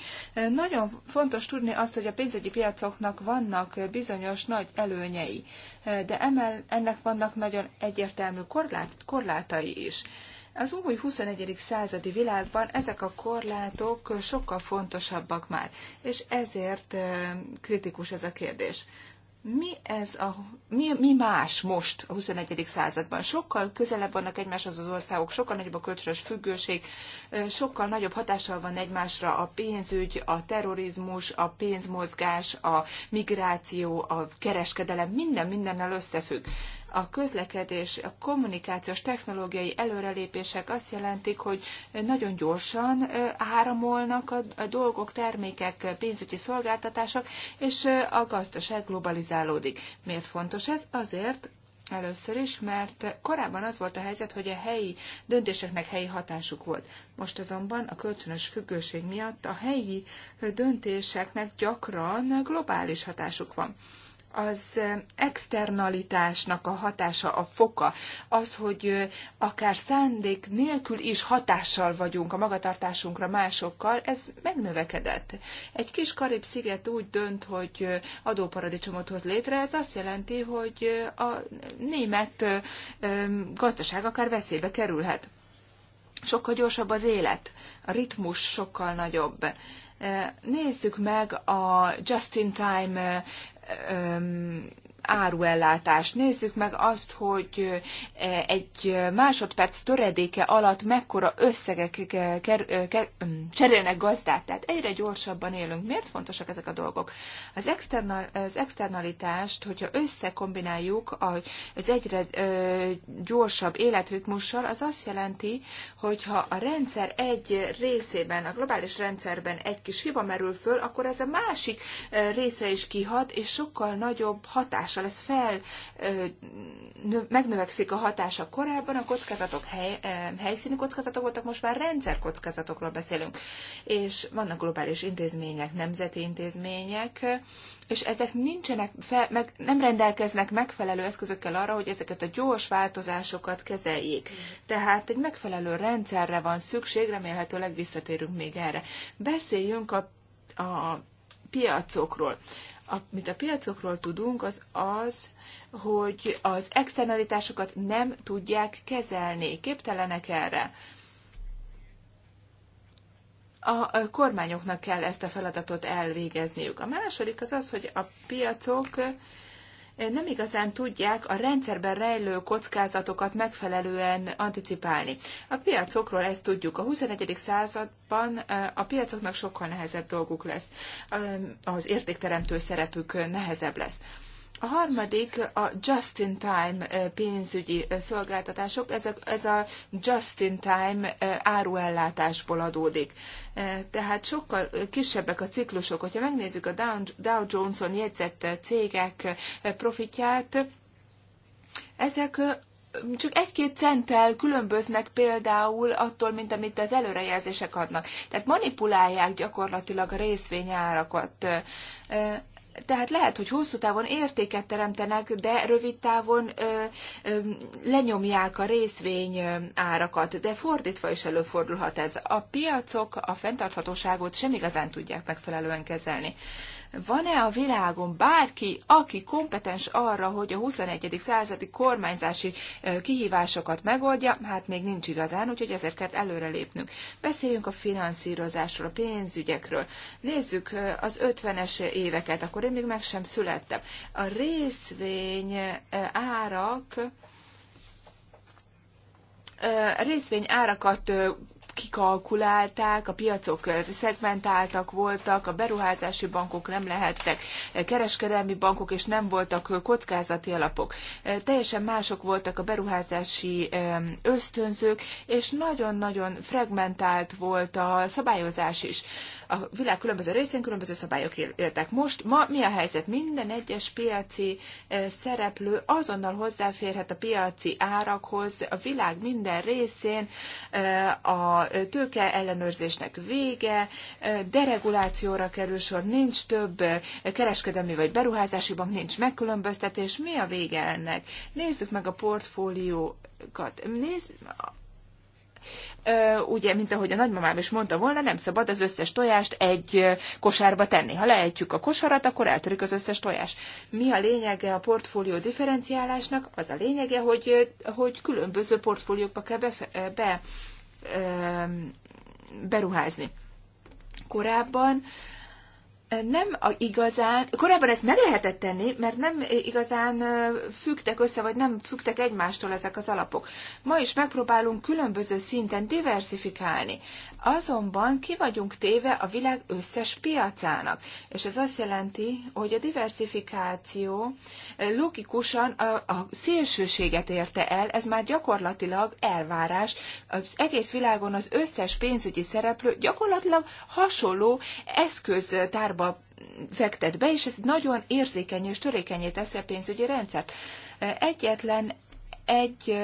Nagyon fontos tudni azt, hogy a pénzügyi piacoknak vannak bizonyos nagy előnyei, de emel, ennek vannak nagyon egyértelmű korlát, korlátai is. Az új 21. századi világban ezek a korlátok sokkal fontosabbak már, és ezért kritikus ez a kérdés. Mi, ez a, mi, mi más most a 21. században? Sokkal közelebb vannak egymáshoz az országok, sokkal nagyobb a kölcsönös függőség, sokkal nagyobb hatással van egymásra a pénzügy, a terrorizmus, a pénzmozgás, a migráció, a kereskedelem, minden mindennel összefügg a közlekedés, a kommunikációs technológiai előrelépések azt jelentik, hogy nagyon gyorsan áramolnak a dolgok, termékek, pénzügyi szolgáltatások, és a gazdaság globalizálódik. Miért fontos ez? Azért, Először is, mert korábban az volt a helyzet, hogy a helyi döntéseknek helyi hatásuk volt. Most azonban a kölcsönös függőség miatt a helyi döntéseknek gyakran globális hatásuk van az externalitásnak a hatása, a foka, az, hogy akár szándék nélkül is hatással vagyunk a magatartásunkra másokkal, ez megnövekedett. Egy kis Karib-sziget úgy dönt, hogy adóparadicsomot hoz létre, ez azt jelenti, hogy a német gazdaság akár veszélybe kerülhet. Sokkal gyorsabb az élet, a ritmus sokkal nagyobb nézzük meg a just-in-time öm, áruellátást. Nézzük meg azt, hogy eh, egy másodperc töredéke alatt mekkora összegek eh, ker, eh, ker, mm, cserélnek gazdát. Tehát egyre gyorsabban élünk. Miért fontosak ezek a dolgok? Az, external, az externalitást, hogyha összekombináljuk az egyre gyorsabb életritmussal, az azt jelenti, hogyha a rendszer egy részében, a globális rendszerben egy kis hiba merül föl, akkor ez a másik része is kihat, és sokkal nagyobb hatás hatással, ez fel, megnövekszik a hatása korábban, a kockázatok hely, helyszíni kockázatok voltak, most már rendszerkockázatokról beszélünk, és vannak globális intézmények, nemzeti intézmények, és ezek nincsenek, fel, meg, nem rendelkeznek megfelelő eszközökkel arra, hogy ezeket a gyors változásokat kezeljék. Tehát egy megfelelő rendszerre van szükség, remélhetőleg visszatérünk még erre. Beszéljünk a, a piacokról. Amit a piacokról tudunk, az az, hogy az externalitásokat nem tudják kezelni, képtelenek erre. A kormányoknak kell ezt a feladatot elvégezniük. A második az az, hogy a piacok nem igazán tudják a rendszerben rejlő kockázatokat megfelelően anticipálni. A piacokról ezt tudjuk. A 21. században a piacoknak sokkal nehezebb dolguk lesz. Az értékteremtő szerepük nehezebb lesz. A harmadik a just-in-time pénzügyi szolgáltatások. Ez a, ez a just-in-time áruellátásból adódik. Tehát sokkal kisebbek a ciklusok. Hogyha megnézzük a Dow Jones-on jegyzett cégek profitját, ezek csak egy-két centtel különböznek például attól, mint amit az előrejelzések adnak. Tehát manipulálják gyakorlatilag a részvényárakat tehát lehet, hogy hosszú távon értéket teremtenek, de rövid távon ö, ö, lenyomják a részvény árakat, de fordítva is előfordulhat ez. A piacok a fenntarthatóságot sem igazán tudják megfelelően kezelni. Van-e a világon bárki, aki kompetens arra, hogy a 21. századi kormányzási kihívásokat megoldja? Hát még nincs igazán, úgyhogy ezért kell előrelépnünk. Beszéljünk a finanszírozásról, a pénzügyekről. Nézzük az 50-es éveket, akkor én még meg sem születtem. A részvény árak részvény árakat kikalkulálták, a piacok szegmentáltak voltak, a beruházási bankok nem lehettek, kereskedelmi bankok és nem voltak kockázati alapok. Teljesen mások voltak a beruházási ösztönzők, és nagyon-nagyon fragmentált volt a szabályozás is. A világ különböző részén különböző szabályok éltek. Most ma mi a helyzet? Minden egyes piaci szereplő azonnal hozzáférhet a piaci árakhoz, a világ minden részén a a tőke ellenőrzésnek vége, deregulációra kerül sor, nincs több kereskedelmi vagy beruházási bank, nincs megkülönböztetés. Mi a vége ennek? Nézzük meg a portfóliókat. Nézz, ugye, mint ahogy a nagymamám is mondta volna, nem szabad az összes tojást egy kosárba tenni. Ha lehetjük a kosarat, akkor eltörik az összes tojás. Mi a lényege a portfólió differenciálásnak? Az a lényege, hogy, hogy különböző portfóliókba kell be, be beruházni. Korábban nem a igazán, korábban ezt meg lehetett tenni, mert nem igazán fügtek össze, vagy nem fügtek egymástól ezek az alapok. Ma is megpróbálunk különböző szinten diversifikálni. Azonban ki vagyunk téve a világ összes piacának, és ez azt jelenti, hogy a diversifikáció logikusan a, a szélsőséget érte el, ez már gyakorlatilag elvárás. Az egész világon az összes pénzügyi szereplő gyakorlatilag hasonló eszköztárban bankokba fektet be, és ez nagyon érzékeny és törékenyé teszi a pénzügyi rendszert. Egyetlen egy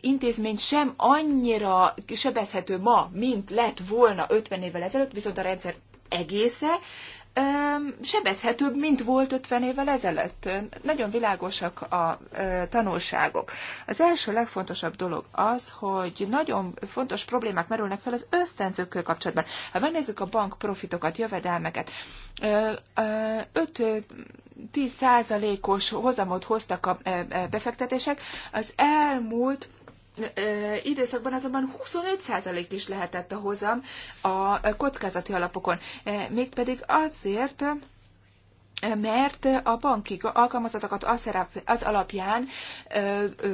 intézmény sem annyira sebezhető ma, mint lett volna 50 évvel ezelőtt, viszont a rendszer egésze sebezhetőbb, mint volt 50 évvel ezelőtt. Nagyon világosak a tanulságok. Az első legfontosabb dolog az, hogy nagyon fontos problémák merülnek fel az ösztönzőkkel kapcsolatban. Ha megnézzük a bank profitokat, jövedelmeket, 5 10 százalékos hozamot hoztak a befektetések. Az elmúlt időszakban azonban 25% is lehetett a hozam a kockázati alapokon. Mégpedig azért, mert a banki alkalmazottakat az, alapján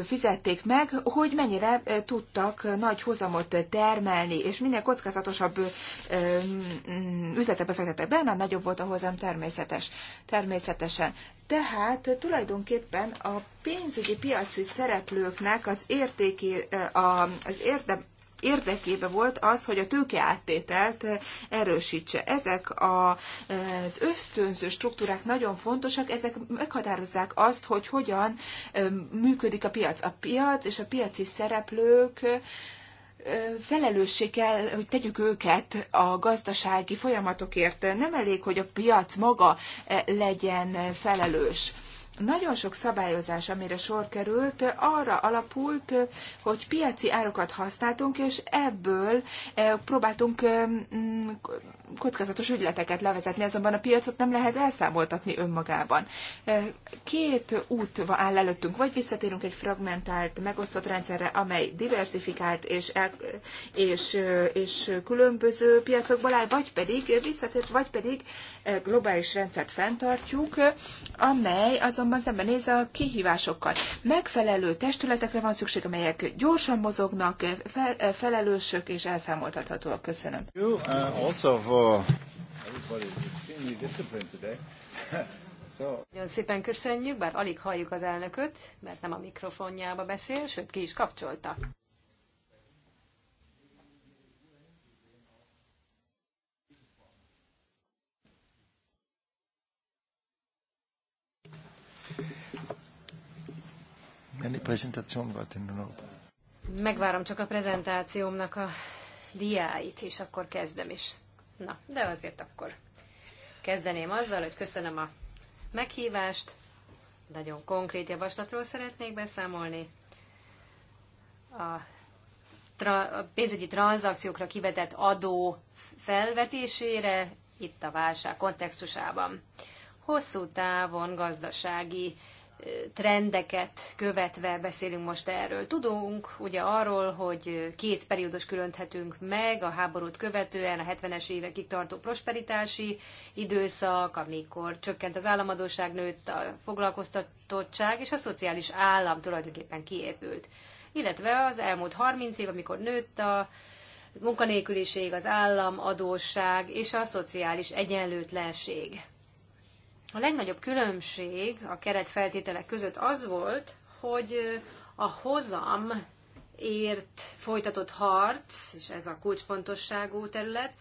fizették meg, hogy mennyire tudtak nagy hozamot termelni, és minél kockázatosabb mm, üzletebe befektettek be, annál nagyobb volt a hozam természetes, természetesen. Tehát tulajdonképpen a pénzügyi piaci szereplőknek az, értéki, az érdem, érdekébe volt az, hogy a tőkeáttételt eh, erősítse. Ezek eh, az ösztönző struktúrák nagyon fontosak, ezek meghatározzák azt, hogy hogyan eh, működik a piac. A piac és a piaci szereplők felelősség kell, hogy tegyük őket a gazdasági folyamatokért. Nem elég, hogy a piac maga legyen felelős nagyon sok szabályozás, amire sor került, arra alapult, hogy piaci árokat használtunk, és ebből e, próbáltunk e, kockázatos ügyleteket levezetni, azonban a piacot nem lehet elszámoltatni önmagában. E, két út áll előttünk, vagy visszatérünk egy fragmentált, megosztott rendszerre, amely diversifikált és, el, és, és különböző piacokból áll, vagy pedig visszatér, vagy pedig globális rendszert fenntartjuk, amely azonban néz a kihívásokkal. Megfelelő testületekre van szükség, amelyek gyorsan mozognak, fel, felelősök és elszámoltathatóak. Köszönöm. Uh, nagyon szépen köszönjük, bár alig halljuk az elnököt, mert nem a mikrofonjába beszél, sőt ki is kapcsolta. Megvárom csak a prezentációmnak a diáit, és akkor kezdem is. Na, de azért akkor kezdeném azzal, hogy köszönöm a meghívást. Nagyon konkrét javaslatról szeretnék beszámolni. A, tra- a pénzügyi tranzakciókra kivetett adó felvetésére itt a válság kontextusában. Hosszú távon gazdasági trendeket követve beszélünk most erről. Tudunk ugye arról, hogy két periódus különhetünk meg a háborút követően, a 70-es évekig tartó prosperitási időszak, amikor csökkent az államadóság, nőtt a foglalkoztatottság, és a szociális állam tulajdonképpen kiépült. Illetve az elmúlt 30 év, amikor nőtt a munkanélküliség, az adósság és a szociális egyenlőtlenség. A legnagyobb különbség a keretfeltételek között az volt, hogy a hozam ért folytatott harc, és ez a kulcsfontosságú terület,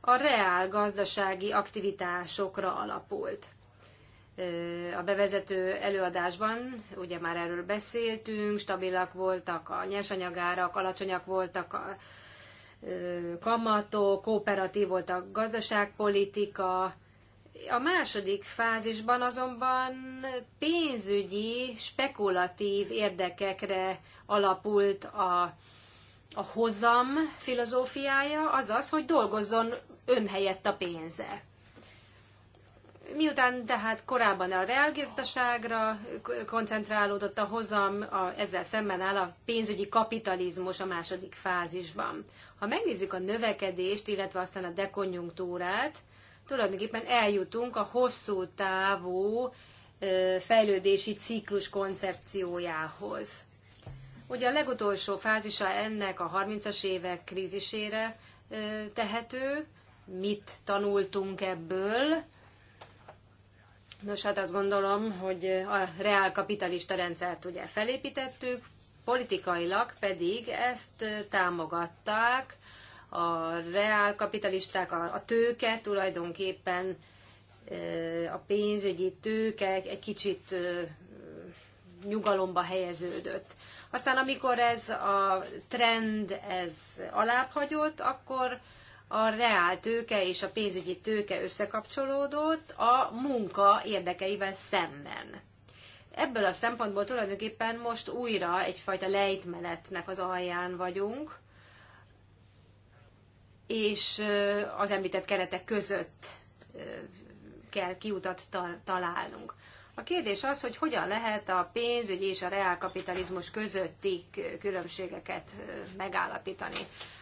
a reál gazdasági aktivitásokra alapult. A bevezető előadásban, ugye már erről beszéltünk, stabilak voltak a nyersanyagárak, alacsonyak voltak a kamatok, kooperatív volt a gazdaságpolitika, a második fázisban azonban pénzügyi, spekulatív érdekekre alapult a, a hozam filozófiája, azaz, hogy dolgozzon ön helyett a pénze. Miután tehát korábban a reálgazdaságra koncentrálódott a hozam, a, ezzel szemben áll a pénzügyi kapitalizmus a második fázisban. Ha megnézzük a növekedést, illetve aztán a dekonjunktúrát, tulajdonképpen eljutunk a hosszú távú fejlődési ciklus koncepciójához. Ugye a legutolsó fázisa ennek a 30-as évek krízisére tehető, mit tanultunk ebből. Nos, hát azt gondolom, hogy a reálkapitalista rendszert ugye felépítettük, politikailag pedig ezt támogatták a reálkapitalisták, a, a tőke tulajdonképpen a pénzügyi tőke egy kicsit nyugalomba helyeződött. Aztán amikor ez a trend ez alábbhagyott, akkor a reál tőke és a pénzügyi tőke összekapcsolódott a munka érdekeivel szemben. Ebből a szempontból tulajdonképpen most újra egyfajta lejtmenetnek az alján vagyunk, és az említett keretek között kell kiutat találnunk. A kérdés az, hogy hogyan lehet a pénzügy és a reálkapitalizmus közötti különbségeket megállapítani.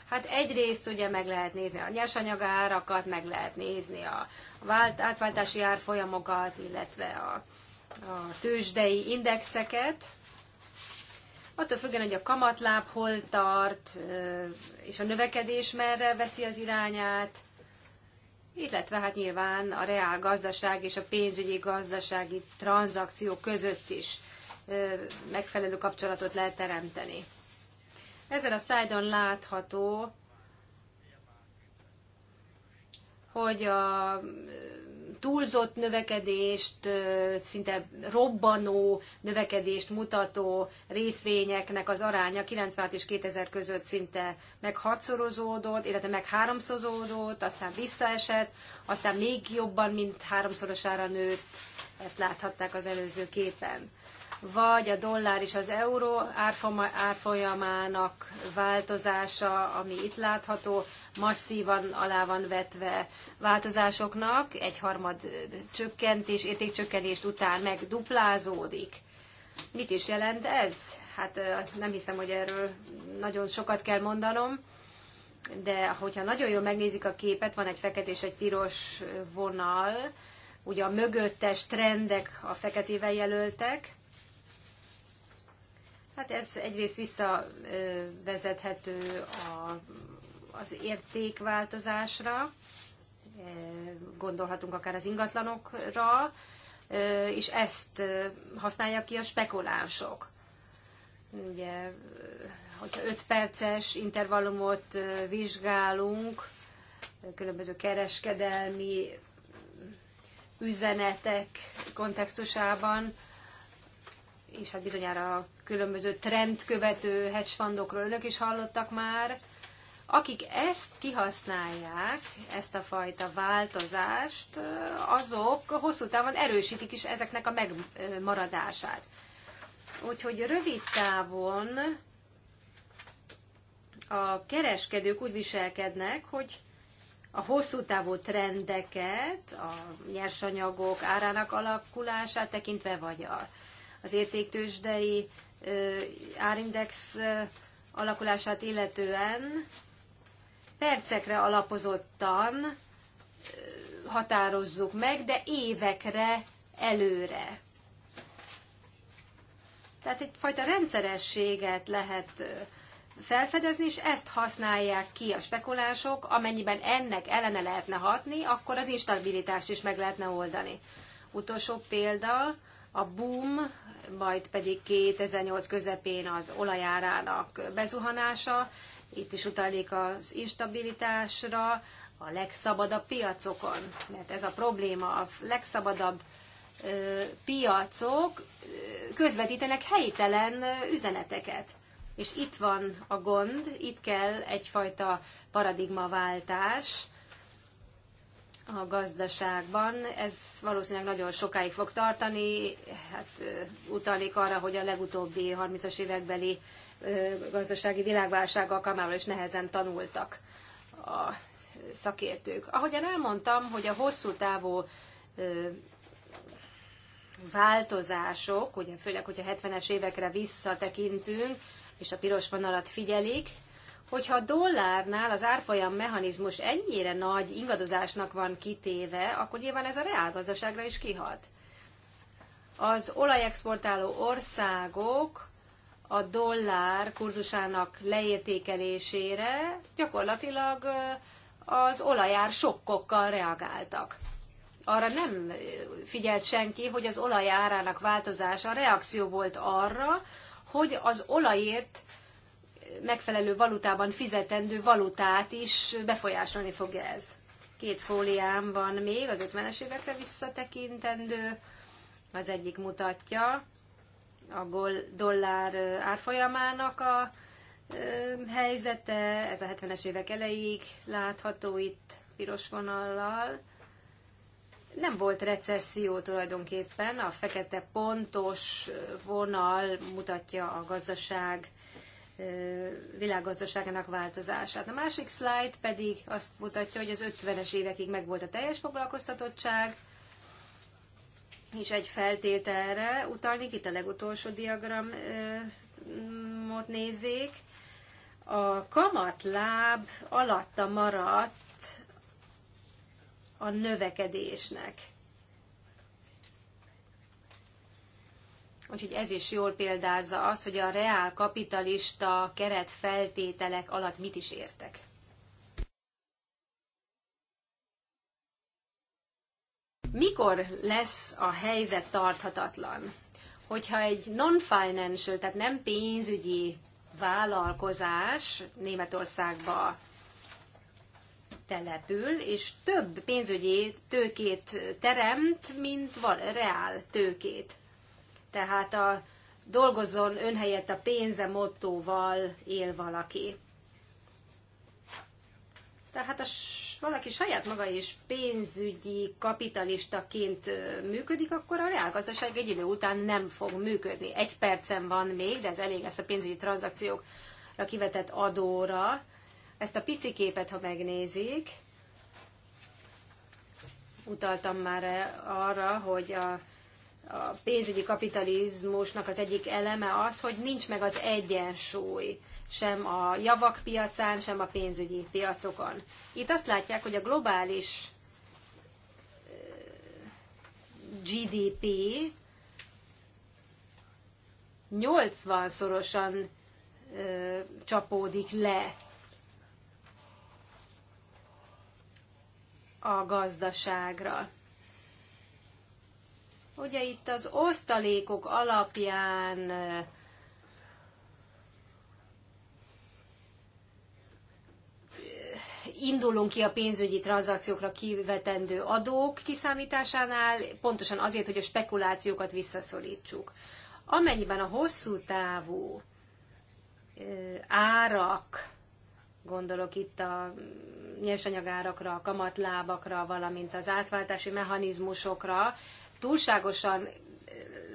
Hát egyrészt ugye meg lehet nézni a nyersanyagárakat, meg lehet nézni a vált, átváltási árfolyamokat, illetve a, a tőzsdei indexeket, attól függően, hogy a kamatláb hol tart, és a növekedés merre veszi az irányát, illetve hát nyilván a reál gazdaság és a pénzügyi gazdasági tranzakció között is megfelelő kapcsolatot lehet teremteni. Ezen a szlájdon látható, hogy a túlzott növekedést, szinte robbanó növekedést mutató részvényeknek az aránya 90 és 2000 között szinte meghatszorozódott, illetve meg háromszorozódott, aztán visszaesett, aztán még jobban, mint háromszorosára nőtt, ezt láthatták az előző képen vagy a dollár és az euró árfolyamának változása, ami itt látható, masszívan alá van vetve változásoknak, egyharmad csökkentés, értékcsökkenést után megduplázódik. Mit is jelent ez? Hát nem hiszem, hogy erről nagyon sokat kell mondanom, de hogyha nagyon jól megnézik a képet, van egy fekete és egy piros vonal, ugye a mögöttes trendek a feketével jelöltek, Hát ez egyrészt visszavezethető a, az értékváltozásra, e, gondolhatunk akár az ingatlanokra, e, és ezt használják ki a spekulánsok. Ugye, hogyha 5 perces intervallumot e, vizsgálunk, különböző kereskedelmi üzenetek kontextusában, és hát bizonyára különböző trendkövető hedge fundokról önök is hallottak már, akik ezt kihasználják, ezt a fajta változást, azok hosszú távon erősítik is ezeknek a megmaradását. Úgyhogy rövid távon a kereskedők úgy viselkednek, hogy a hosszú távú trendeket, a nyersanyagok árának alakulását tekintve, vagy a, az értéktősdei árindex alakulását illetően percekre alapozottan határozzuk meg, de évekre előre. Tehát egyfajta rendszerességet lehet felfedezni, és ezt használják ki a spekulások, amennyiben ennek ellene lehetne hatni, akkor az instabilitást is meg lehetne oldani. Utolsó példa, a boom majd pedig 2008 közepén az olajárának bezuhanása, itt is utalik az instabilitásra, a legszabadabb piacokon, mert ez a probléma, a legszabadabb ö, piacok közvetítenek helytelen üzeneteket. És itt van a gond, itt kell egyfajta paradigmaváltás, a gazdaságban. Ez valószínűleg nagyon sokáig fog tartani, hát utalnék arra, hogy a legutóbbi 30-as évekbeli gazdasági világválság alkalmával is nehezen tanultak a szakértők. Ahogyan elmondtam, hogy a hosszú távú változások, ugye főleg, hogyha 70-es évekre visszatekintünk, és a piros vonalat figyelik, hogyha a dollárnál az árfolyam mechanizmus ennyire nagy ingadozásnak van kitéve, akkor nyilván ez a reálgazdaságra is kihat. Az olajexportáló országok a dollár kurzusának leértékelésére gyakorlatilag az olajár sokkokkal reagáltak. Arra nem figyelt senki, hogy az olaj árának változása reakció volt arra, hogy az olajért megfelelő valutában fizetendő valutát is befolyásolni fogja ez. Két fóliám van még, az 50-es évekre visszatekintendő. Az egyik mutatja a dollár árfolyamának a helyzete, ez a 70-es évek elejéig látható itt piros vonallal. Nem volt recesszió tulajdonképpen, a fekete pontos vonal mutatja a gazdaság világgazdaságának változását. A másik slide pedig azt mutatja, hogy az 50-es évekig megvolt a teljes foglalkoztatottság, és egy feltételre utalnék, itt a legutolsó diagramot nézzék. A kamatláb alatta maradt a növekedésnek. Úgyhogy ez is jól példázza az, hogy a reál kapitalista keret feltételek alatt mit is értek. Mikor lesz a helyzet tarthatatlan? Hogyha egy non-financial, tehát nem pénzügyi vállalkozás Németországba települ, és több pénzügyi tőkét teremt, mint reál tőkét. Tehát a dolgozzon ön helyett a pénze mottóval él valaki. Tehát a, valaki saját maga is pénzügyi kapitalistaként működik, akkor a reálgazdaság egy idő után nem fog működni. Egy percen van még, de ez elég lesz a pénzügyi tranzakciókra kivetett adóra. Ezt a pici képet, ha megnézik, utaltam már arra, hogy a a pénzügyi kapitalizmusnak az egyik eleme az, hogy nincs meg az egyensúly sem a javak piacán, sem a pénzügyi piacokon. Itt azt látják, hogy a globális eh, GDP 80-szorosan eh, csapódik le a gazdaságra. Ugye itt az osztalékok alapján indulunk ki a pénzügyi tranzakciókra kivetendő adók kiszámításánál, pontosan azért, hogy a spekulációkat visszaszorítsuk. Amennyiben a hosszú távú árak, gondolok itt a nyersanyagárakra, a kamatlábakra, valamint az átváltási mechanizmusokra túlságosan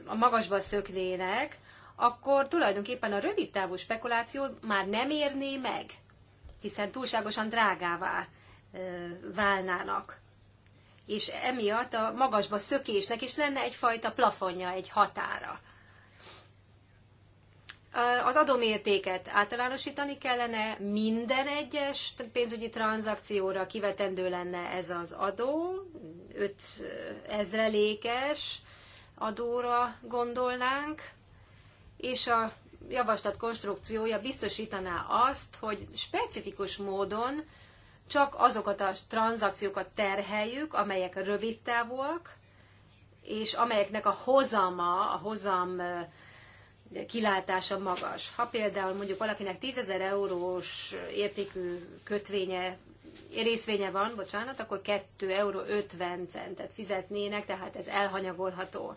a magasba szöknének, akkor tulajdonképpen a rövid távú spekuláció már nem érné meg, hiszen túlságosan drágává válnának. És emiatt a magasba szökésnek is lenne egyfajta plafonja, egy határa. Az adómértéket általánosítani kellene, minden egyes pénzügyi tranzakcióra kivetendő lenne ez az adó, 5 ezrelékes adóra gondolnánk, és a javaslat konstrukciója biztosítaná azt, hogy specifikus módon csak azokat a tranzakciókat terheljük, amelyek rövidtávúak, és amelyeknek a hozama, a hozam kilátása magas. Ha például mondjuk valakinek 10 ezer eurós értékű kötvénye, részvénye van, bocsánat, akkor 2 euró 50 centet fizetnének, tehát ez elhanyagolható.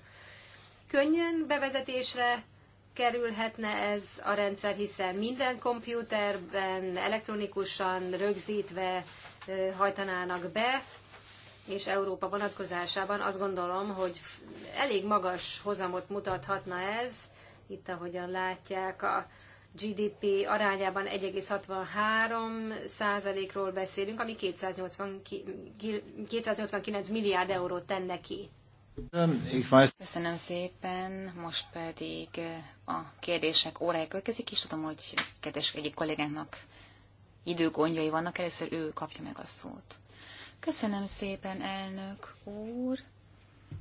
Könnyen bevezetésre kerülhetne ez a rendszer, hiszen minden kompjúterben elektronikusan rögzítve hajtanának be, és Európa vonatkozásában azt gondolom, hogy elég magas hozamot mutathatna ez, itt, ahogyan látják, a GDP arányában 1,63 százalékról beszélünk, ami 280, 289 milliárd eurót tenne ki. Köszönöm szépen, most pedig a kérdések órája következik, és tudom, hogy kedves egyik kollégánknak időgondjai vannak, először ő kapja meg a szót. Köszönöm szépen, elnök úr.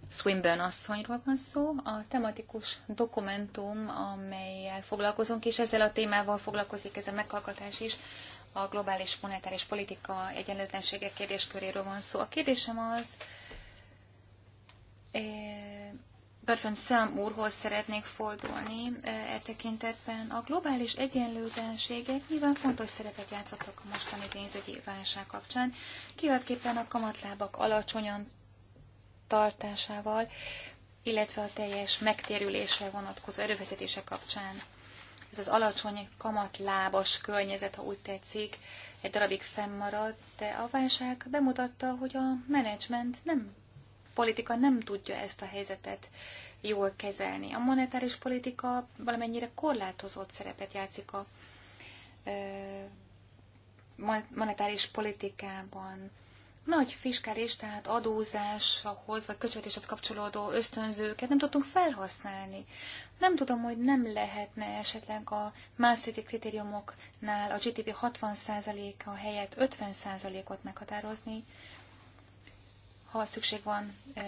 Swinburne asszonyról van szó. A tematikus dokumentum, amelyel foglalkozunk, és ezzel a témával foglalkozik ez a meghallgatás is, a globális monetáris politika egyenlőtlenségek kérdésköréről van szó. A kérdésem az, eh, Bertrand Sam úrhoz szeretnék fordulni eh, e tekintetben. A globális egyenlőtlenségek nyilván fontos szerepet játszottak a mostani pénzügyi válság kapcsán, kiváltképpen a kamatlábak alacsonyan tartásával, illetve a teljes megtérülésre vonatkozó erőfeszítése kapcsán. Ez az alacsony kamatlábas környezet, ha úgy tetszik, egy darabig fennmaradt, de a válság bemutatta, hogy a menedzsment nem, politika nem tudja ezt a helyzetet jól kezelni. A monetáris politika valamennyire korlátozott szerepet játszik a monetáris politikában nagy fiskális, tehát adózáshoz vagy költségvetéshez kapcsolódó ösztönzőket nem tudtunk felhasználni. Nem tudom, hogy nem lehetne esetleg a Maastrichti kritériumoknál a GDP 60%-a helyett 50%-ot meghatározni, ha szükség van e,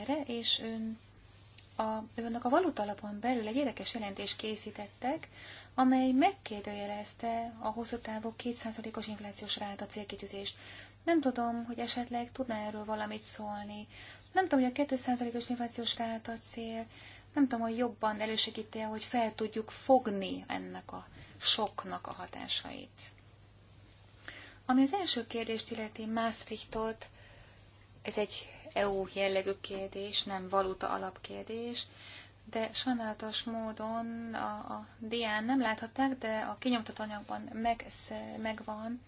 erre, és ön a, önök a valutalapon belül egy érdekes jelentést készítettek, amely megkérdőjelezte a hosszú távú 2%-os inflációs a célkitűzést. Nem tudom, hogy esetleg tudná erről valamit szólni. Nem tudom, hogy a 2%-os inflációs ráta cél, nem tudom, hogy jobban elősegíti -e, hogy fel tudjuk fogni ennek a soknak a hatásait. Ami az első kérdést illeti Maastrichtot, ez egy EU jellegű kérdés, nem valuta alapkérdés, de sajnálatos módon a, a dián nem láthatták, de a kinyomtatóanyagban meg, megvan,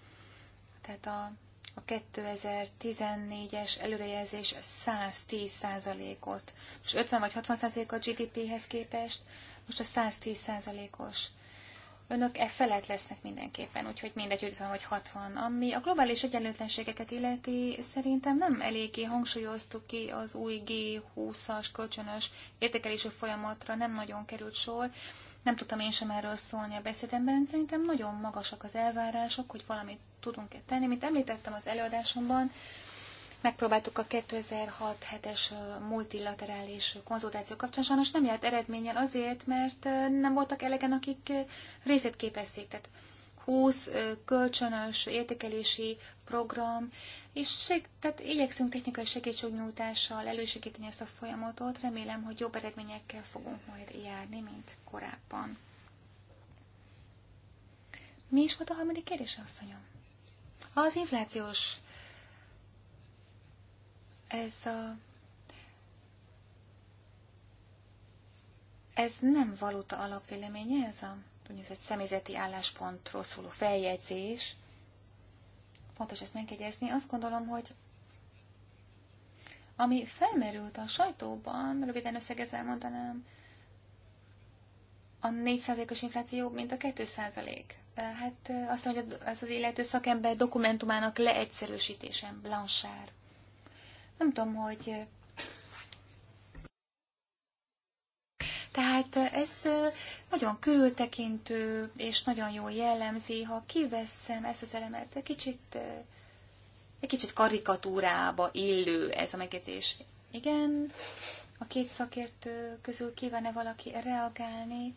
tehát a a 2014-es előrejelzés 110%-ot, most 50 vagy 60% a GDP-hez képest, most a 110%-os. Önök e felett lesznek mindenképpen, úgyhogy mindegy 50 vagy 60. Ami a globális egyenlőtlenségeket illeti, szerintem nem eléggé hangsúlyoztuk ki az új G20-as kölcsönös értékelési folyamatra, nem nagyon került sor. Nem tudtam én sem erről szólni a beszédemben, szerintem nagyon magasak az elvárások, hogy valamit tudunk-e tenni. Mint említettem az előadásomban, megpróbáltuk a 2006-7-es multilaterális konzultáció kapcsán, sajnos nem járt eredménnyel azért, mert nem voltak elegen, akik részét képezték. Tehát 20 kölcsönös értékelési program, és seg, tehát igyekszünk technikai segítségnyújtással elősegíteni ezt a folyamatot. Remélem, hogy jobb eredményekkel fogunk majd járni, mint korábban. Mi is volt a harmadik kérdés, asszonyom? Az inflációs, ez a Ez nem valuta alapvéleménye, ez a mondjuk ez egy személyzeti álláspontról szóló feljegyzés. Fontos ezt megjegyezni. Azt gondolom, hogy ami felmerült a sajtóban, röviden összegezzel mondanám, a 4%-os infláció mint a Hát azt mondja, hogy ez az illető szakember dokumentumának leegyszerűsítésem, Blanchard. Nem tudom, hogy... Tehát ez nagyon körültekintő, és nagyon jól jellemzi, ha kiveszem ezt az elemet, egy kicsit, egy kicsit karikatúrába illő ez a megjegyzés. Igen, a két szakértő közül kíván-e valaki reagálni,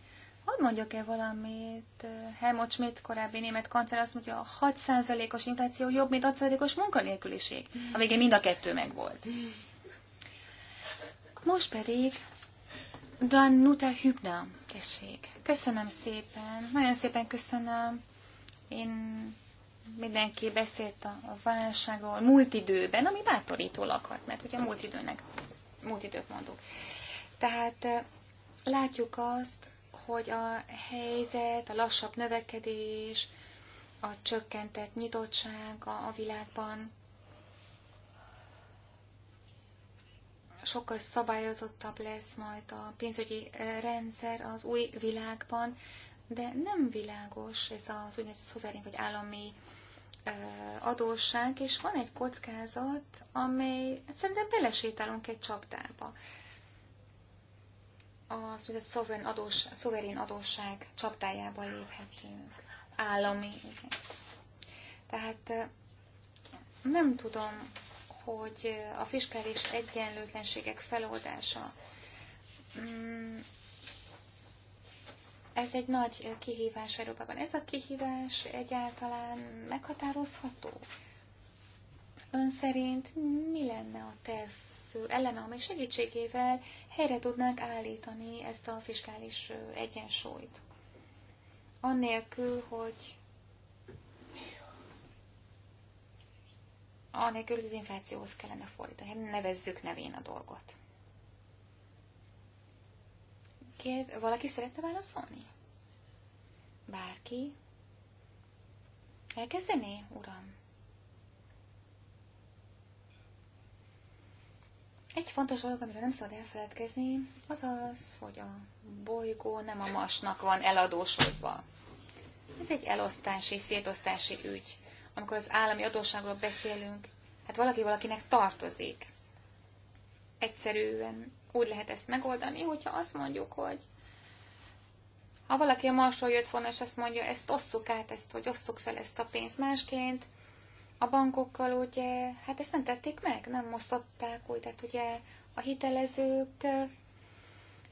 Hadd mondjak-e valamit, Helmut Schmidt, korábbi német kancer azt mondja, a 6%-os infláció jobb, mint 6%-os munkanélküliség. A végén mind a kettő megvolt. Most pedig Danuta Hübna, tessék. Köszönöm szépen, nagyon szépen köszönöm. Én mindenki beszélt a válságról múlt időben, ami bátorító lakhat, mert ugye múlt időnek, múlt időt mondok. Tehát eh, látjuk azt, hogy a helyzet, a lassabb növekedés, a csökkentett nyitottság a világban sokkal szabályozottabb lesz majd a pénzügyi rendszer az új világban, de nem világos ez az úgynevezett szuverén vagy állami adósság, és van egy kockázat, amely hát szerintem belesétálunk egy csapdába az a szoverén, adós, adósság csapdájába léphetünk. Állami, igen. Tehát nem tudom, hogy a fiskális egyenlőtlenségek feloldása mm, ez egy nagy kihívás Európában. Ez a kihívás egyáltalán meghatározható? Ön szerint mi lenne a terv fő eleme, amely segítségével helyre tudnánk állítani ezt a fiskális egyensúlyt. Annélkül, hogy anélkül, hogy az inflációhoz kellene fordítani. Hát nevezzük nevén a dolgot. Kér, valaki szeretne válaszolni? Bárki? Elkezdené, uram? Egy fontos dolog, amire nem szabad elfeledkezni, az az, hogy a bolygó nem a masnak van eladósodva. Ez egy elosztási, szétosztási ügy. Amikor az állami adósságról beszélünk, hát valaki valakinek tartozik. Egyszerűen úgy lehet ezt megoldani, hogyha azt mondjuk, hogy ha valaki a marsról jött volna, és azt mondja, ezt osszuk át, ezt, hogy osszuk fel ezt a pénzt másként, a bankokkal ugye, hát ezt nem tették meg, nem mosztották úgy, tehát ugye a hitelezők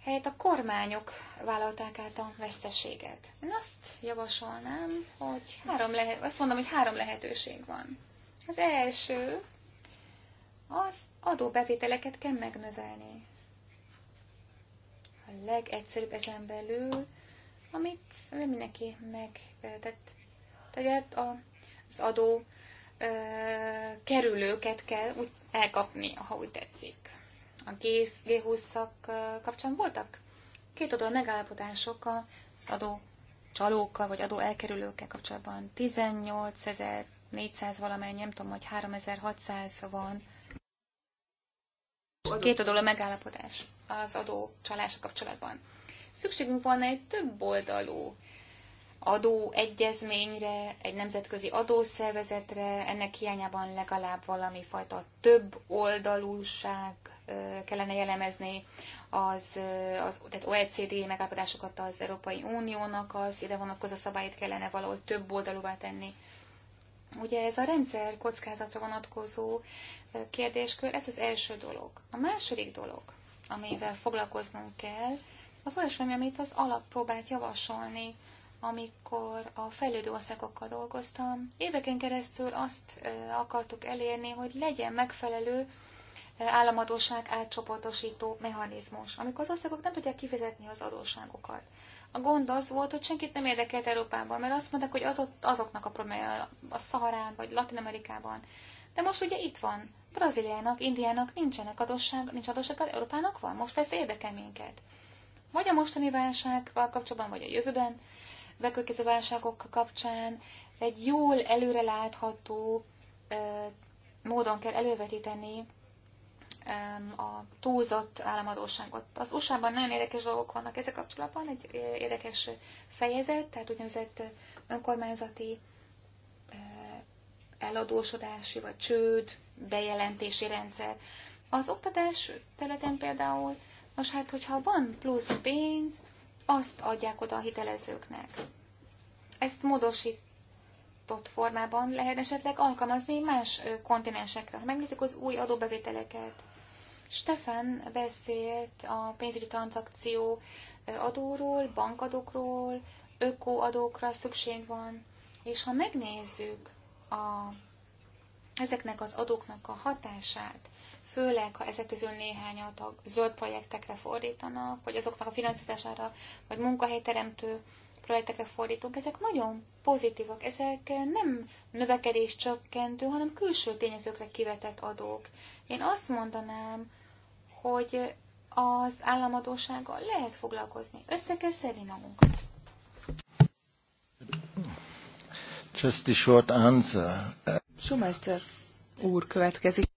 helyett a kormányok vállalták át a veszteséget. Én azt javasolnám, hogy három lehet, azt mondom, hogy három lehetőség van. Az első, az adóbevételeket kell megnövelni. A legegyszerűbb ezen belül, amit mindenki meg, tehát, tehát hát az adó kerülőket kell úgy elkapni, ha úgy tetszik. A G20-szak kapcsán voltak két adó megállapodások az adó csalókkal vagy adó elkerülőkkel kapcsolatban. 18.400 valamely, nem tudom, hogy 3600 van. A két a megállapodás az adó csalása kapcsolatban. Szükségünk van egy több oldalú adóegyezményre, egy nemzetközi adószervezetre, ennek hiányában legalább valami fajta több oldalúság kellene jellemezni az, az tehát OECD megállapodásokat az Európai Uniónak, az ide vonatkozó szabályt kellene valahol több oldalúvá tenni. Ugye ez a rendszer kockázatra vonatkozó kérdéskör, ez az első dolog. A második dolog, amivel foglalkoznunk kell, az olyasmi, amit az alap próbált javasolni, amikor a fejlődő országokkal dolgoztam, éveken keresztül azt akartuk elérni, hogy legyen megfelelő államadóság átcsoportosító mechanizmus, amikor az országok nem tudják kifizetni az adósságokat. A gond az volt, hogy senkit nem érdekelt Európában, mert azt mondták, hogy az ott, azoknak a probléma a Szaharán vagy Latin Amerikában. De most ugye itt van. Brazíliának, Indiának nincsenek adósság, nincs adósság, Európának van. Most persze érdekel minket. Vagy a mostani válsággal kapcsolatban, vagy a jövőben, bekövetkező válságok kapcsán egy jól előrelátható módon kell elővetíteni a túlzott államadóságot. Az USA-ban nagyon érdekes dolgok vannak ezzel kapcsolatban, egy érdekes fejezet, tehát úgynevezett önkormányzati eladósodási vagy csőd bejelentési rendszer. Az oktatás területen például, most hát, hogyha van plusz pénz, azt adják oda a hitelezőknek. Ezt módosított formában lehet esetleg alkalmazni más kontinensekre. Ha megnézzük az új adóbevételeket, Stefan beszélt a pénzügyi tranzakció adóról, bankadókról, ökóadókra szükség van, és ha megnézzük a, ezeknek az adóknak a hatását főleg ha ezek közül néhányat a zöld projektekre fordítanak, vagy azoknak a finanszírozására, vagy munkahelyteremtő projektekre fordítunk, ezek nagyon pozitívak, ezek nem növekedés csökkentő, hanem külső tényezőkre kivetett adók. Én azt mondanám, hogy az államadósággal lehet foglalkozni. Össze kell szedni magunkat. Just a short answer. Schumacher úr következik.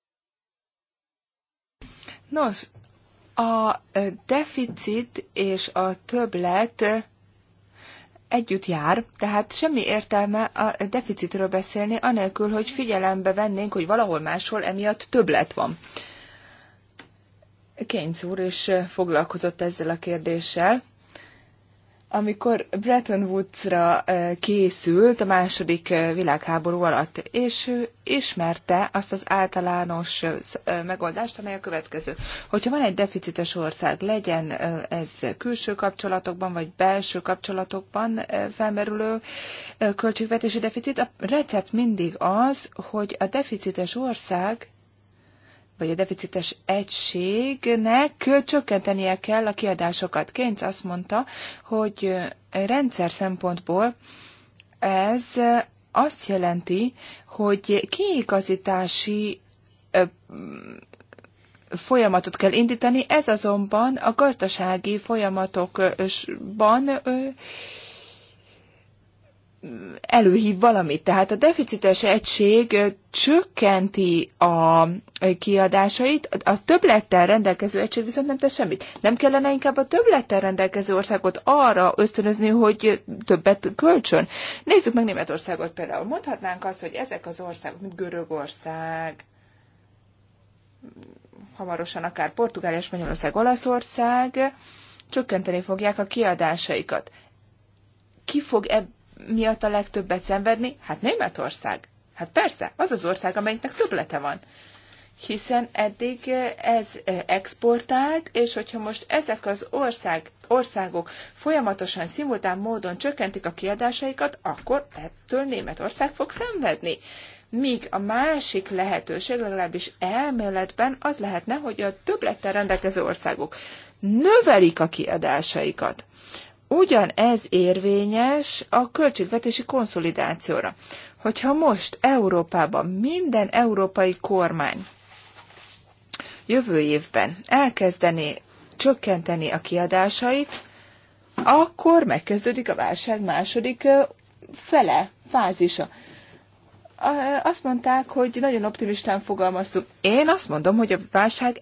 Nos, a deficit és a többlet együtt jár, tehát semmi értelme a deficitről beszélni, anélkül, hogy figyelembe vennénk, hogy valahol máshol emiatt többlet van. Keynes úr is foglalkozott ezzel a kérdéssel amikor Bretton Woods-ra készült a második világháború alatt, és ő ismerte azt az általános megoldást, amely a következő. Hogyha van egy deficites ország, legyen ez külső kapcsolatokban, vagy belső kapcsolatokban felmerülő költségvetési deficit, a recept mindig az, hogy a deficites ország vagy a deficites egységnek csökkentenie kell a kiadásokat. Kénc azt mondta, hogy rendszer szempontból ez azt jelenti, hogy kiigazítási folyamatot kell indítani, ez azonban a gazdasági folyamatokban előhív valamit. Tehát a deficites egység csökkenti a kiadásait, a többlettel rendelkező egység viszont nem tesz semmit. Nem kellene inkább a többlettel rendelkező országot arra ösztönözni, hogy többet kölcsön? Nézzük meg Németországot például. Mondhatnánk azt, hogy ezek az országok, mint Görögország, hamarosan akár Portugália, Spanyolország, Olaszország, csökkenteni fogják a kiadásaikat. Ki fog ebből miatt a legtöbbet szenvedni? Hát Németország. Hát persze, az az ország, amelyiknek többlete van. Hiszen eddig eh, ez eh, exportált, és hogyha most ezek az ország, országok folyamatosan, szimultán módon csökkentik a kiadásaikat, akkor ettől Németország fog szenvedni. Míg a másik lehetőség, legalábbis elméletben, az lehetne, hogy a többlettel rendelkező országok növelik a kiadásaikat. Ugyanez érvényes a költségvetési konszolidációra. Hogyha most Európában minden európai kormány jövő évben elkezdené csökkenteni a kiadásait, akkor megkezdődik a válság második fele, fázisa azt mondták, hogy nagyon optimistán fogalmaztuk. Én azt mondom, hogy a válság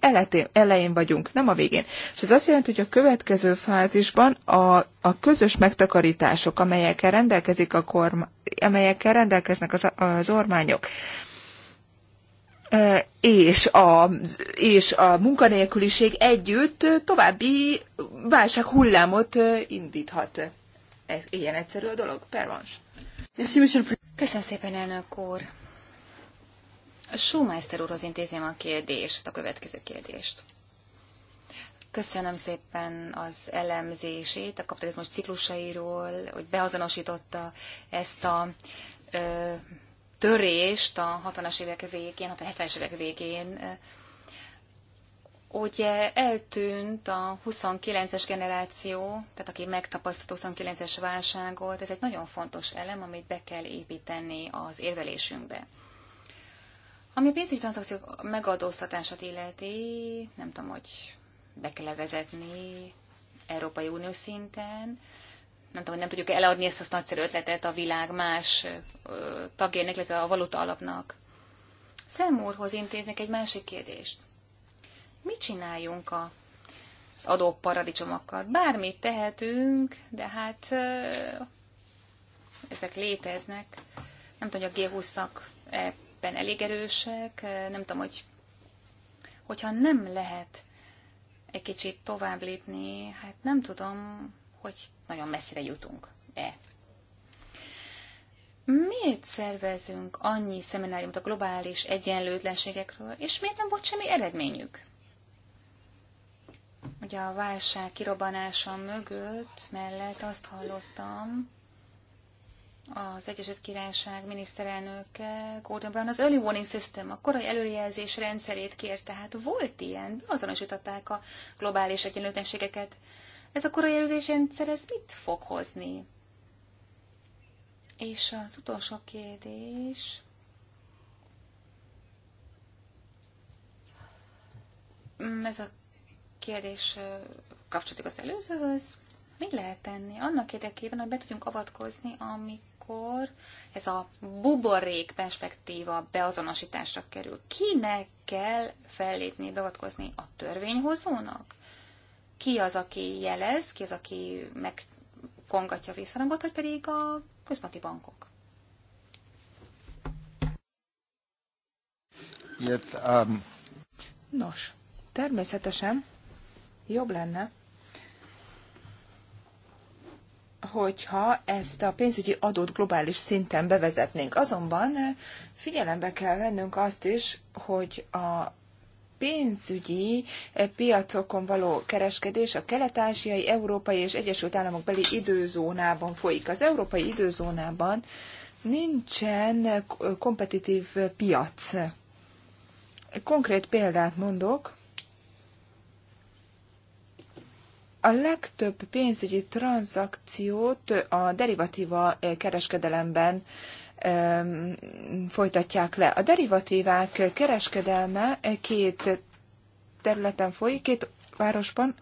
elején vagyunk, nem a végén. És ez azt jelenti, hogy a következő fázisban a, a közös megtakarítások, amelyekkel, rendelkezik a korma, amelyekkel rendelkeznek az, az ormányok, és a, és a munkanélküliség együtt további válság hullámot indíthat. ilyen egyszerű a dolog, pervans. Köszönöm szépen, elnök úr. A Schumacher úrhoz intézem a kérdést, a következő kérdést. Köszönöm szépen az elemzését a kapitalizmus ciklusairól, hogy beazonosította ezt a ö, törést a 60-as évek végén, 70-es évek végén Ugye eltűnt a 29-es generáció, tehát aki megtapasztalt 29-es válságot, ez egy nagyon fontos elem, amit be kell építeni az érvelésünkbe. Ami a pénzügyi tranzakciók megadóztatását illeti, nem tudom, hogy be kell vezetni Európai Unió szinten, nem tudom, hogy nem tudjuk eladni ezt a nagyszerű ötletet a világ más tagjainak, illetve a valuta alapnak. Szemúrhoz intéznek egy másik kérdést mit csináljunk a az adóparadicsomokkal. Bármit tehetünk, de hát ezek léteznek. Nem tudom, hogy a G20-ak ebben elég erősek, nem tudom, hogy hogyha nem lehet egy kicsit tovább lépni, hát nem tudom, hogy nagyon messzire jutunk. De miért szervezünk annyi szemináriumot a globális egyenlőtlenségekről, és miért nem volt semmi eredményük? hogy a válság kirobanása mögött, mellett azt hallottam, az Egyesült Királyság miniszterelnöke Gordon Brown az Early Warning System, a korai előrejelzés rendszerét kérte, tehát volt ilyen, azonosították a globális egyenlőtlenségeket. Ez a korai előrejelzés rendszer, ez mit fog hozni? És az utolsó kérdés, mm, ez a kérdés kapcsolódik az előzőhöz. Mit lehet tenni annak érdekében, hogy be tudjunk avatkozni, amikor ez a buborék perspektíva beazonosításra kerül? Kinek kell fellépni, beavatkozni a törvényhozónak? Ki az, aki jelez, ki az, aki megkongatja a visszarangot, vagy pedig a központi bankok? Ilyet, um... Nos, természetesen Jobb lenne, hogyha ezt a pénzügyi adót globális szinten bevezetnénk. Azonban eh, figyelembe kell vennünk azt is, hogy a pénzügyi eh, piacokon való kereskedés a kelet-ázsiai, európai és Egyesült Államok beli időzónában folyik. Az európai időzónában nincsen eh, kompetitív piac. Konkrét példát mondok, A legtöbb pénzügyi tranzakciót a derivatíva eh, kereskedelemben folytatják le. A derivatívák kereskedelme eh, két területen folyik, két városban,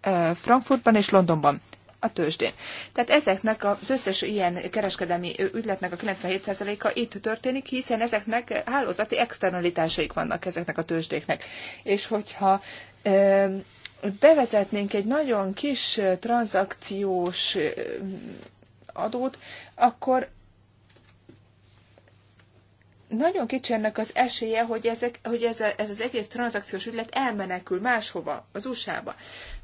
eh, Frankfurtban és Londonban a tőzsdén. Tehát ezeknek az összes ilyen kereskedelmi ügyletnek a 97%-a itt történik, hiszen ezeknek hálózati externalitásaik vannak ezeknek a tőzsdéknek. És hogyha bevezetnénk egy nagyon kis tranzakciós adót, akkor nagyon kicsi ennek az esélye, hogy, ezek, hogy ez, a, ez az egész tranzakciós ügylet elmenekül máshova, az USA-ba.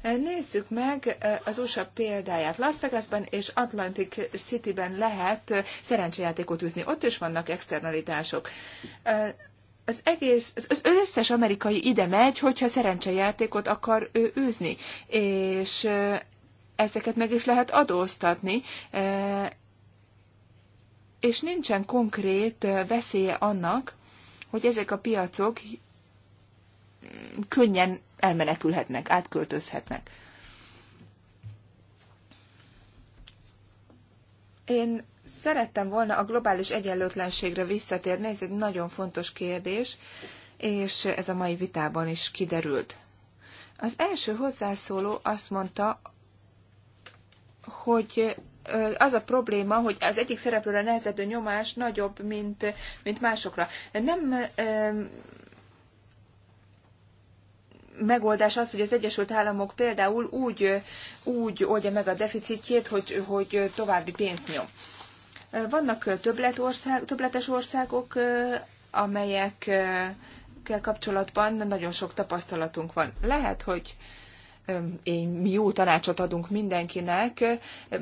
Nézzük meg az USA példáját. Las Vegasban és Atlantic Cityben lehet szerencsejátékot üzni. Ott is vannak externalitások az egész, az összes amerikai ide megy, hogyha szerencsejátékot akar ő űzni, és ezeket meg is lehet adóztatni, és nincsen konkrét veszélye annak, hogy ezek a piacok könnyen elmenekülhetnek, átköltözhetnek. Én Szerettem volna a globális egyenlőtlenségre visszatérni, ez egy nagyon fontos kérdés, és ez a mai vitában is kiderült. Az első hozzászóló azt mondta, hogy az a probléma, hogy az egyik szereplőre nehezedő nyomás nagyobb, mint, mint másokra. Nem megoldás az, hogy az Egyesült Államok például úgy, úgy oldja meg a deficitjét, hogy, hogy további pénzt nyom. Vannak többlet ország, többletes országok, amelyekkel kapcsolatban nagyon sok tapasztalatunk van. Lehet, hogy én jó tanácsot adunk mindenkinek,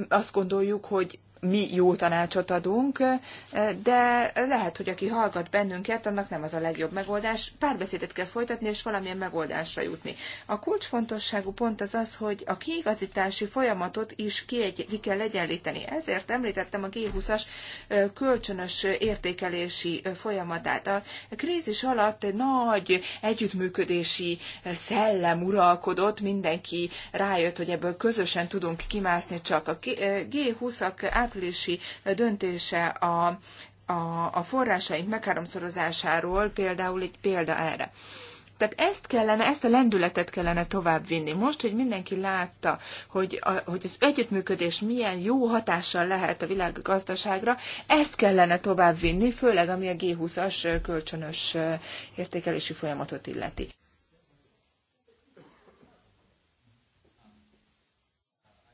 azt gondoljuk, hogy mi jó tanácsot adunk, de lehet, hogy aki hallgat bennünket, annak nem az a legjobb megoldás. Párbeszédet kell folytatni, és valamilyen megoldásra jutni. A kulcsfontosságú pont az az, hogy a kiigazítási folyamatot is ki, ki kell egyenlíteni. Ezért említettem a G20-as kölcsönös értékelési folyamatát. A krízis alatt egy nagy együttműködési szellem uralkodott, mindenki rájött, hogy ebből közösen tudunk kimászni, csak a G20-ak települési döntése a, a, a forrásaink megháromszorozásáról például egy példa erre. Tehát ezt kellene, ezt a lendületet kellene továbbvinni. Most, hogy mindenki látta, hogy, a, hogy az együttműködés milyen jó hatással lehet a világ ezt kellene továbbvinni, főleg ami a G20-as kölcsönös értékelési folyamatot illeti.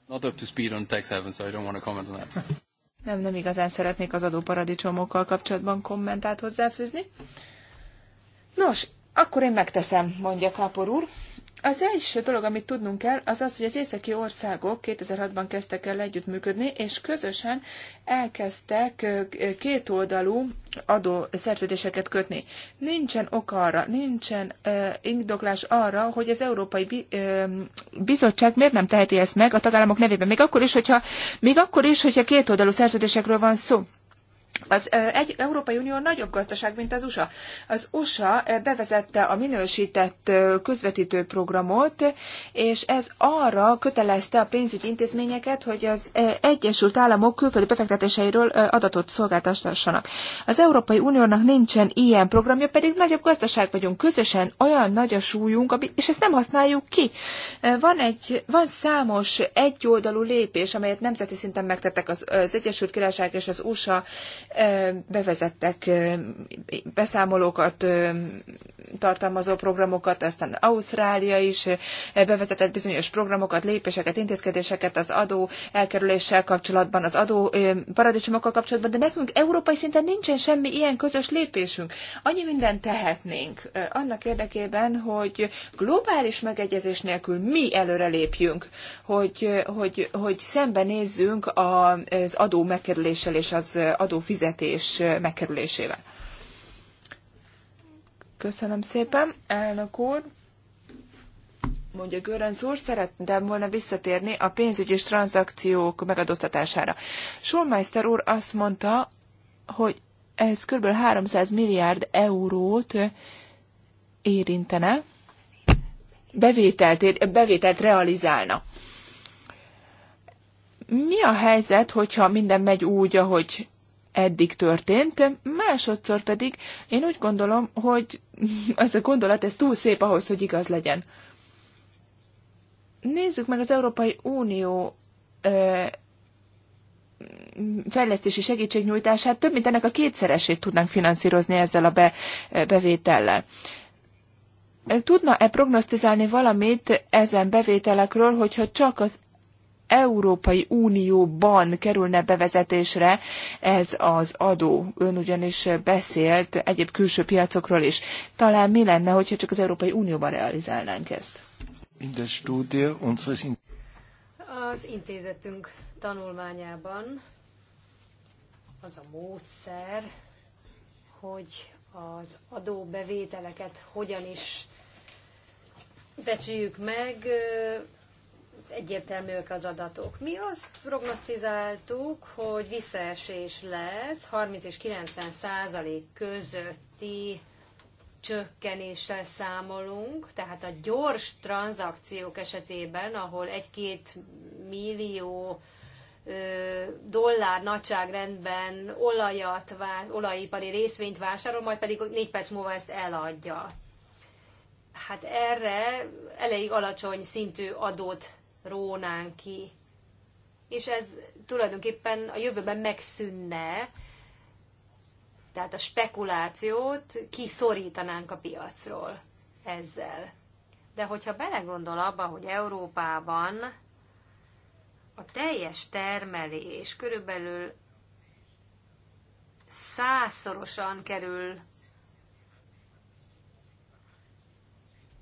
Not up to speed on tax so I don't want to comment on that. Nem, nem igazán szeretnék az adóparadicsomokkal kapcsolatban kommentát hozzáfűzni. Nos, akkor én megteszem, mondja Kápor úr. Az első dolog, amit tudnunk kell, az az, hogy az északi országok 2006-ban kezdtek el együttműködni, és közösen elkezdtek kétoldalú adó szerződéseket kötni. Nincsen ok arra, nincsen uh, indoklás arra, hogy az Európai Bi- uh, Bizottság miért nem teheti ezt meg a tagállamok nevében, még akkor is, hogyha, még akkor is, hogyha kétoldalú szerződésekről van szó. Az egy, Európai Unió nagyobb gazdaság, mint az USA. Az USA bevezette a minősített közvetítő programot, és ez arra kötelezte a pénzügyi intézményeket, hogy az Egyesült Államok külföldi befektetéseiről adatot szolgáltassanak. Az Európai Uniónak nincsen ilyen programja, pedig nagyobb gazdaság vagyunk, közösen olyan nagy a súlyunk, és ezt nem használjuk ki. Van, egy, van számos egyoldalú lépés, amelyet nemzeti szinten megtettek az, az Egyesült Királyság és az USA bevezettek beszámolókat tartalmazó programokat, aztán Ausztrália is bevezetett bizonyos programokat, lépéseket, intézkedéseket az adó elkerüléssel kapcsolatban, az adó paradicsomokkal kapcsolatban, de nekünk európai szinten nincsen semmi ilyen közös lépésünk. Annyi mindent tehetnénk annak érdekében, hogy globális megegyezés nélkül mi előrelépjünk, hogy, hogy, hogy szembenézzünk az adó megkerüléssel és az adó fizetés megkerülésével. Köszönöm szépen, elnök úr. Mondja Görenc úr, szeretném volna visszatérni a pénzügyi tranzakciók megadóztatására. Schulmeister úr azt mondta, hogy ez kb. 300 milliárd eurót érintene, bevételt, bevételt realizálna. Mi a helyzet, hogyha minden megy úgy, ahogy eddig történt, másodszor pedig én úgy gondolom, hogy ez a gondolat, ez túl szép ahhoz, hogy igaz legyen. Nézzük meg az Európai Unió fejlesztési segítségnyújtását több mint ennek a kétszeresét tudnánk finanszírozni ezzel a be, bevétellel. Tudna-e prognosztizálni valamit ezen bevételekről, hogyha csak az Európai Unióban kerülne bevezetésre ez az adó. Ön ugyanis beszélt egyéb külső piacokról is. Talán mi lenne, hogyha csak az Európai Unióban realizálnánk ezt? Az intézetünk tanulmányában az a módszer, hogy az adóbevételeket hogyan is becsüljük meg, egyértelműek az adatok. Mi azt prognosztizáltuk, hogy visszaesés lesz 30 és 90 százalék közötti csökkenéssel számolunk, tehát a gyors tranzakciók esetében, ahol egy-két millió dollár nagyságrendben olajat, olajipari részvényt vásárol, majd pedig négy perc múlva ezt eladja. Hát erre elég alacsony szintű adót rónánk ki. És ez tulajdonképpen a jövőben megszűnne, tehát a spekulációt kiszorítanánk a piacról ezzel. De hogyha belegondol abba, hogy Európában a teljes termelés körülbelül százszorosan kerül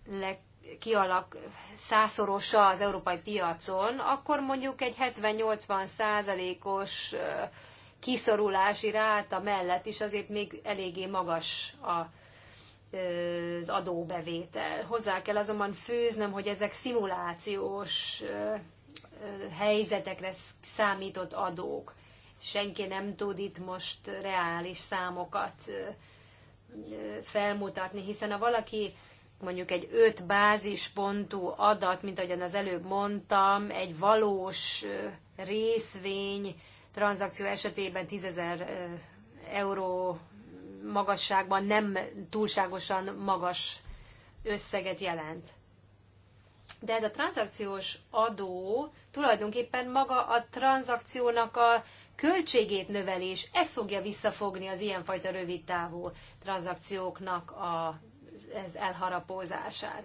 le kialak százszorosa az európai piacon, akkor mondjuk egy 70-80 százalékos kiszorulási ráta mellett is azért még eléggé magas a, az adóbevétel. Hozzá kell azonban főznöm, hogy ezek szimulációs helyzetekre számított adók. Senki nem tud itt most reális számokat felmutatni, hiszen ha valaki mondjuk egy öt bázispontú adat, mint ahogyan az előbb mondtam, egy valós részvény tranzakció esetében tízezer euró magasságban nem túlságosan magas összeget jelent. De ez a tranzakciós adó tulajdonképpen maga a tranzakciónak a költségét növelés, ez fogja visszafogni az ilyenfajta rövidtávú tranzakcióknak a ez elharapózását.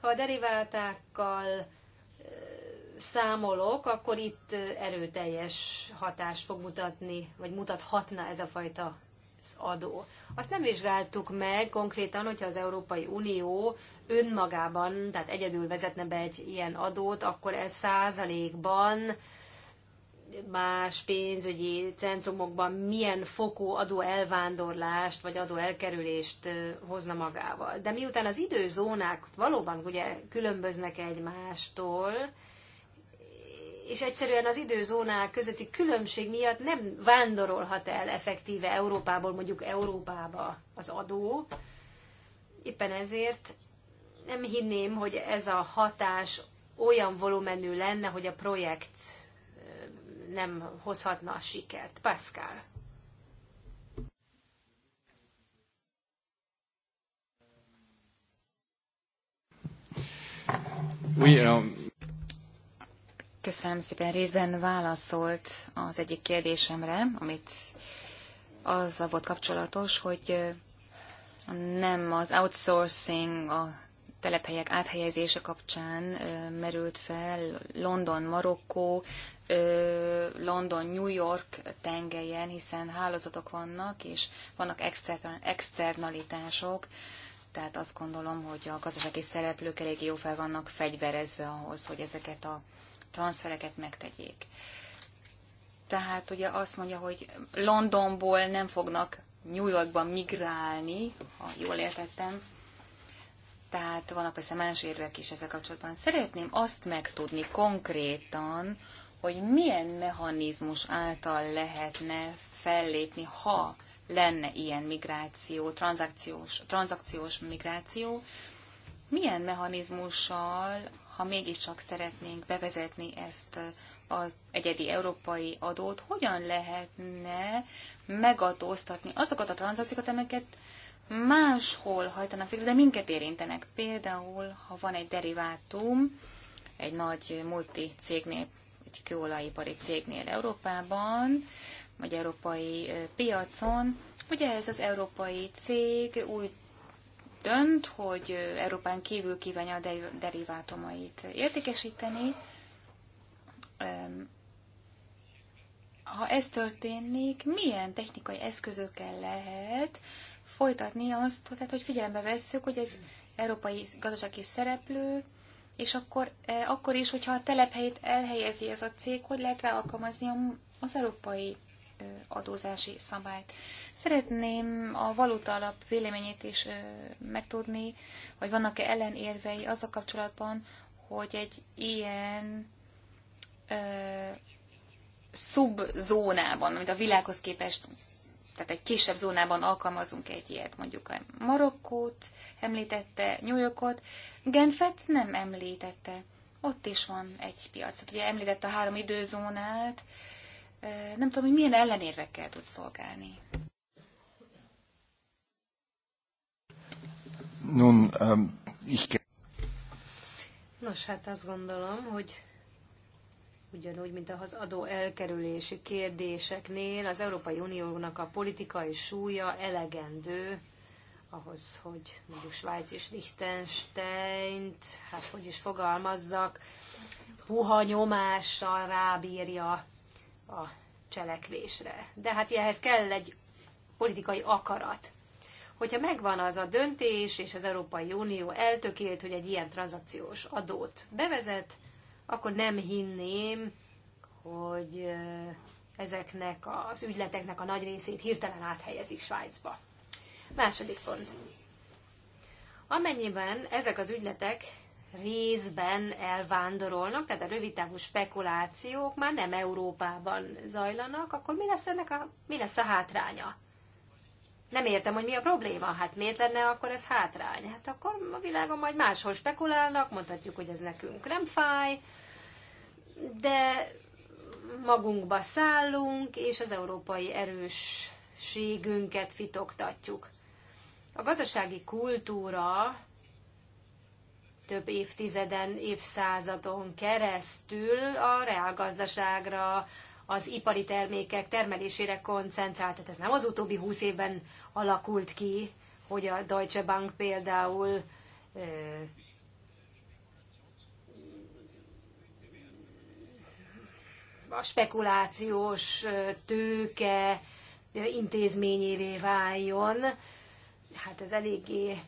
Ha a deriváltákkal számolok, akkor itt erőteljes hatást fog mutatni, vagy mutathatna ez a fajta adó. Azt nem vizsgáltuk meg konkrétan, hogyha az Európai Unió önmagában, tehát egyedül vezetne be egy ilyen adót, akkor ez százalékban más pénzügyi centrumokban milyen fokú adó elvándorlást vagy adó elkerülést hozna magával. De miután az időzónák valóban ugye különböznek egymástól, és egyszerűen az időzónák közötti különbség miatt nem vándorolhat el effektíve Európából mondjuk Európába az adó. Éppen ezért nem hinném, hogy ez a hatás olyan volumenű lenne, hogy a projekt nem hozhatna a sikert. Pascal. Köszönöm szépen. Részben válaszolt az egyik kérdésemre, amit a volt kapcsolatos, hogy nem az outsourcing, a telephelyek áthelyezése kapcsán merült fel London, Marokkó, London, New York tengelyen, hiszen hálózatok vannak, és vannak externalitások, tehát azt gondolom, hogy a gazdasági szereplők elég jó fel vannak fegyverezve ahhoz, hogy ezeket a transfereket megtegyék. Tehát ugye azt mondja, hogy Londonból nem fognak New Yorkba migrálni, ha jól értettem. Tehát vannak persze más érvek is ezzel kapcsolatban. Szeretném azt megtudni konkrétan, hogy milyen mechanizmus által lehetne fellépni, ha lenne ilyen migráció, tranzakciós, tranzakciós migráció, milyen mechanizmussal, ha mégiscsak szeretnénk bevezetni ezt az egyedi európai adót, hogyan lehetne megadóztatni azokat a tranzakciókat, amelyeket máshol hajtanak végre, de minket érintenek. Például, ha van egy derivátum, egy nagy multi cégnél egy kőolajipari cégnél Európában, vagy európai piacon. Ugye ez az európai cég úgy dönt, hogy Európán kívül kívánja a derivátumait értékesíteni. Ha ez történik, milyen technikai eszközökkel lehet folytatni azt, tehát hogy figyelembe vesszük, hogy ez európai gazdasági szereplő és akkor, e, akkor is, hogyha a telephelyét elhelyezi ez a cég, hogy lehet rá alkalmazni az európai e, adózási szabályt. Szeretném a valuta alap véleményét is e, megtudni, hogy vannak-e ellenérvei az a kapcsolatban, hogy egy ilyen eh, szubzónában, amit a világhoz képest tehát egy kisebb zónában alkalmazunk egy ilyet, mondjuk a Marokkót említette, New Yorkot, Genfet nem említette. Ott is van egy piac. Tehát ugye említette a három időzónát, nem tudom, hogy milyen ellenérvekkel tud szolgálni. Nun, um, ich... Nos, hát azt gondolom, hogy ugyanúgy, mint az adó elkerülési kérdéseknél, az Európai Uniónak a politikai súlya elegendő ahhoz, hogy mondjuk Svájc és Liechtenstein, hát hogy is fogalmazzak, puha nyomással rábírja a cselekvésre. De hát ehhez kell egy politikai akarat. Hogyha megvan az a döntés, és az Európai Unió eltökélt, hogy egy ilyen tranzakciós adót bevezet, akkor nem hinném, hogy ezeknek az ügyleteknek a nagy részét hirtelen áthelyezik Svájcba. Második pont. Amennyiben ezek az ügyletek részben elvándorolnak, tehát a rövidtávú spekulációk már nem Európában zajlanak, akkor mi lesz, ennek a, mi lesz a hátránya? nem értem, hogy mi a probléma. Hát miért lenne akkor ez hátrány? Hát akkor a világon majd máshol spekulálnak, mondhatjuk, hogy ez nekünk nem fáj, de magunkba szállunk, és az európai erősségünket fitoktatjuk. A gazdasági kultúra több évtizeden, évszázadon keresztül a reálgazdaságra, az ipari termékek termelésére koncentrált. Tehát ez nem az utóbbi húsz évben alakult ki, hogy a Deutsche Bank például a spekulációs tőke intézményévé váljon. Hát ez eléggé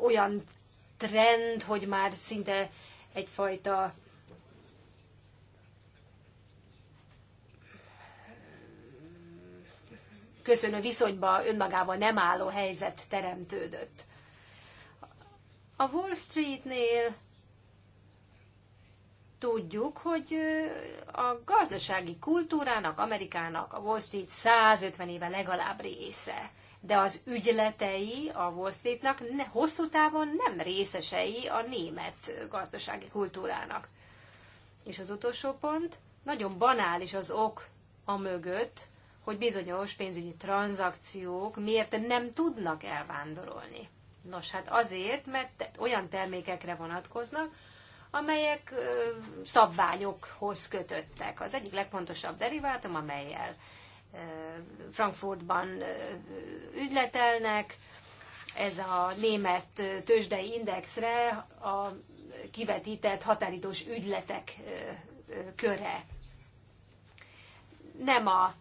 olyan trend, hogy már szinte egyfajta köszönő viszonyba önmagával nem álló helyzet teremtődött. A Wall Streetnél tudjuk, hogy a gazdasági kultúrának, Amerikának a Wall Street 150 éve legalább része, de az ügyletei a Wall Streetnak ne, hosszú távon nem részesei a német gazdasági kultúrának. És az utolsó pont, nagyon banális az ok a mögött, hogy bizonyos pénzügyi tranzakciók miért nem tudnak elvándorolni. Nos, hát azért, mert olyan termékekre vonatkoznak, amelyek szabványokhoz kötöttek. Az egyik legfontosabb derivátum, amelyel Frankfurtban ügyletelnek, ez a német tőzsdei indexre a kivetített határidós ügyletek köre. Nem a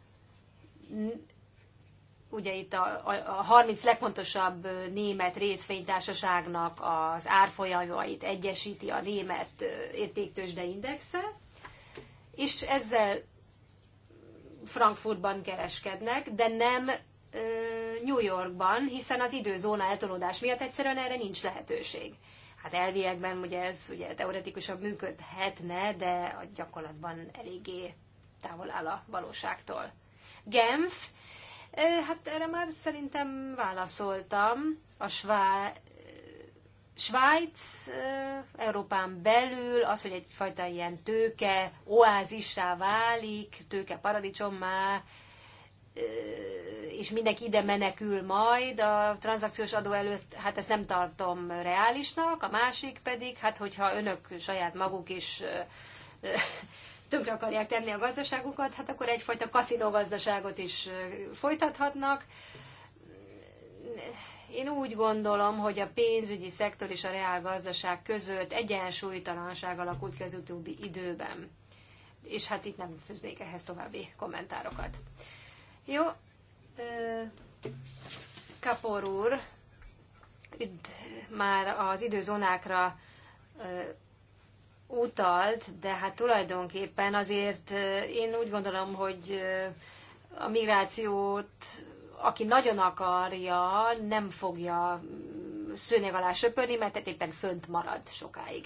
ugye itt a, a, a 30 legfontosabb német részvénytársaságnak az árfolyamait egyesíti a német értéktősde indexe, és ezzel Frankfurtban kereskednek, de nem New Yorkban, hiszen az időzóna eltolódás miatt egyszerűen erre nincs lehetőség. Hát elviekben ugye ez ugye teoretikusabb működhetne, de a gyakorlatban eléggé távol áll a valóságtól. Genf, hát erre már szerintem válaszoltam. A Svá... Svájc Európán belül az, hogy egyfajta ilyen tőke oázissá válik, tőke paradicsommá, és mindenki ide menekül majd a tranzakciós adó előtt, hát ezt nem tartom reálisnak, a másik pedig, hát hogyha önök saját maguk is tönkre akarják tenni a gazdaságukat, hát akkor egyfajta kaszinogazdaságot is folytathatnak. Én úgy gondolom, hogy a pénzügyi szektor és a reál gazdaság között egyensúlytalanság alakult ki az utóbbi időben. És hát itt nem fűznék ehhez további kommentárokat. Jó, Kapor úr, üdv már az időzónákra utalt, de hát tulajdonképpen azért eh, én úgy gondolom, hogy eh, a migrációt, aki nagyon akarja, nem fogja mm, szőnyeg alá söpörni, mert hát éppen fönt marad sokáig.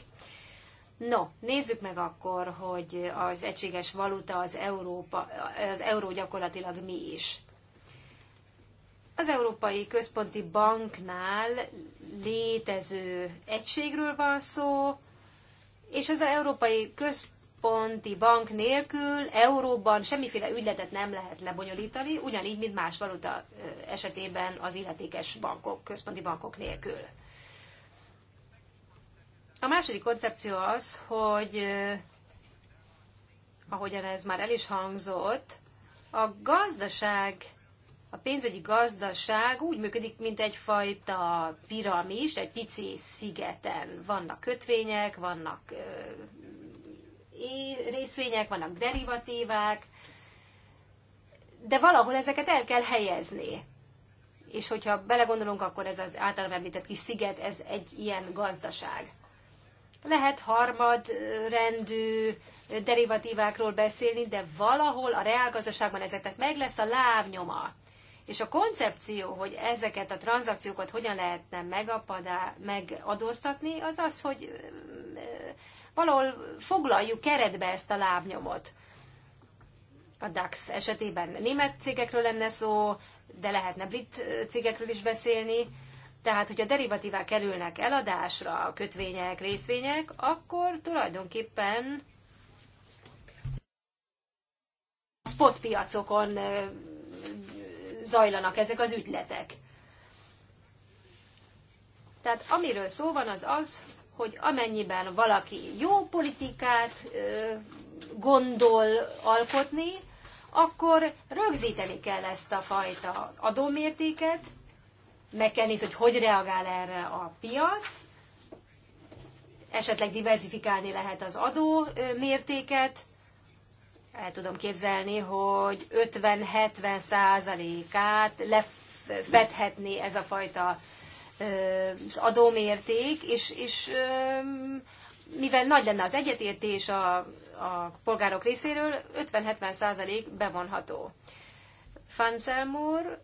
No, nézzük meg akkor, hogy az egységes valuta az, Európa, az euró gyakorlatilag mi is. Az Európai Központi Banknál létező egységről van szó, és az Európai Központi Bank nélkül euróban semmiféle ügyletet nem lehet lebonyolítani, ugyanígy, mint más valuta esetében az illetékes bankok, központi bankok nélkül. A második koncepció az, hogy ahogyan ez már el is hangzott, a gazdaság a pénzügyi gazdaság úgy működik, mint egyfajta piramis, egy pici szigeten. Vannak kötvények, vannak részvények, vannak derivatívák, de valahol ezeket el kell helyezni. És hogyha belegondolunk, akkor ez az általában említett kis sziget, ez egy ilyen gazdaság. Lehet harmadrendű derivatívákról beszélni, de valahol a reálgazdaságban ezeknek meg lesz a lábnyoma. És a koncepció, hogy ezeket a tranzakciókat hogyan lehetne megapadá, megadóztatni, az az, hogy valahol foglaljuk keretbe ezt a lábnyomot. A DAX esetében német cégekről lenne szó, de lehetne brit cégekről is beszélni. Tehát, hogy a derivatívák kerülnek eladásra, a kötvények, részvények, akkor tulajdonképpen spotpiacokon zajlanak ezek az ügyletek. Tehát amiről szó van, az az, hogy amennyiben valaki jó politikát gondol alkotni, akkor rögzíteni kell ezt a fajta adómértéket, meg kell nézni, hogy hogy reagál erre a piac, esetleg diversifikálni lehet az adó el tudom képzelni, hogy 50-70 százalékát lefedhetné ez a fajta az adómérték, és, és mivel nagy lenne az egyetértés a, a polgárok részéről, 50-70 százalék bevonható. Fanzelmúr,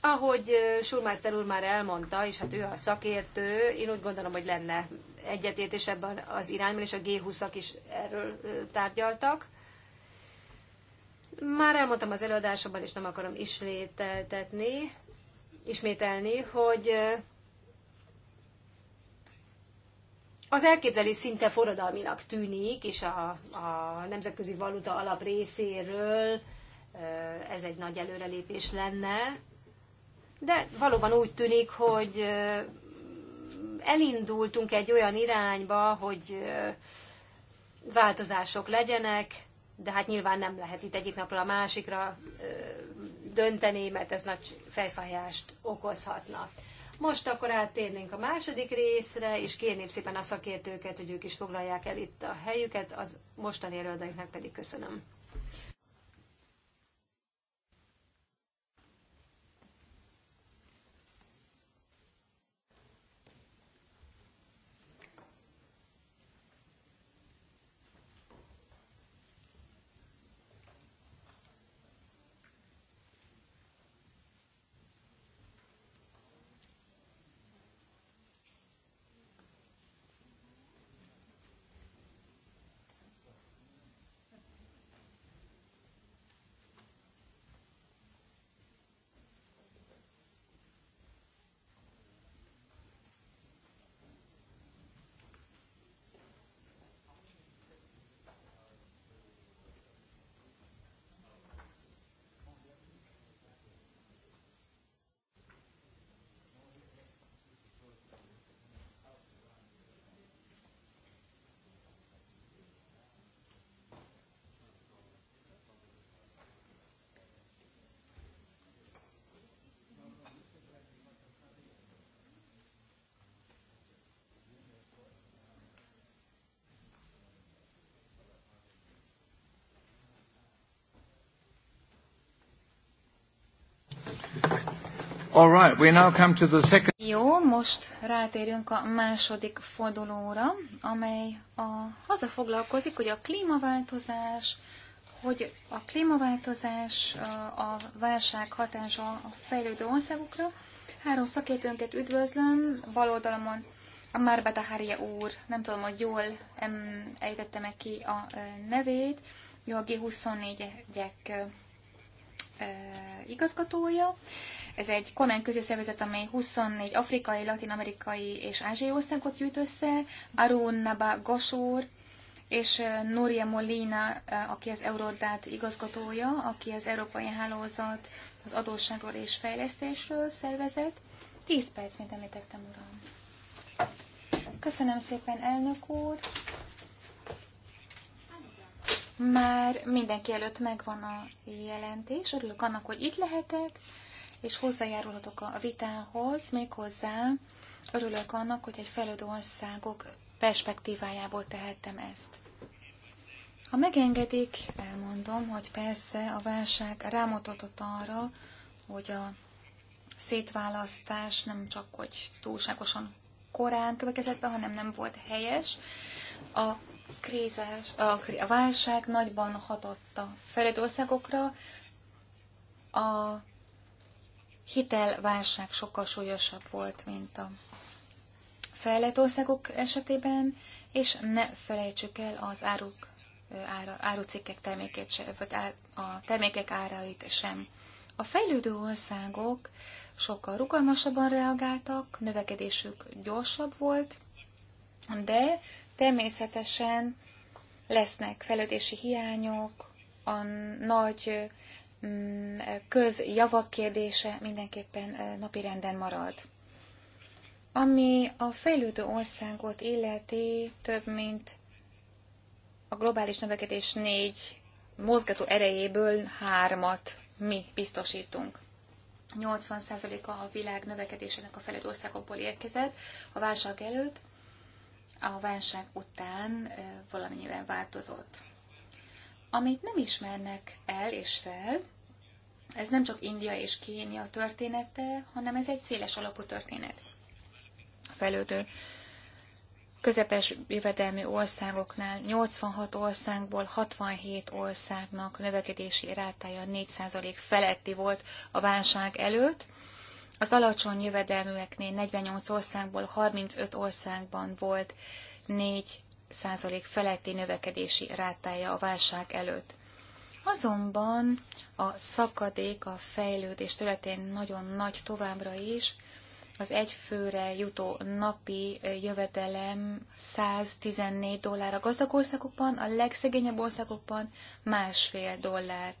ahogy Schulmeister úr már elmondta, és hát ő a szakértő, én úgy gondolom, hogy lenne egyetértés ebben az irányban, és a G20-ak is erről tárgyaltak. Már elmondtam az előadásomban, és nem akarom ismételtetni, ismételni, hogy az elképzelés szinte forradalminak tűnik, és a, a Nemzetközi Valuta Alap részéről ez egy nagy előrelépés lenne, de valóban úgy tűnik, hogy elindultunk egy olyan irányba, hogy változások legyenek, de hát nyilván nem lehet itt egyik napra a másikra dönteni, mert ez nagy fejfájást okozhatna. Most akkor áttérnénk a második részre, és kérném szépen a szakértőket, hogy ők is foglalják el itt a helyüket, az mostani előadóinknak pedig köszönöm. All right, we now come to the second... Jó, most rátérünk a második fordulóra, amely a, haza foglalkozik, hogy a klímaváltozás, hogy a klímaváltozás, a válság hatása a fejlődő országokra. Három szakértőnket üdvözlöm, bal oldalamon a Márba Tahária úr, nem tudom, hogy jól em, ejtette meg ki a nevét, ő a G24-ek igazgatója. Ez egy kormányközi szervezet, amely 24 afrikai, latin-amerikai és ázsiai országot gyűjt össze. Arun Naba Gosur és Nuria Molina, aki az Eurodát igazgatója, aki az Európai Hálózat az adósságról és fejlesztésről szervezett. 10 perc, mint említettem, uram. Köszönöm szépen, elnök úr. Már mindenki előtt megvan a jelentés. Örülök annak, hogy itt lehetek és hozzájárulhatok a vitához, méghozzá örülök annak, hogy egy felődő országok perspektívájából tehettem ezt. Ha megengedik, elmondom, hogy persze a válság rámutatott arra, hogy a szétválasztás nem csak hogy túlságosan korán következett be, hanem nem volt helyes. A, krízes, a, a válság nagyban hatott a fejlett országokra, a hitelválság sokkal súlyosabb volt, mint a fejlett országok esetében, és ne felejtsük el az áruk, ára, árucikkek termékét sem, vagy a termékek árait sem. A fejlődő országok sokkal rugalmasabban reagáltak, növekedésük gyorsabb volt, de természetesen lesznek fejlődési hiányok, a nagy Mm, közjavak kérdése mindenképpen eh, napirenden marad. Ami a fejlődő országot illeti, több mint a globális növekedés négy mozgató erejéből hármat mi biztosítunk. 80%-a a világ növekedésének a fejlődő országokból érkezett a válság előtt, a válság után eh, valamennyiben változott. Amit nem ismernek el és fel, ez nem csak India és Kénia története, hanem ez egy széles alapú történet. A fejlődő közepes jövedelmi országoknál 86 országból 67 országnak növekedési rátája 4% feletti volt a válság előtt, az alacsony jövedelműeknél 48 országból 35 országban volt 4 százalék feletti növekedési rátája a válság előtt. Azonban a szakadék a fejlődés területén nagyon nagy továbbra is. Az egyfőre jutó napi jövedelem 114 dollár a gazdag országokban, a legszegényebb országokban másfél dollár,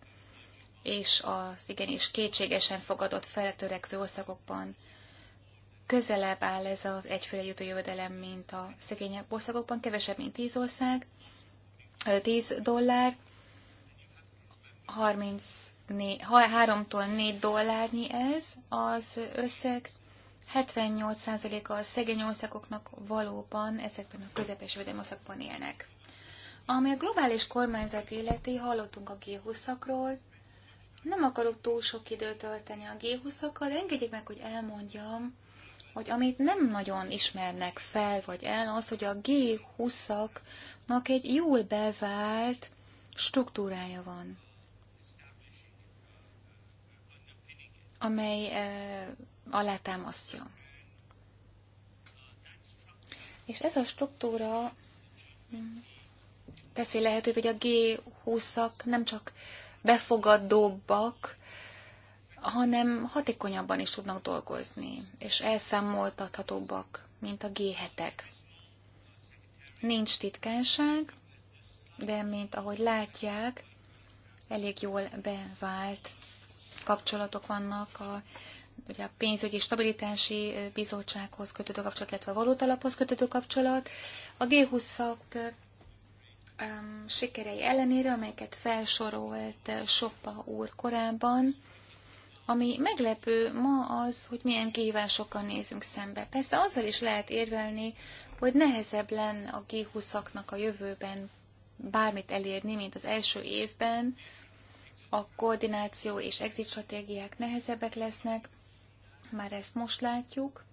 és az igenis kétségesen fogadott feletörekvő országokban közelebb áll ez az egyfőre jutó jövedelem, mint a szegényebb országokban, kevesebb, mint 10 ország, 10 dollár, 3-tól 4 dollárnyi ez az összeg. 78%-a a szegény országoknak valóban ezekben a közepes védelmaszakban élnek. Ami a globális kormányzat életi hallottunk a G20-akról. Nem akarok túl sok időt tölteni a G20-akkal, engedjék meg, hogy elmondjam, hogy amit nem nagyon ismernek fel vagy el, az, hogy a G20-aknak egy jól bevált struktúrája van. amely alátámasztja. És ez a struktúra mm, teszi lehetővé, hogy a G20-ak nem csak befogadóbbak, hanem hatékonyabban is tudnak dolgozni, és elszámoltathatóbbak, mint a G7-ek. Nincs titkánság, de mint ahogy látják, elég jól bevált kapcsolatok vannak a, ugye a pénzügyi stabilitási bizottsághoz kötődő kapcsolat, illetve a valótalaphoz kötődő kapcsolat. A G20-ak sikerei ellenére, amelyeket felsorolt Soppa úr korábban, ami meglepő ma az, hogy milyen kihívásokkal nézünk szembe. Persze azzal is lehet érvelni, hogy nehezebb lenne a G20-aknak a jövőben bármit elérni, mint az első évben, a koordináció és exit stratégiák nehezebbek lesznek, már ezt most látjuk.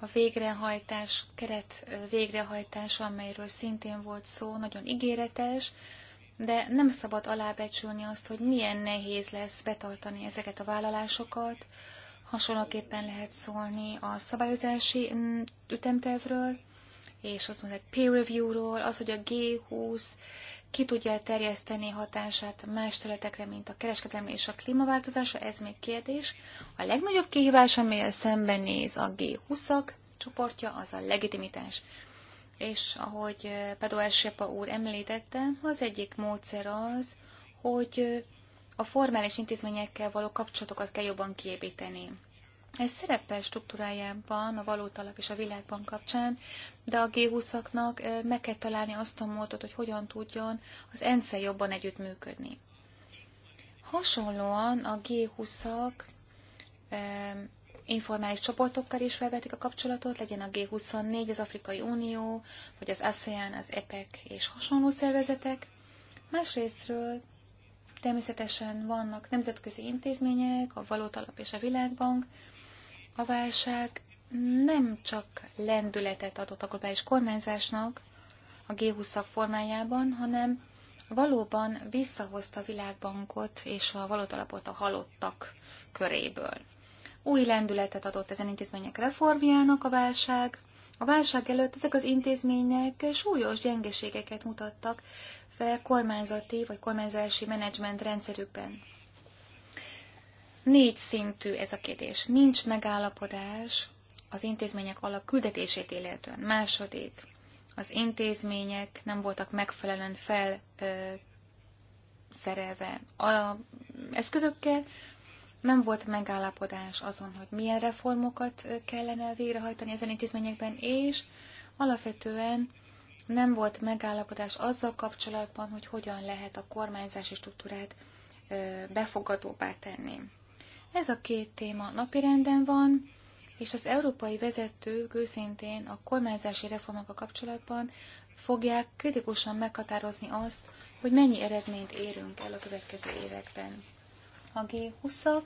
A végrehajtás, keret végrehajtása, amelyről szintén volt szó, nagyon ígéretes, de nem szabad alábecsülni azt, hogy milyen nehéz lesz betartani ezeket a vállalásokat. Hasonlóképpen lehet szólni a szabályozási ütemtervről, és azt mondták peer review-ról, az, hogy a G20 ki tudja terjeszteni hatását más területekre, mint a kereskedelem és a klímaváltozásra, ez még kérdés. A legnagyobb kihívás, amivel szembenéz a G20-ak csoportja, az a legitimitás. És ahogy eh, Pedro Sepa úr említette, az egyik módszer az, hogy eh, a formális intézményekkel való kapcsolatokat kell jobban kiépíteni. Ez szerepel struktúrájában a valótalap és a világban kapcsán, de a G20-aknak meg kell találni azt a módot, hogy hogyan tudjon az ensz jobban együttműködni. Hasonlóan a G20-ak informális csoportokkal is felvetik a kapcsolatot, legyen a G24, az Afrikai Unió, vagy az ASEAN, az EPEC és hasonló szervezetek. Másrésztről természetesen vannak nemzetközi intézmények, a Valótalap és a Világbank, a válság nem csak lendületet adott a globális kormányzásnak a G20-ak formájában, hanem valóban visszahozta a világbankot és a valótalapot a halottak köréből. Új lendületet adott ezen intézmények reformjának a válság. A válság előtt ezek az intézmények súlyos gyengeségeket mutattak fel kormányzati vagy kormányzási menedzsment rendszerükben. Négy szintű ez a kérdés. Nincs megállapodás az intézmények alap küldetését illetően. Második, az intézmények nem voltak megfelelően felszerelve a eszközökkel, nem volt megállapodás azon, hogy milyen reformokat kellene végrehajtani ezen intézményekben, és alapvetően nem volt megállapodás azzal kapcsolatban, hogy hogyan lehet a kormányzási struktúrát befogadóbbá tenni. Ez a két téma napirenden van, és az európai vezetők őszintén a kormányzási reformokkal kapcsolatban fogják kritikusan meghatározni azt, hogy mennyi eredményt érünk el a következő években. A G20-ak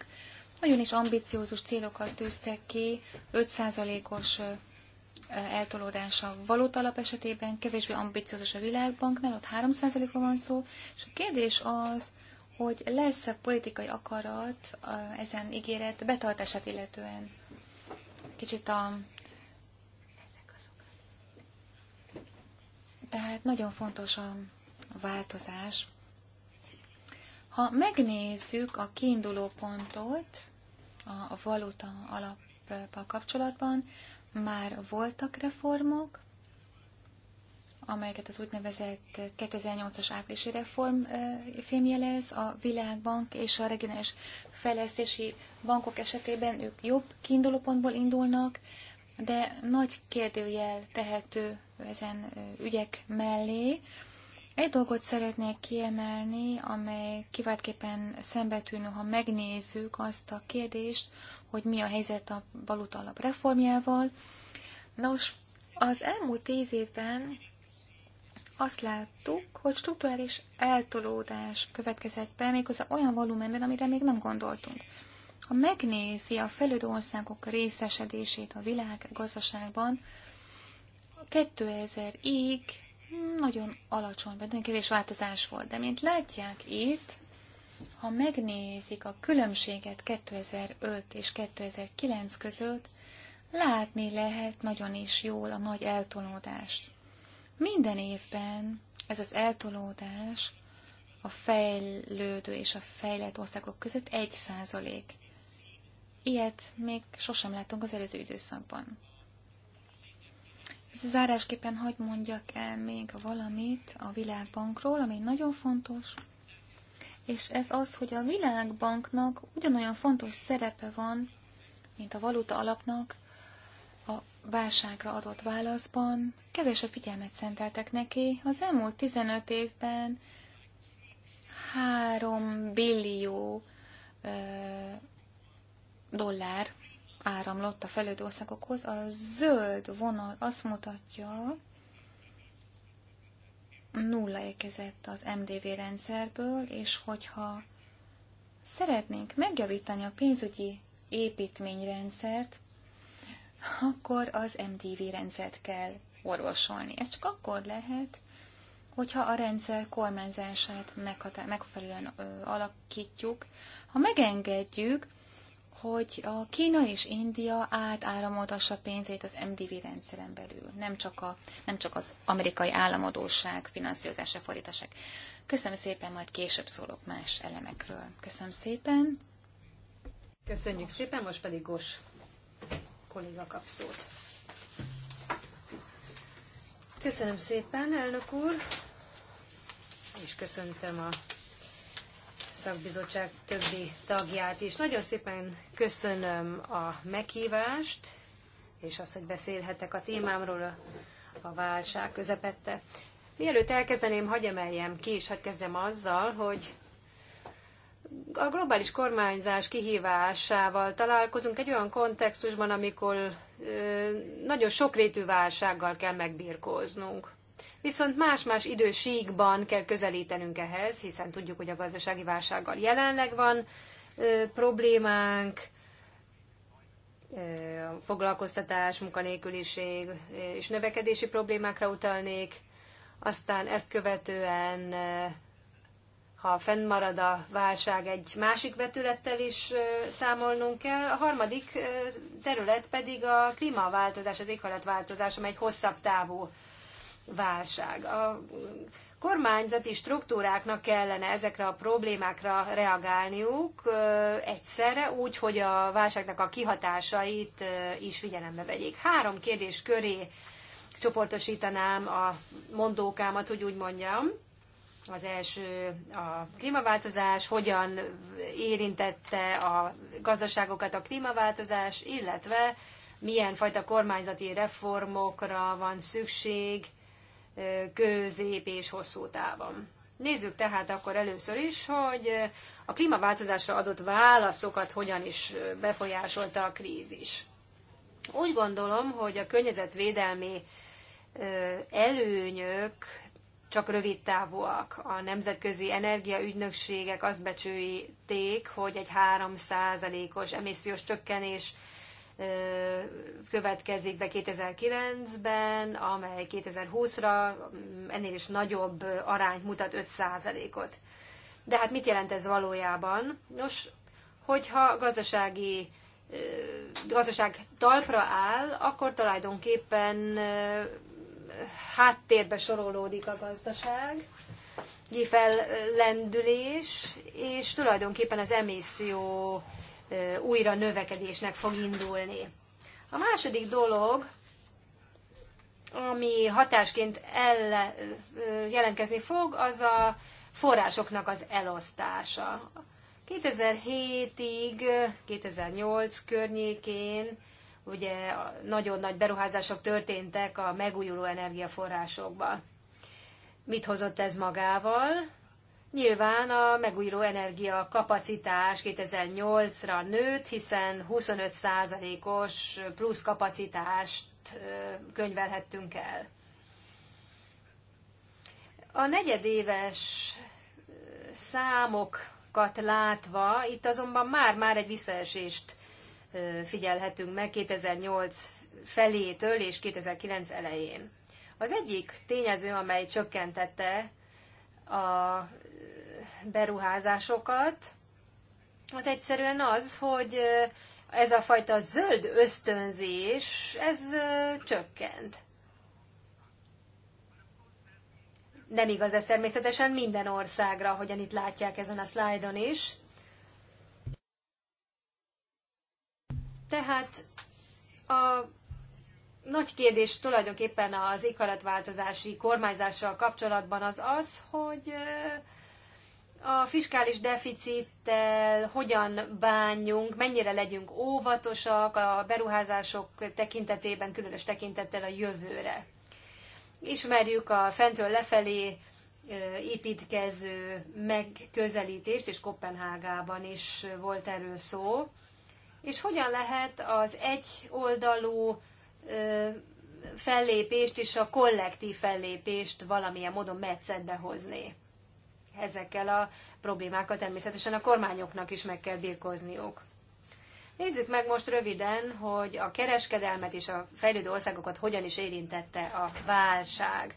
nagyon is ambiciózus célokat tűztek ki, 5%-os eltolódása valóta alap esetében, kevésbé ambiciózus a világbanknál, ott 3 ról van szó, és a kérdés az, hogy lesz a politikai akarat ezen ígéret betartását illetően. Kicsit a... Tehát nagyon fontos a változás. Ha megnézzük a kiinduló pontot a valuta alappal kapcsolatban, már voltak reformok, amelyeket az úgynevezett 2008-as áprilisi reform fémjelez, a Világbank és a regionális fejlesztési bankok esetében ők jobb kiindulópontból indulnak, de nagy kérdőjel tehető ezen ügyek mellé. Egy dolgot szeretnék kiemelni, amely kiváltképpen szembetűnő, ha megnézzük azt a kérdést, hogy mi a helyzet a valuta alap reformjával. Nos, az elmúlt tíz évben azt láttuk, hogy strukturális eltolódás következett be, méghozzá olyan volumenben, amire még nem gondoltunk. Ha megnézi a fejlődő országok részesedését a világ gazdaságban, 2000-ig nagyon alacsony, nagyon kevés változás volt. De mint látják itt, ha megnézik a különbséget 2005 és 2009 között, látni lehet nagyon is jól a nagy eltolódást. Minden évben ez az eltolódás a fejlődő és a fejlett országok között egy százalék. Ilyet még sosem láttunk az előző időszakban. Zárásképpen hagyd mondjak el még valamit a Világbankról, ami nagyon fontos, és ez az, hogy a Világbanknak ugyanolyan fontos szerepe van, mint a valuta alapnak válságra adott válaszban kevesebb figyelmet szenteltek neki. Az elmúlt 15 évben 3 billió ö, dollár áramlott a fejlődő országokhoz. A zöld vonal azt mutatja, nulla érkezett az MDV rendszerből, és hogyha szeretnénk megjavítani a pénzügyi építményrendszert, akkor az MDV rendszert kell orvosolni. Ez csak akkor lehet, hogyha a rendszer kormányzását megfelelően alakítjuk, ha megengedjük, hogy a Kína és India átáramoltassa pénzét az MDV rendszeren belül, nem csak, a, nem csak az amerikai államadóság finanszírozása fordítasak. Köszönöm szépen, majd később szólok más elemekről. Köszönöm szépen. Köszönjük szépen, most pedig Gos kolléga kap szót. Köszönöm szépen, elnök úr, és köszöntöm a szakbizottság többi tagját is. Nagyon szépen köszönöm a meghívást, és azt, hogy beszélhetek a témámról a válság közepette. Mielőtt elkezdeném, hagy emeljem ki, és hagy kezdem azzal, hogy a globális kormányzás kihívásával találkozunk egy olyan kontextusban, amikor nagyon sokrétű válsággal kell megbirkóznunk. Viszont más-más idősíkban kell közelítenünk ehhez, hiszen tudjuk, hogy a gazdasági válsággal jelenleg van problémánk, foglalkoztatás, munkanélküliség és növekedési problémákra utalnék, aztán ezt követően ha fennmarad a válság, egy másik vetülettel is számolnunk kell. A harmadik terület pedig a klímaváltozás, az éghajlatváltozás, amely egy hosszabb távú válság. A kormányzati struktúráknak kellene ezekre a problémákra reagálniuk egyszerre, úgy, hogy a válságnak a kihatásait is figyelembe vegyék. Három kérdés köré csoportosítanám a mondókámat, hogy úgy mondjam az első a klímaváltozás, hogyan érintette a gazdaságokat a klímaváltozás, illetve milyen fajta kormányzati reformokra van szükség közép és hosszú távon. Nézzük tehát akkor először is, hogy a klímaváltozásra adott válaszokat hogyan is befolyásolta a krízis. Úgy gondolom, hogy a környezetvédelmi előnyök csak rövid távúak. A nemzetközi energiaügynökségek azt becsülték, hogy egy 3%-os emissziós csökkenés következik be 2009-ben, amely 2020-ra ennél is nagyobb arányt mutat 5%-ot. De hát mit jelent ez valójában? Nos, hogyha gazdasági gazdaság talpra áll, akkor tulajdonképpen háttérbe sorolódik a gazdaság, lendülés, és tulajdonképpen az emisszió újra növekedésnek fog indulni. A második dolog, ami hatásként elle, jelentkezni fog, az a forrásoknak az elosztása. 2007-ig, 2008 környékén ugye nagyon nagy beruházások történtek a megújuló energiaforrásokba. Mit hozott ez magával? Nyilván a megújuló energia kapacitás 2008-ra nőtt, hiszen 25%-os plusz kapacitást könyvelhettünk el. A negyedéves számokat látva, itt azonban már-már egy visszaesést figyelhetünk meg 2008 felétől és 2009 elején. Az egyik tényező, amely csökkentette a beruházásokat, az egyszerűen az, hogy ez a fajta zöld ösztönzés, ez csökkent. Nem igaz ez természetesen minden országra, hogyan itt látják ezen a szlájdon is, Tehát a nagy kérdés tulajdonképpen az éghajlatváltozási kormányzással kapcsolatban az az, hogy a fiskális deficittel hogyan bánjunk, mennyire legyünk óvatosak a beruházások tekintetében, különös tekintettel a jövőre. Ismerjük a fentről lefelé építkező megközelítést, és Kopenhágában is volt erről szó és hogyan lehet az egyoldalú fellépést és a kollektív fellépést valamilyen módon metszetbe hozni. Ezekkel a problémákkal természetesen a kormányoknak is meg kell birkozniuk. Nézzük meg most röviden, hogy a kereskedelmet és a fejlődő országokat hogyan is érintette a válság.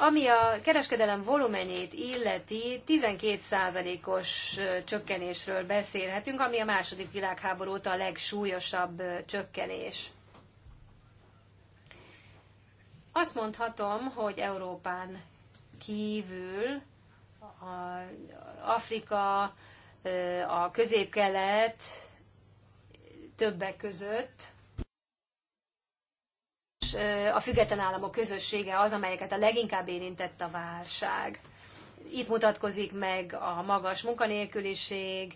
Ami a kereskedelem volumenét illeti, 12%-os csökkenésről beszélhetünk, ami a második világháború óta a legsúlyosabb csökkenés. Azt mondhatom, hogy Európán kívül a Afrika, a közép-kelet többek között a független államok közössége az, amelyeket a leginkább érintett a válság. Itt mutatkozik meg a magas munkanélküliség,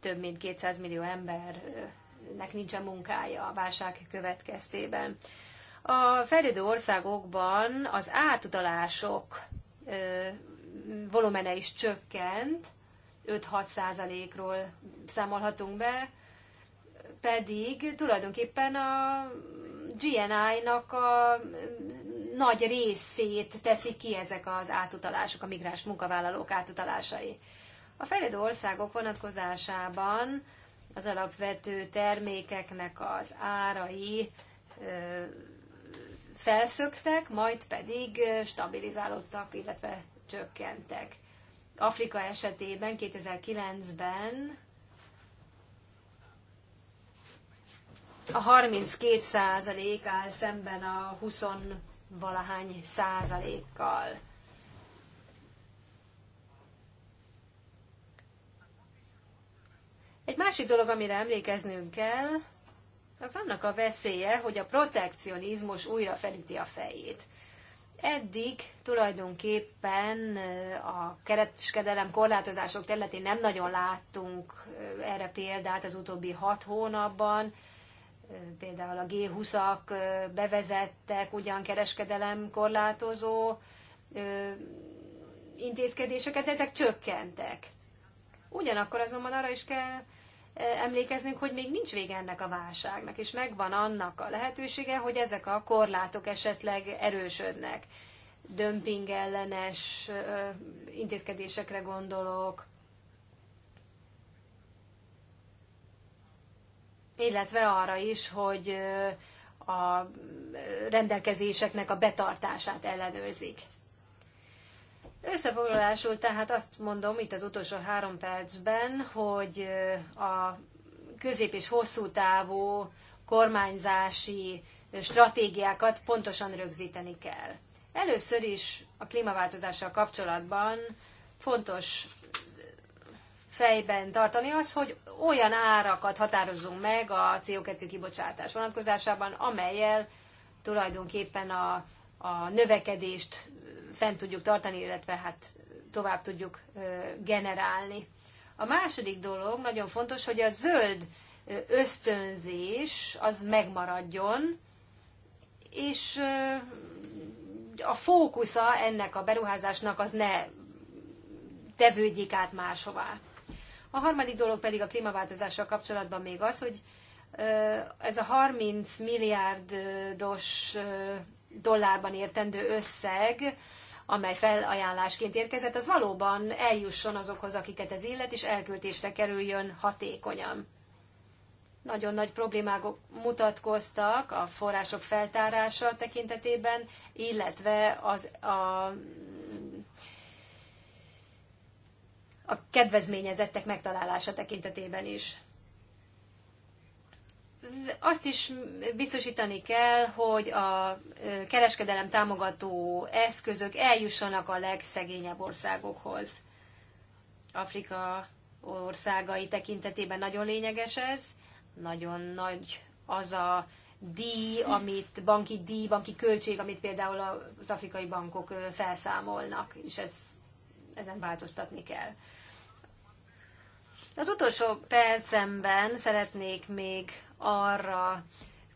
több mint 200 millió embernek nincsen munkája a válság következtében. A fejlődő országokban az átutalások volumene is csökkent, 5-6 százalékról számolhatunk be, pedig tulajdonképpen a GNI-nak a mm, nagy részét teszik ki ezek az átutalások, a migráns munkavállalók átutalásai. A fejlődő országok vonatkozásában az alapvető termékeknek az árai felszöktek, majd pedig stabilizálódtak, illetve csökkentek. Afrika esetében 2009-ben a 32 százalék áll szemben a 20 valahány százalékkal. Egy másik dolog, amire emlékeznünk kell, az annak a veszélye, hogy a protekcionizmus újra felüti a fejét. Eddig tulajdonképpen a kereskedelem korlátozások területén nem nagyon láttunk erre példát az utóbbi hat hónapban, például a G20-ak bevezettek ugyan kereskedelem korlátozó intézkedéseket, ezek csökkentek. Ugyanakkor azonban arra is kell emlékeznünk, hogy még nincs vége ennek a válságnak, és megvan annak a lehetősége, hogy ezek a korlátok esetleg erősödnek. Dömping ellenes intézkedésekre gondolok, illetve arra is, hogy a rendelkezéseknek a betartását ellenőrzik. Összefoglalásul tehát azt mondom itt az utolsó három percben, hogy a közép és hosszú távú kormányzási stratégiákat pontosan rögzíteni kell. Először is a klímaváltozással kapcsolatban fontos fejben tartani az, hogy olyan árakat határozzunk meg a CO2 kibocsátás vonatkozásában, amelyel tulajdonképpen a, a növekedést fent tudjuk tartani, illetve hát tovább tudjuk generálni. A második dolog nagyon fontos, hogy a zöld ösztönzés az megmaradjon, és a fókusza ennek a beruházásnak az ne tevődjék át máshová. A harmadik dolog pedig a klímaváltozással kapcsolatban még az, hogy ez a 30 milliárdos dollárban értendő összeg, amely felajánlásként érkezett, az valóban eljusson azokhoz, akiket ez illet, és elköltésre kerüljön hatékonyan. Nagyon nagy problémák mutatkoztak a források feltárása tekintetében, illetve az, a a kedvezményezettek megtalálása tekintetében is. Azt is biztosítani kell, hogy a kereskedelem támogató eszközök eljussanak a legszegényebb országokhoz. Afrika országai tekintetében nagyon lényeges ez, nagyon nagy az a díj, amit banki díj, banki költség, amit például az afrikai bankok felszámolnak, és ez, ezen változtatni kell. Az utolsó percemben szeretnék még arra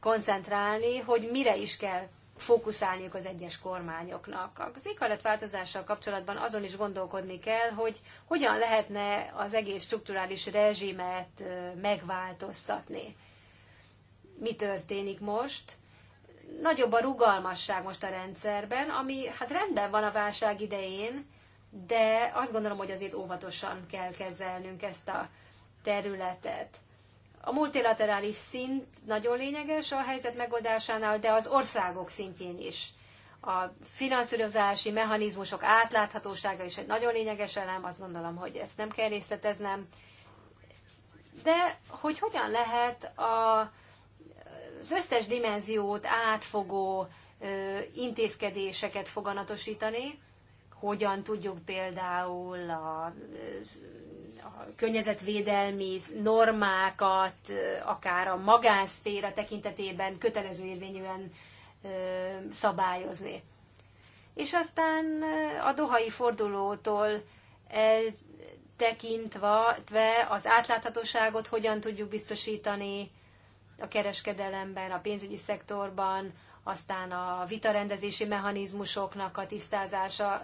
koncentrálni, hogy mire is kell fókuszálniuk az egyes kormányoknak. Az változással kapcsolatban azon is gondolkodni kell, hogy hogyan lehetne az egész strukturális rezsimet megváltoztatni. Mi történik most? Nagyobb a rugalmasság most a rendszerben, ami hát rendben van a válság idején, de azt gondolom, hogy azért óvatosan kell kezelnünk ezt a területet. A multilaterális szint nagyon lényeges a helyzet megoldásánál, de az országok szintjén is. A finanszírozási mechanizmusok átláthatósága is egy nagyon lényeges elem, azt gondolom, hogy ezt nem kell részleteznem. De hogy hogyan lehet a, az összes dimenziót átfogó ö, intézkedéseket foganatosítani, hogyan tudjuk például a, a környezetvédelmi normákat, akár a magánszféra tekintetében kötelező érvényűen szabályozni. És aztán a dohai fordulótól tekintve az átláthatóságot hogyan tudjuk biztosítani a kereskedelemben, a pénzügyi szektorban, aztán a vitarendezési mechanizmusoknak a tisztázása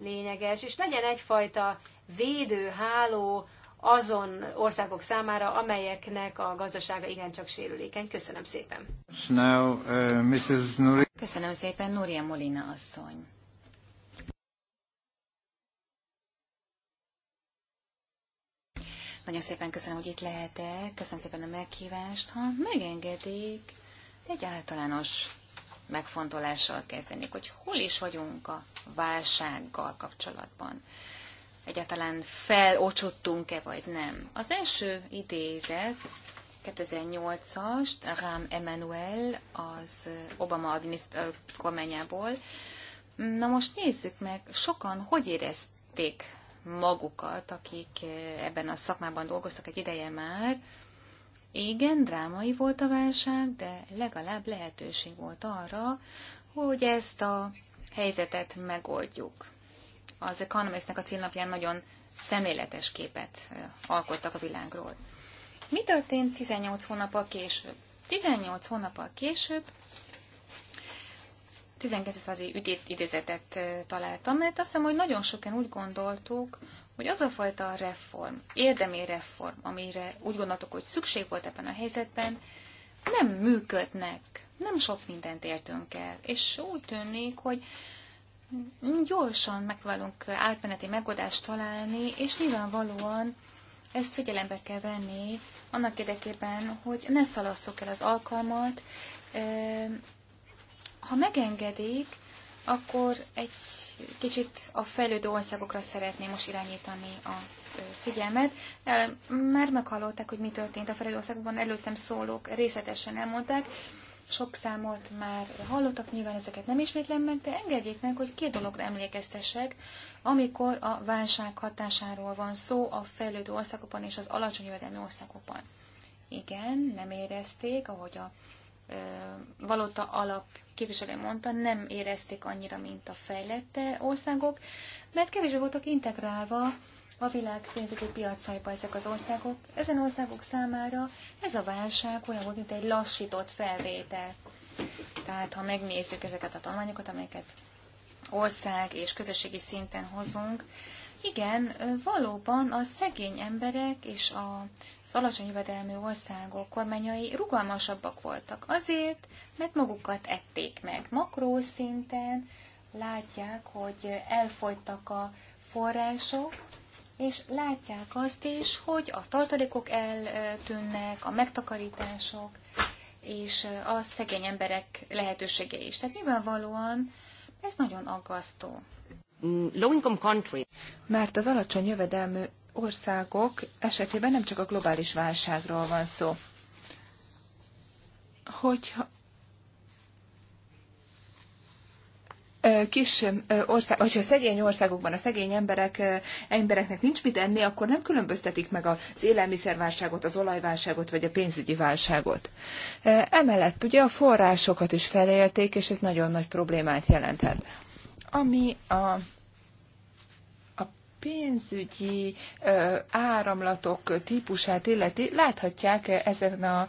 lényeges, és legyen egyfajta védőháló azon országok számára, amelyeknek a gazdasága igencsak sérülékeny. Köszönöm szépen. Now, uh, Mrs. Nuri. Köszönöm szépen, Núria Molina asszony. Nagyon szépen köszönöm, hogy itt lehetek, köszönöm szépen a meghívást. Ha megengedik, egy általános megfontolással kezdenék, hogy hol is vagyunk a válsággal kapcsolatban. Egyáltalán felocsottunk-e, vagy nem. Az első idézet 2008-as, Rám Emanuel az Obama adminiszt- kormányából. Na most nézzük meg, sokan hogy érezték magukat, akik ebben a szakmában dolgoztak egy ideje már, igen, drámai volt a válság, de legalább lehetőség volt arra, hogy ezt a helyzetet megoldjuk. Az Economistnek a címlapján nagyon szemléletes képet alkottak a világról. Mi történt 18 hónappal később? 18 hónappal később 19. századi ügyét idézetet találtam, mert azt hiszem, hogy nagyon sokan úgy gondoltuk, hogy az a fajta reform, érdemi reform, amire úgy gondoltuk, hogy szükség volt ebben a helyzetben, nem működnek. Nem sok mindent értünk el, és úgy tűnik, hogy gyorsan megpróbálunk átmeneti megoldást találni, és nyilvánvalóan ezt figyelembe kell venni annak érdekében, hogy ne szalasszuk el az alkalmat. Ha megengedik, akkor egy kicsit a fejlődő országokra szeretném most irányítani a figyelmet. már meghallották, hogy mi történt a fejlődő országokban, előttem szólók részletesen elmondták, sok számot már hallottak, nyilván ezeket nem ismétlem meg, de engedjék meg, hogy két dologra emlékeztessek, amikor a válság hatásáról van szó a fejlődő országokban és az alacsony jövedelmi országokban. Igen, nem érezték, ahogy a valóta alap képviselő mondta, nem érezték annyira, mint a fejlett országok, mert kevésbé voltak integrálva a világ pénzügyi piacaiba ezek az országok. Ezen országok számára ez a válság olyan volt, mint egy lassított felvétel. Tehát ha megnézzük ezeket a tanulmányokat, amelyeket ország és közösségi szinten hozunk, igen, valóban a szegény emberek és az alacsony jövedelmű országok kormányai rugalmasabbak voltak azért, mert magukat ették meg. Makró szinten látják, hogy elfogytak a források, és látják azt is, hogy a tartalékok eltűnnek, a megtakarítások, és a szegény emberek lehetősége is. Tehát nyilvánvalóan ez nagyon aggasztó. Mert az alacsony jövedelmű országok esetében nem csak a globális válságról van szó. Hogyha kis ország, hogyha szegény országokban a szegény emberek, embereknek nincs mit enni, akkor nem különböztetik meg az élelmiszerválságot, az olajválságot, vagy a pénzügyi válságot. Emellett ugye a forrásokat is felélték, és ez nagyon nagy problémát jelenthet. Ami a pénzügyi áramlatok típusát illeti, láthatják ezen a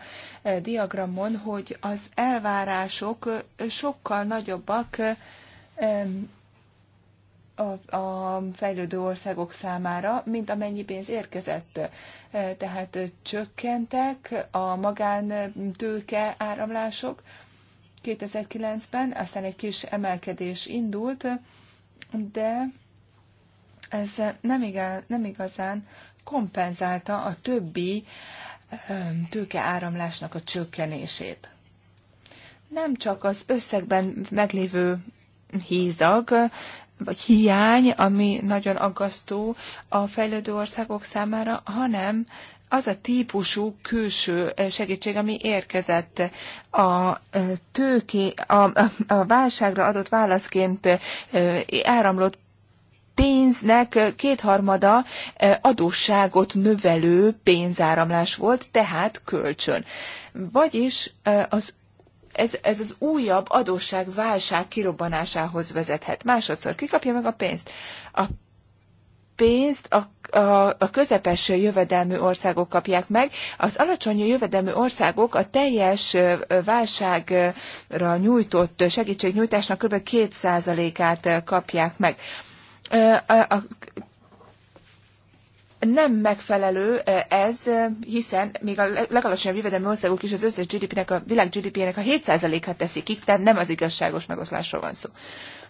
diagramon, hogy az elvárások sokkal nagyobbak a, a fejlődő országok számára, mint amennyi pénz érkezett. Tehát csökkentek a magántőke áramlások, 2009-ben, aztán egy kis emelkedés indult, de ez nem, igaz, nem igazán kompenzálta a többi tőkeáramlásnak a csökkenését. Nem csak az összegben meglévő hízag, vagy hiány, ami nagyon aggasztó a fejlődő országok számára, hanem az a típusú külső eh, segítség, ami érkezett a eh, tőké, a, a válságra adott válaszként eh, áramlott pénznek kétharmada adósságot növelő pénzáramlás volt, tehát kölcsön. Vagyis az ez, ez az újabb adósságválság kirobbanásához vezethet. Másodszor kikapja meg a pénzt. A pénzt a a, a közepes jövedelmű országok kapják meg. Az alacsony jövedelmű országok a teljes válságra nyújtott segítségnyújtásnak kb. 2%-át kapják meg. A nem megfelelő ez, hiszen még a legalacsonyabb jövedelmi országok is az összes GDP-nek, a világ GDP-nek a 7%-át teszik ki, tehát nem az igazságos megoszlásról van szó.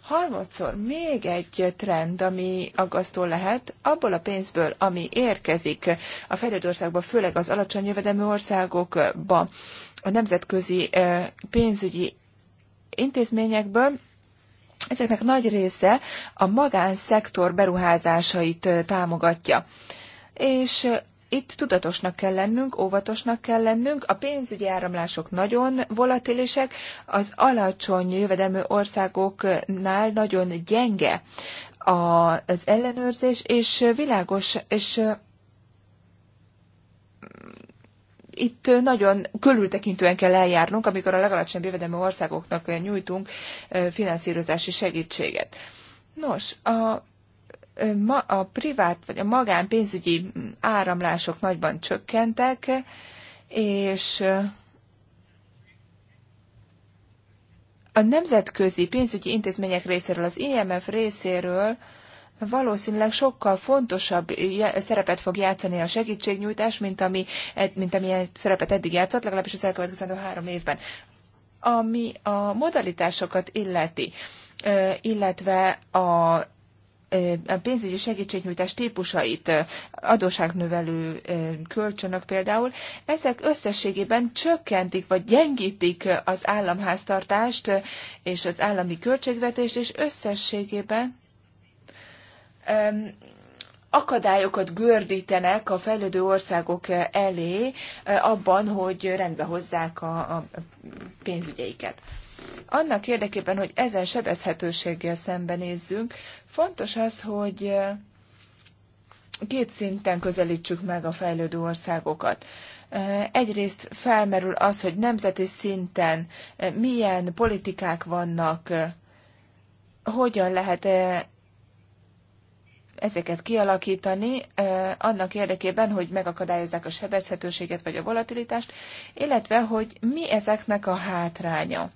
Harmadszor még egy trend, ami aggasztó lehet, abból a pénzből, ami érkezik a fejlődő országba, főleg az alacsony jövedelmi országokba, a nemzetközi pénzügyi intézményekből, Ezeknek nagy része a magánszektor beruházásait támogatja. És itt tudatosnak kell lennünk, óvatosnak kell lennünk, a pénzügyi áramlások nagyon volatilisek, az alacsony jövedelmű országoknál nagyon gyenge az ellenőrzés, és világos, és itt nagyon körültekintően kell eljárnunk, amikor a legalacsonyabb jövedelmű országoknak nyújtunk finanszírozási segítséget. Nos, a a privát vagy a magán pénzügyi áramlások nagyban csökkentek, és a nemzetközi pénzügyi intézmények részéről, az IMF részéről valószínűleg sokkal fontosabb szerepet fog játszani a segítségnyújtás, mint, ami, mint amilyen szerepet eddig játszott, legalábbis az elkövetkező három évben. Ami a modalitásokat illeti, illetve a a pénzügyi segítségnyújtás típusait, adóságnövelő kölcsönök például, ezek összességében csökkentik vagy gyengítik az államháztartást és az állami költségvetést, és összességében akadályokat gördítenek a fejlődő országok elé abban, hogy rendbe hozzák a, a pénzügyeiket. Annak érdekében, hogy ezen sebezhetőséggel szembenézzünk, fontos az, hogy két szinten közelítsük meg a fejlődő országokat. Egyrészt felmerül az, hogy nemzeti szinten milyen politikák vannak, hogyan lehet ezeket kialakítani annak érdekében, hogy megakadályozzák a sebezhetőséget vagy a volatilitást, illetve hogy mi ezeknek a hátránya.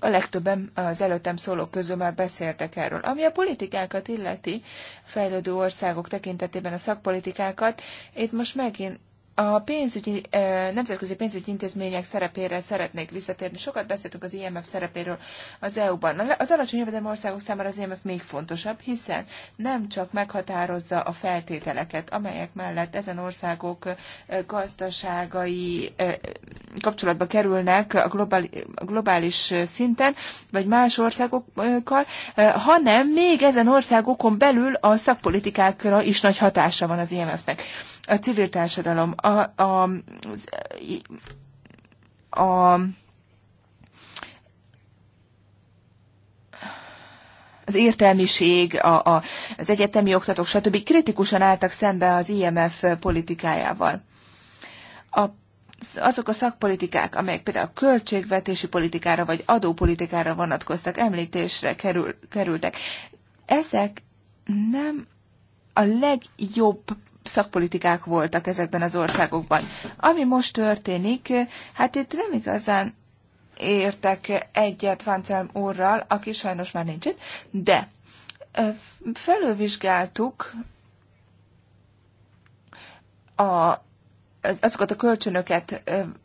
A legtöbben az előttem szólók közül már beszéltek erről. Ami a politikákat illeti, fejlődő országok tekintetében a szakpolitikákat, itt most megint a pénzügyi, nemzetközi pénzügyi intézmények szerepére szeretnék visszatérni. Sokat beszéltünk az IMF szerepéről az EU-ban. Az alacsony jövedelmi országok számára az IMF még fontosabb, hiszen nem csak meghatározza a feltételeket, amelyek mellett ezen országok gazdaságai kapcsolatba kerülnek a globális szinten, vagy más országokkal, hanem még ezen országokon belül a szakpolitikákra is nagy hatása van az IMF-nek a civil társadalom, a, a, a az értelmiség, a, a, az egyetemi oktatók, stb. kritikusan álltak szembe az IMF politikájával. A, azok a szakpolitikák, amelyek például a költségvetési politikára vagy adópolitikára vonatkoztak, említésre kerül, kerültek, ezek nem a legjobb szakpolitikák voltak ezekben az országokban. Ami most történik, hát itt nem igazán értek egyet Vancelm úrral, aki sajnos már nincs itt, de felővizsgáltuk a azokat a kölcsönöket,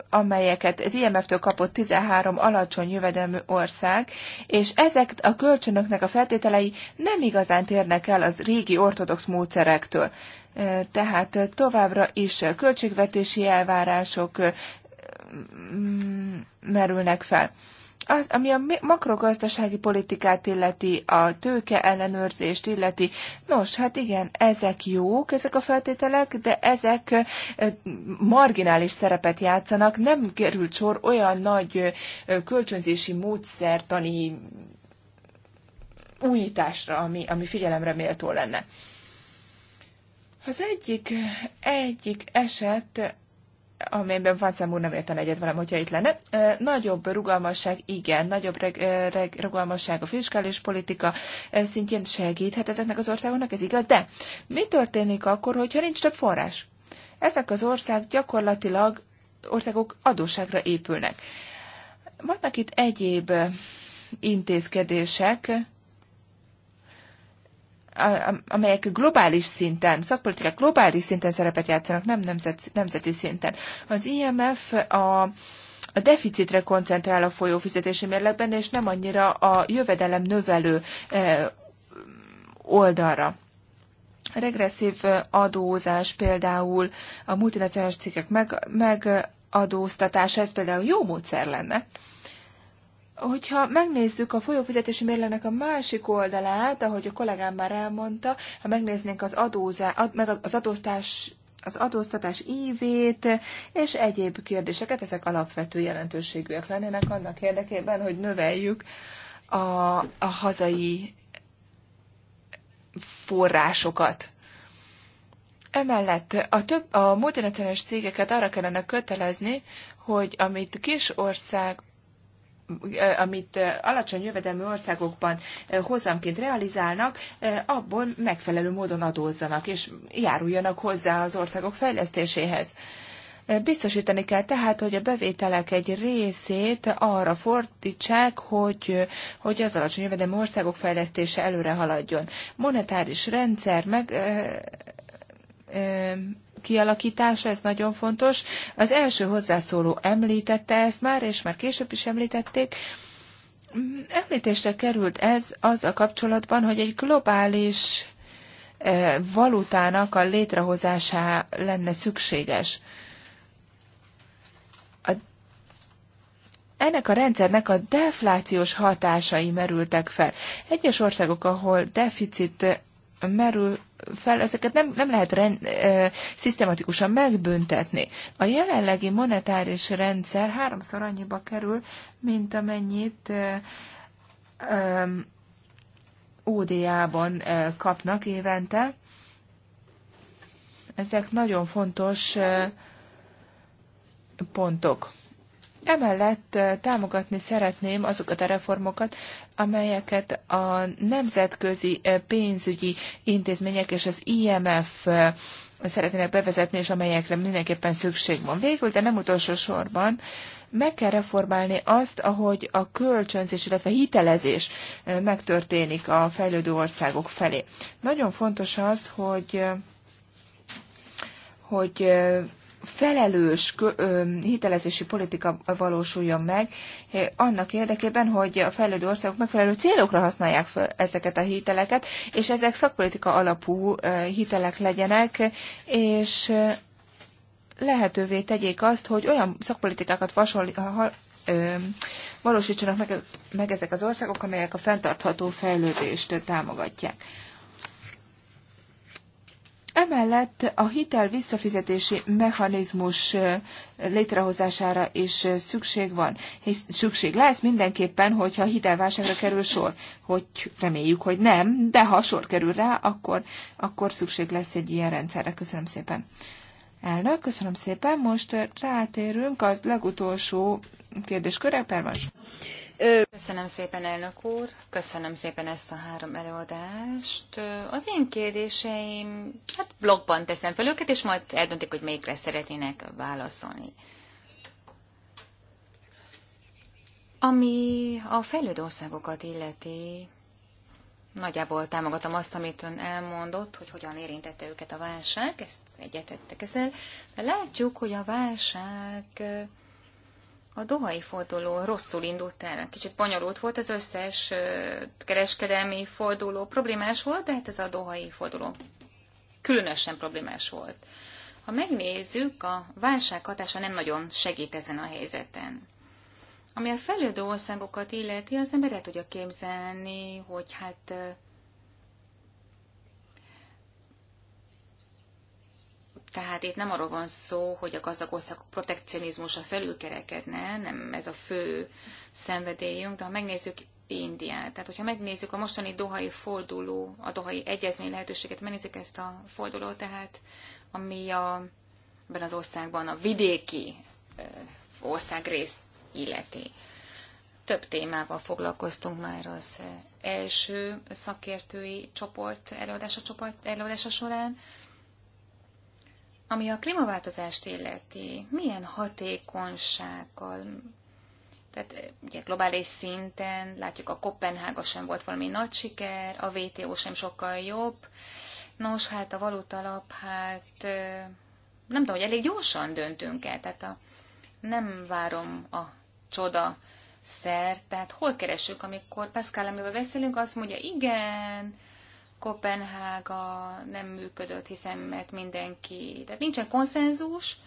amelyeket az IMF-től kapott 13 alacsony jövedelmű ország, és ezek a kölcsönöknek a feltételei nem igazán térnek el az régi ortodox módszerektől. Tehát továbbra is költségvetési elvárások merülnek fel az, ami a makrogazdasági politikát illeti, a tőke ellenőrzést illeti. Nos, hát igen, ezek jók, ezek a feltételek, de ezek marginális szerepet játszanak. Nem került sor olyan nagy kölcsönzési módszertani újításra, ami, ami figyelemre méltó lenne. Az egyik, egyik eset amelyben Vácám úr nem érten egyet velem, hogyha itt lenne. Nagyobb rugalmasság, igen, nagyobb reg, reg, rugalmasság a fiskális politika szintjén segíthet ezeknek az országoknak, ez igaz, de mi történik akkor, hogyha nincs több forrás? Ezek az ország gyakorlatilag országok adósságra épülnek. Vannak itt egyéb intézkedések, amelyek globális szinten, szakpolitikák globális szinten szerepet játszanak, nem nemzet, nemzeti szinten. Az IMF a, a deficitre koncentrál a folyófizetési mérlegben, és nem annyira a jövedelem növelő e, oldalra. A regresszív adózás például a multinacionális cégek meg, megadóztatása, ez például jó módszer lenne. Hogyha megnézzük a folyófizetési mérlenek a másik oldalát, ahogy a kollégám már elmondta, ha megnéznénk az, adózá, ad, meg az adóztás az adóztatás ívét és egyéb kérdéseket, ezek alapvető jelentőségűek lennének annak érdekében, hogy növeljük a, a hazai forrásokat. Emellett a, több, a multinacionális cégeket arra kellene kötelezni, hogy amit kis ország amit eh, alacsony jövedelmű országokban eh, hozamként realizálnak, eh, abból megfelelő módon adózzanak, és járuljanak hozzá az országok fejlesztéséhez. Biztosítani kell tehát, hogy a bevételek egy részét arra fordítsák, hogy, hogy az alacsony jövedelmi országok fejlesztése előre haladjon. Monetáris rendszer meg kialakítása, ez nagyon fontos. Az első hozzászóló említette ezt már, és már később is említették. Említésre került ez az a kapcsolatban, hogy egy globális eh, valutának a létrehozásá lenne szükséges. ennek a rendszernek a deflációs hatásai merültek fel. Egyes országok, ahol deficit merül fel, ezeket nem, nem lehet rend, e, szisztematikusan megbüntetni. A jelenlegi monetáris rendszer háromszor annyiba kerül, mint amennyit e, e, ODA-ban e, kapnak évente. Ezek nagyon fontos e, pontok. Emellett támogatni szeretném azokat a reformokat, amelyeket a nemzetközi pénzügyi intézmények és az IMF szeretnének bevezetni, és amelyekre mindenképpen szükség van. Végül, de nem utolsó sorban, meg kell reformálni azt, ahogy a kölcsönzés, illetve hitelezés megtörténik a fejlődő országok felé. Nagyon fontos az, hogy hogy felelős hitelezési politika valósuljon meg, eh, annak érdekében, hogy a fejlődő országok megfelelő célokra használják fel ezeket a hiteleket, és ezek szakpolitika alapú eh, hitelek legyenek, és eh, lehetővé tegyék azt, hogy olyan szakpolitikákat vasol, ha, ö, valósítsanak meg, meg ezek az országok, amelyek a fenntartható fejlődést támogatják. Emellett a hitel visszafizetési mechanizmus létrehozására is szükség van. Hisz, szükség lesz mindenképpen, hogyha hitelválságra kerül sor. Hogy reméljük, hogy nem, de ha sor kerül rá, akkor, akkor szükség lesz egy ilyen rendszerre. Köszönöm szépen. Elnök, köszönöm szépen. Most rátérünk az legutolsó kérdéskörre, Pervas. Köszönöm szépen, elnök úr, köszönöm szépen ezt a három előadást. Az én kérdéseim, hát blogban teszem fel őket, és majd eldöntik, hogy melyikre szeretnének válaszolni. Ami a fejlődő országokat illeti, nagyjából támogatom azt, amit ön elmondott, hogy hogyan érintette őket a válság, ezt egyetettek ezzel, de látjuk, hogy a válság a dohai forduló rosszul indult el. Kicsit bonyolult volt az összes kereskedelmi forduló. Problémás volt, de hát ez a dohai forduló különösen problémás volt. Ha megnézzük, a válság hatása nem nagyon segít ezen a helyzeten. Ami a fejlődő országokat illeti, az ember el tudja képzelni, hogy hát Tehát itt nem arról van szó, hogy a gazdag ország protekcionizmusa felülkerekedne, nem ez a fő szenvedélyünk, de ha megnézzük Indiát, tehát hogyha megnézzük a mostani dohai forduló, a dohai egyezmény lehetőséget, megnézzük ezt a fordulót, tehát ami a, ebben az országban a vidéki országrészt illeti. Több témával foglalkoztunk már az első szakértői csoport előadása, csoport előadása során, ami a klímaváltozást illeti, milyen hatékonysággal, tehát eh, ugye globális szinten látjuk a Kopenhága sem volt valami nagy siker, a WTO sem sokkal jobb. Nos, hát a valutalap, hát eh, nem tudom, hogy elég gyorsan döntünk el, tehát a, nem várom a csoda szer, tehát hol keresünk, amikor Pascal, amivel beszélünk, azt mondja, igen, Kopenhága nem működött, hiszen mert mindenki, tehát nincsen konszenzus,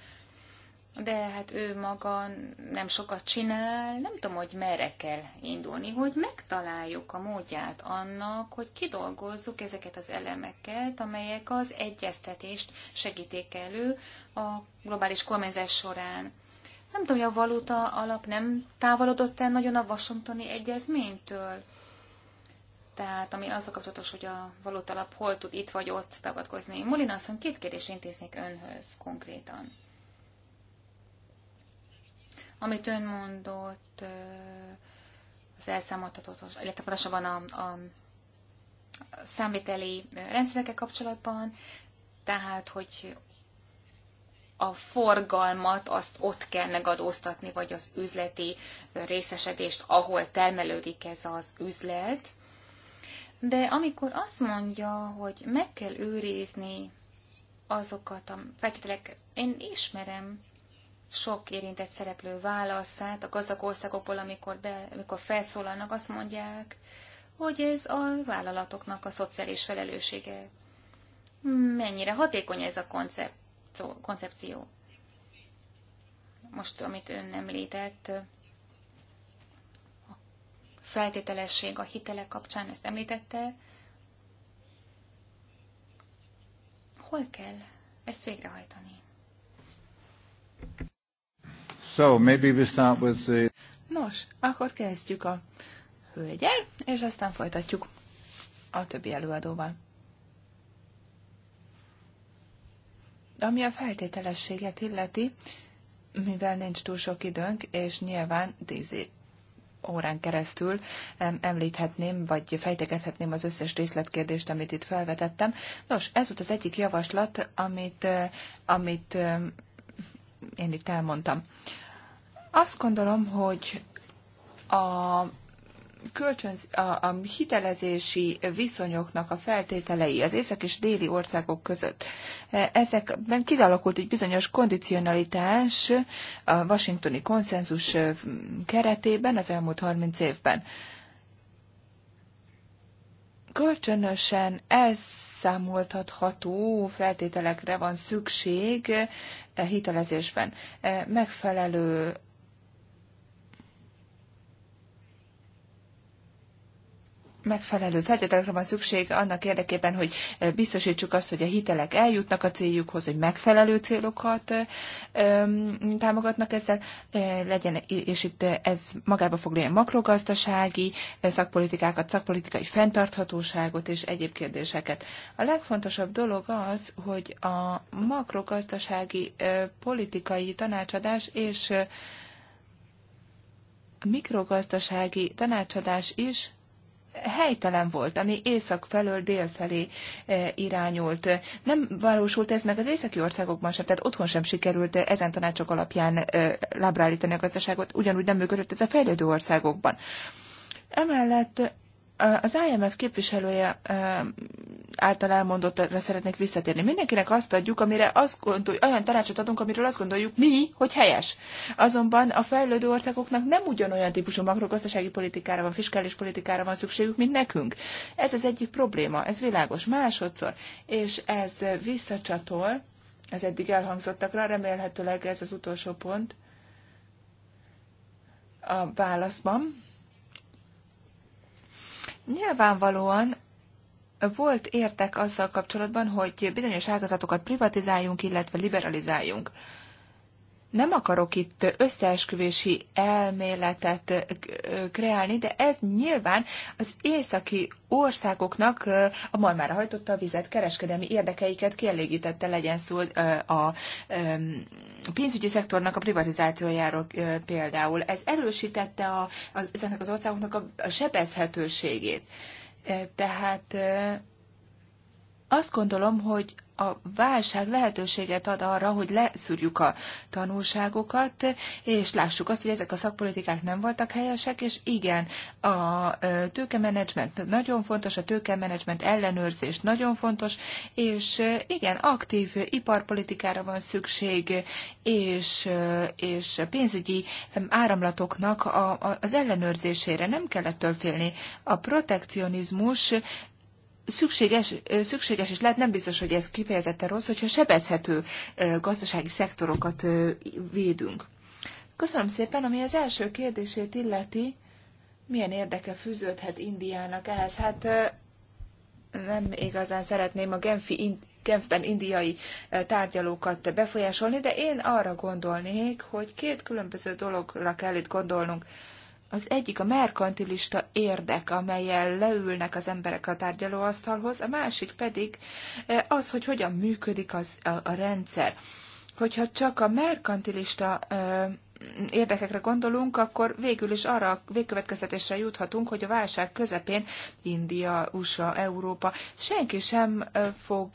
de hát ő maga nem sokat csinál, nem tudom, hogy merre kell indulni, hogy megtaláljuk a módját annak, hogy kidolgozzuk ezeket az elemeket, amelyek az egyeztetést segíték elő a globális kormányzás során. Nem tudom, hogy a valuta alap nem távolodott el nagyon a Washingtoni egyezménytől tehát ami a kapcsolatos, hogy a valutalap hol tud itt vagy ott beavatkozni. Molina asszony, két kérdést intéznék önhöz konkrétan. Amit ön mondott, az elszámoltatott, illetve pontosabban a, a számviteli rendszerekkel kapcsolatban, tehát, hogy a forgalmat azt ott kell megadóztatni, vagy az üzleti részesedést, ahol termelődik ez az üzlet, de amikor azt mondja, hogy meg kell őrizni azokat a feltételek, én ismerem sok érintett szereplő válaszát a gazdag országokból, amikor, be, amikor felszólalnak, azt mondják, hogy ez a vállalatoknak a szociális felelőssége. Mennyire hatékony ez a koncepció? koncepció. Most, amit ön említett, feltételesség a hitelek kapcsán, ezt említette. Hol kell ezt végrehajtani? So, maybe we start with the... Nos, akkor kezdjük a hölgyel, és aztán folytatjuk a többi előadóval. Ami a feltételességet illeti, mivel nincs túl sok időnk, és nyilván tíz, órán keresztül említhetném, vagy fejtegethetném az összes részletkérdést, amit itt felvetettem. Nos, ez volt az egyik javaslat, amit, eh, amit én itt elmondtam. Azt gondolom, hogy a kölcsön, a, a hitelezési viszonyoknak a feltételei az észak és déli országok között. E, ezekben kidalakult egy bizonyos kondicionalitás a washingtoni konszenzus keretében az elmúlt 30 évben. Kölcsönösen elszámoltatható feltételekre van szükség e, hitelezésben. E, megfelelő megfelelő feltételekre van szükség annak érdekében, hogy eh, biztosítsuk azt, hogy a hitelek eljutnak a céljukhoz, hogy megfelelő célokat ehm, támogatnak ezzel, eh, legyen, és itt ez magába foglalja makrogazdasági eh, szakpolitikákat, szakpolitikai fenntarthatóságot és egyéb kérdéseket. A legfontosabb dolog az, hogy a makrogazdasági politikai tanácsadás és a mikrogazdasági tanácsadás is helytelen volt, ami észak felől dél felé eh, irányult. Nem valósult ez meg az északi országokban sem, tehát otthon sem sikerült eh, ezen tanácsok alapján eh, lábrállítani a gazdaságot, ugyanúgy nem működött ez a fejlődő országokban. Emellett az IMF képviselője által elmondottra szeretnék visszatérni. Mindenkinek azt adjuk, amire azt gondoljuk, olyan tanácsot adunk, amiről azt gondoljuk mi, hogy helyes. Azonban a fejlődő országoknak nem ugyanolyan típusú makrogazdasági politikára van, fiskális politikára van szükségük, mint nekünk. Ez az egyik probléma, ez világos. Másodszor, és ez visszacsatol, ez eddig elhangzottakra, remélhetőleg ez az utolsó pont a válaszban Nyilvánvalóan volt értek azzal kapcsolatban, hogy bizonyos ágazatokat privatizáljunk, illetve liberalizáljunk nem akarok itt összeesküvési elméletet kreálni, de ez nyilván az északi országoknak a marmára hajtotta a vizet, kereskedelmi érdekeiket kielégítette, legyen szó a pénzügyi szektornak a privatizációjáról például. Ez erősítette a, az, ezeknek az országoknak a sebezhetőségét. Tehát azt gondolom, hogy a válság lehetőséget ad arra, hogy leszűrjük a tanulságokat, és lássuk azt, hogy ezek a szakpolitikák nem voltak helyesek, és igen, a tőkemenedzsment nagyon fontos, a tőkemenedzsment ellenőrzés nagyon fontos, és igen, aktív iparpolitikára van szükség, és, és pénzügyi áramlatoknak az ellenőrzésére nem kell félni. A protekcionizmus szükséges, szükséges és lehet, nem biztos, hogy ez kifejezetten rossz, hogyha sebezhető gazdasági szektorokat védünk. Köszönöm szépen, ami az első kérdését illeti, milyen érdeke fűződhet Indiának ehhez? Hát nem igazán szeretném a Genfi, Genfben indiai tárgyalókat befolyásolni, de én arra gondolnék, hogy két különböző dologra kell itt gondolnunk. Az egyik a merkantilista érdek, amelyel leülnek az emberek a tárgyalóasztalhoz, a másik pedig e, az, hogy hogyan működik az, a, a rendszer. Hogyha csak a merkantilista e, érdekekre gondolunk, akkor végül is arra a végkövetkeztetésre juthatunk, hogy a válság közepén India, USA, Európa, senki sem fog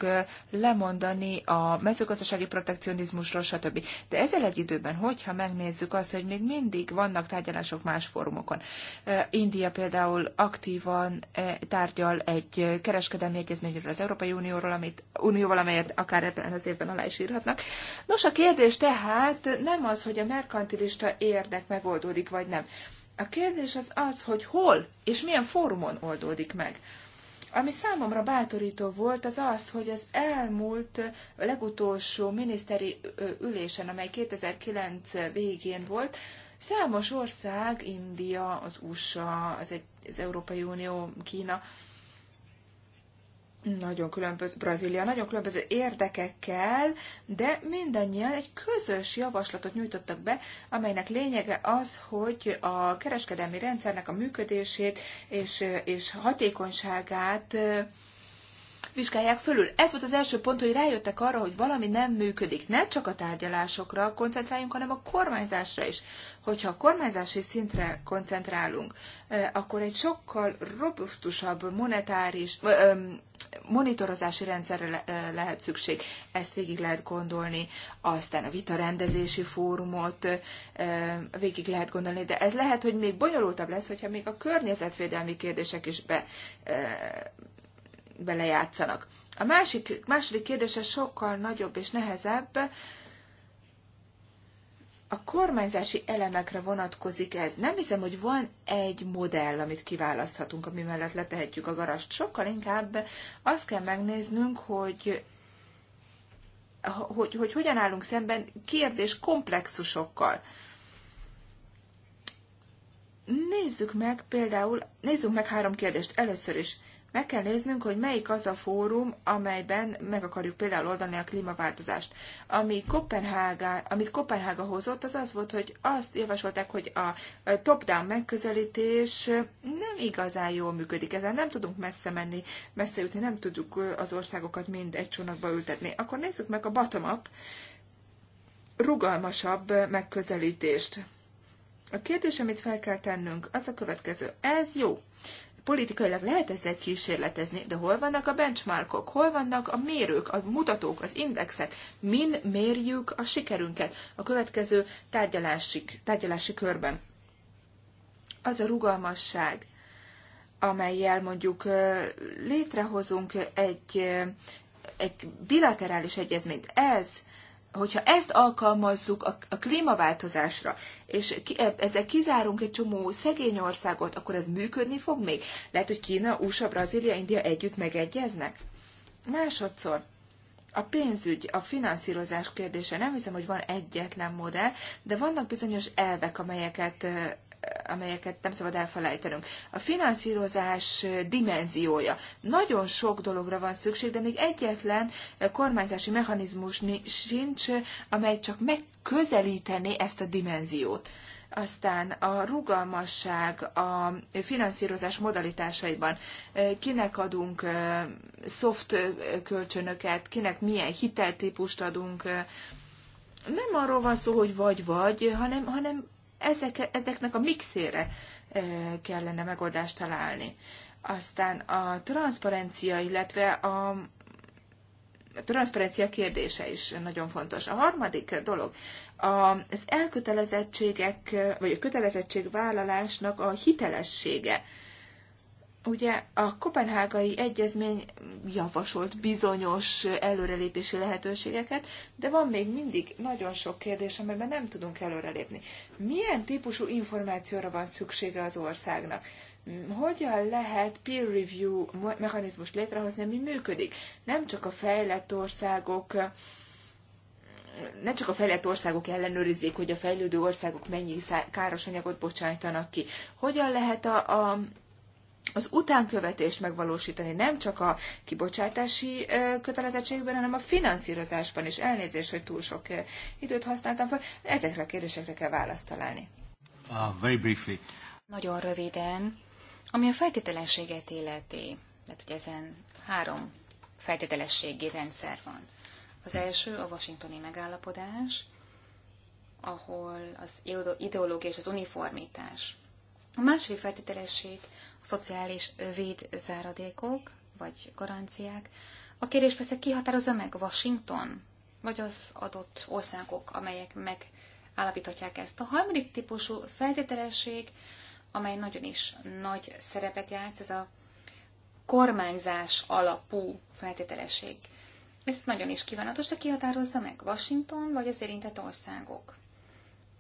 lemondani a mezőgazdasági protekcionizmusról, stb. De ezzel egy időben, hogyha megnézzük azt, hogy még mindig vannak tárgyalások más fórumokon. India például aktívan tárgyal egy kereskedelmi egyezményről az Európai Unióról, amit, Unióval, amelyet akár ebben az évben alá is írhatnak. Nos, a kérdés tehát nem az, hogy a merkantil aktivista érdek megoldódik, vagy nem. A kérdés az az, hogy hol és milyen fórumon oldódik meg. Ami számomra bátorító volt, az az, hogy az elmúlt legutolsó miniszteri ülésen, amely 2009 végén volt, számos ország, India, az USA, az, egy, az Európai Unió, Kína, nagyon különböző, Brazília nagyon különböző érdekekkel, de mindannyian egy közös javaslatot nyújtottak be, amelynek lényege az, hogy a kereskedelmi rendszernek a működését és, és hatékonyságát vizsgálják fölül. Ez volt az első pont, hogy rájöttek arra, hogy valami nem működik. Ne csak a tárgyalásokra koncentráljunk, hanem a kormányzásra is. Hogyha a kormányzási szintre koncentrálunk, akkor egy sokkal robusztusabb monetáris, monitorozási rendszerre lehet szükség. Ezt végig lehet gondolni, aztán a vitarendezési fórumot végig lehet gondolni, de ez lehet, hogy még bonyolultabb lesz, hogyha még a környezetvédelmi kérdések is be belejátszanak. A másik, második kérdése sokkal nagyobb és nehezebb. A kormányzási elemekre vonatkozik ez. Nem hiszem, hogy van egy modell, amit kiválaszthatunk, ami mellett letehetjük a garast. Sokkal inkább azt kell megnéznünk, hogy hogy, hogy hogyan állunk szemben kérdés komplexusokkal. Nézzük meg például, nézzük meg három kérdést. Először is, meg kell néznünk, hogy melyik az a fórum, amelyben meg akarjuk például oldani a klímaváltozást. Ami Kopenhága, amit Kopenhága hozott, az az volt, hogy azt javasolták, hogy a top-down megközelítés nem igazán jól működik. Ezzel nem tudunk messze menni, messze jutni, nem tudjuk az országokat mind egy csónakba ültetni. Akkor nézzük meg a bottom-up rugalmasabb megközelítést. A kérdés, amit fel kell tennünk, az a következő. Ez jó politikailag lehet ezzel kísérletezni, de hol vannak a benchmarkok, hol vannak a mérők, a mutatók, az indexek, min mérjük a sikerünket a következő tárgyalási, tárgyalási körben. Az a rugalmasság, amelyel mondjuk létrehozunk egy, egy bilaterális egyezményt, ez hogyha ezt alkalmazzuk a, a klímaváltozásra, és ki, e, ezzel kizárunk egy csomó szegény országot, akkor ez működni fog még? Lehet, hogy Kína, USA, Brazília, India együtt megegyeznek? Másodszor, a pénzügy, a finanszírozás kérdése. Nem hiszem, hogy van egyetlen modell, de vannak bizonyos elvek, amelyeket e, amelyeket nem szabad elfelejtenünk. A finanszírozás dimenziója. Nagyon sok dologra van szükség, de még egyetlen kormányzási mechanizmus sincs, amely csak megközelítené ezt a dimenziót aztán a rugalmasság a finanszírozás modalitásaiban, kinek adunk soft kölcsönöket, kinek milyen hiteltípust adunk. Nem arról van szó, hogy vagy-vagy, hanem, hanem ezek, ezeknek a mixére e, kellene megoldást találni. Aztán a transzparencia, illetve a, a transzparencia kérdése is nagyon fontos. A harmadik dolog, az elkötelezettségek, vagy a kötelezettségvállalásnak a hitelessége. Ugye a kopenhágai egyezmény javasolt bizonyos előrelépési lehetőségeket, de van még mindig nagyon sok kérdés, amelyben nem tudunk előrelépni. Milyen típusú információra van szüksége az országnak? Hogyan lehet peer review mechanizmus létrehozni, ami működik? Nem csak a fejlett országok nem csak a fejlett országok ellenőrizzék, hogy a fejlődő országok mennyi káros anyagot bocsájtanak ki. Hogyan lehet a, a az utánkövetést megvalósítani, nem csak a kibocsátási kötelezettségben, hanem a finanszírozásban is. Elnézést, hogy túl sok időt használtam fel. Ezekre a kérdésekre kell választ találni. Uh, very briefly. Nagyon röviden, ami a feltételességet illeti, tehát hogy ezen három feltételességi rendszer van. Az első a washingtoni megállapodás, ahol az ideológia és az uniformitás. A második feltételesség szociális védzáradékok, vagy garanciák. A kérdés persze kihatározza meg Washington, vagy az adott országok, amelyek megállapíthatják ezt. A harmadik típusú feltételesség, amely nagyon is nagy szerepet játsz, ez a kormányzás alapú feltételesség. Ez nagyon is kívánatos, de kihatározza meg Washington vagy az érintett országok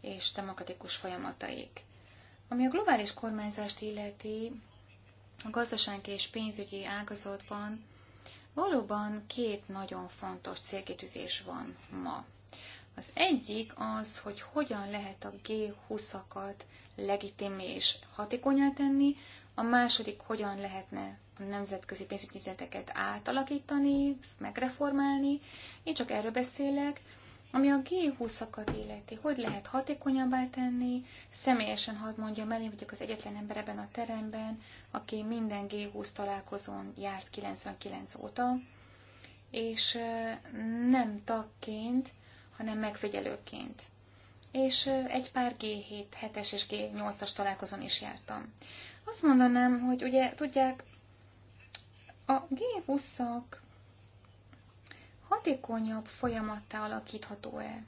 és demokratikus folyamataik. Ami a globális kormányzást illeti, a gazdasági és pénzügyi ágazatban valóban két nagyon fontos célkitűzés van ma. Az egyik az, hogy hogyan lehet a G20-akat legitimé és hatékonyá tenni, a második, hogyan lehetne a nemzetközi pénzügyi átalakítani, megreformálni. Én csak erről beszélek. Ami a G20-akat illeti, hogy lehet hatékonyabbá tenni, személyesen hadd mondjam el, én vagyok az egyetlen ember ebben a teremben, aki minden G20 találkozón járt 99 óta, és nem tagként, hanem megfigyelőként. És egy pár G7, 7-es és G8-as találkozón is jártam. Azt mondanám, hogy ugye tudják, a G20-ak hatékonyabb folyamattá alakítható-e?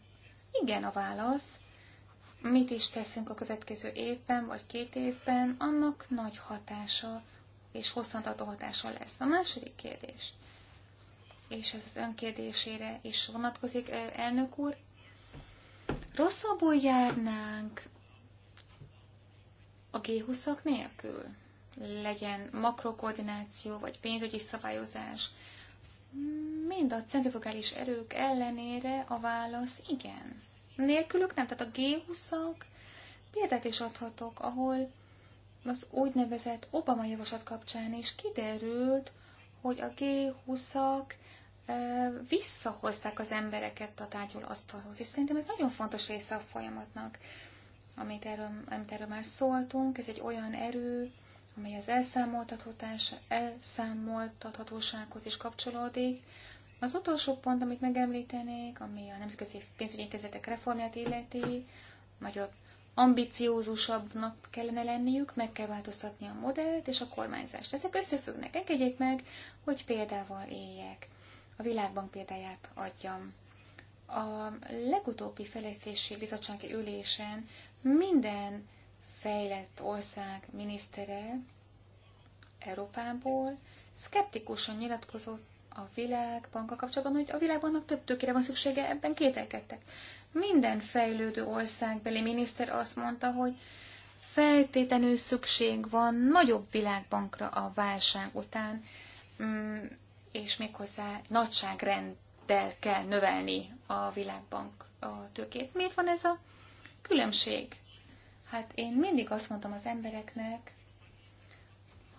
Igen a válasz. Mit is teszünk a következő évben vagy két évben, annak nagy hatása és hosszantartó hatása lesz. A második kérdés, és ez az önkérdésére is vonatkozik, elnök úr, rosszabbul járnánk a G20-ak nélkül. Legyen makrokoordináció vagy pénzügyi szabályozás – mind a centrifugális erők ellenére a válasz igen. Nélkülük nem, tehát a G20-ak példát is adhatok, ahol az úgynevezett Obama javaslat kapcsán is kiderült, hogy a G20-ak e, visszahozták az embereket a asztalhoz. és szerintem ez nagyon fontos része a folyamatnak, amit erről, amit erről már szóltunk, ez egy olyan erő, amely az elszámoltathatósághoz is kapcsolódik. Az utolsó pont, amit megemlítenék, ami a nemzetközi pénzügyi intézetek reformját illeti, magyar ambiciózusabbnak kellene lenniük, meg kell változtatni a modellt és a kormányzást. Ezek összefüggnek. Engedjék meg, hogy példával éljek. A világbank példáját adjam. A legutóbbi fejlesztési bizottsági ülésen minden fejlett ország minisztere Európából szkeptikusan nyilatkozott a világbanka kapcsolatban, hogy a világbanknak több tökére van szüksége, ebben kételkedtek. Minden fejlődő országbeli miniszter azt mondta, hogy feltétlenül szükség van nagyobb világbankra a válság után, mm, és méghozzá nagyságrenddel kell növelni a világbank a tőkét. Miért van ez a különbség? Hát én mindig azt mondtam az embereknek,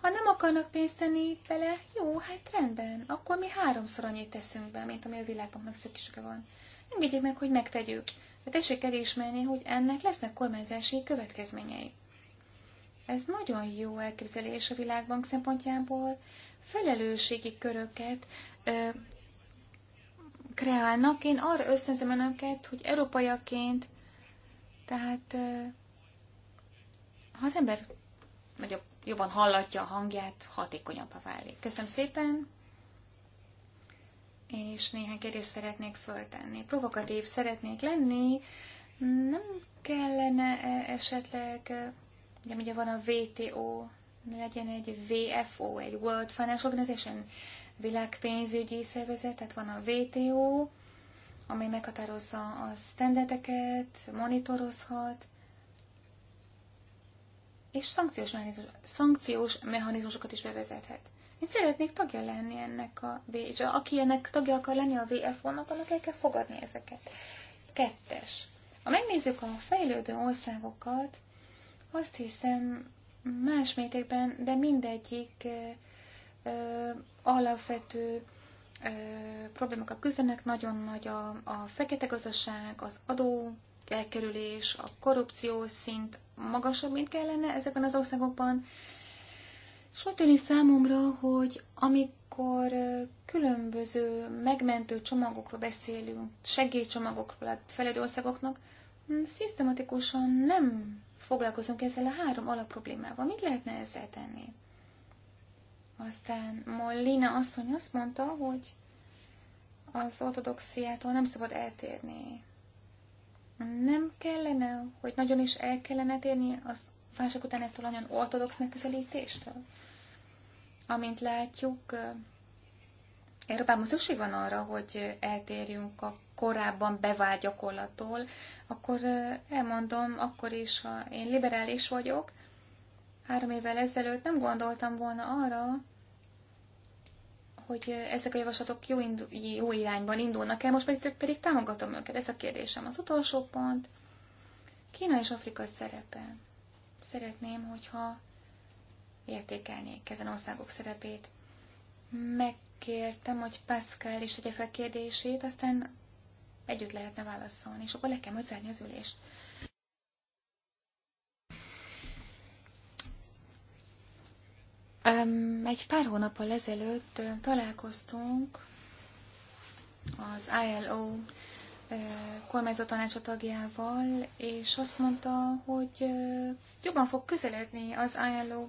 ha nem akarnak pénzt tenni bele, jó, hát rendben, akkor mi háromszor annyit teszünk be, mint ami a világbanknak szüksége van. Engedjék meg, hogy megtegyük. De tessék elismerni, hogy ennek lesznek kormányzási következményei. Ez nagyon jó elképzelés a világbank szempontjából. Felelősségi köröket ö, kreálnak. Én arra összenzem önöket, hogy európaiaként, tehát ö, ha az ember nagyobb, jobban hallatja a hangját, hatékonyabbá válik. Köszönöm szépen! És néhány kérdést szeretnék föltenni. Provokatív szeretnék lenni. Nem kellene -e esetleg, e, ugye, ugye van a VTO, legyen egy VFO, egy World Finance Organization, világpénzügyi szervezet, tehát van a VTO, amely meghatározza a standardeket, monitorozhat, és szankciós, mechanizmus, szankciós mechanizmusokat is bevezethet. Én szeretnék tagja lenni ennek a V, és aki ennek tagja akar lenni a VF-nak, annak el kell fogadni ezeket. Kettes. Ha megnézzük a fejlődő országokat, azt hiszem más mértékben, de mindegyik ö, ö, alapvető problémákat küzdenek. Nagyon nagy a, a fekete gazdaság, az adó elkerülés, a korrupció szint magasabb, mint kellene ezekben az országokban. És úgy tűnik számomra, hogy amikor különböző megmentő csomagokról beszélünk, segélycsomagokról fejlődő országoknak, hm, szisztematikusan nem foglalkozunk ezzel a három alapproblémával. Mit lehetne ezzel tenni? Aztán Molina asszony azt mondta, hogy az ortodoxiától nem szabad eltérni nem kellene, hogy nagyon is el kellene térni az után ettől nagyon ortodox megközelítéstől? Amint látjuk, Európában szükség van arra, hogy eltérjünk a korábban bevált gyakorlattól, akkor elmondom, akkor is, ha én liberális vagyok, három évvel ezelőtt nem gondoltam volna arra, hogy ezek a javaslatok jó, indu, jó irányban indulnak el, most pedig, pedig támogatom őket. Ez a kérdésem. Az utolsó pont. Kína és Afrika szerepe. Szeretném, hogyha értékelnék ezen országok szerepét. Megkértem, hogy Pascal is tegye fel kérdését, aztán együtt lehetne válaszolni, és akkor le kell majd zárni az ülést. Egy pár hónappal ezelőtt találkoztunk az ILO kormányzó tanácsa tagjával, és azt mondta, hogy jobban fog közeledni az ILO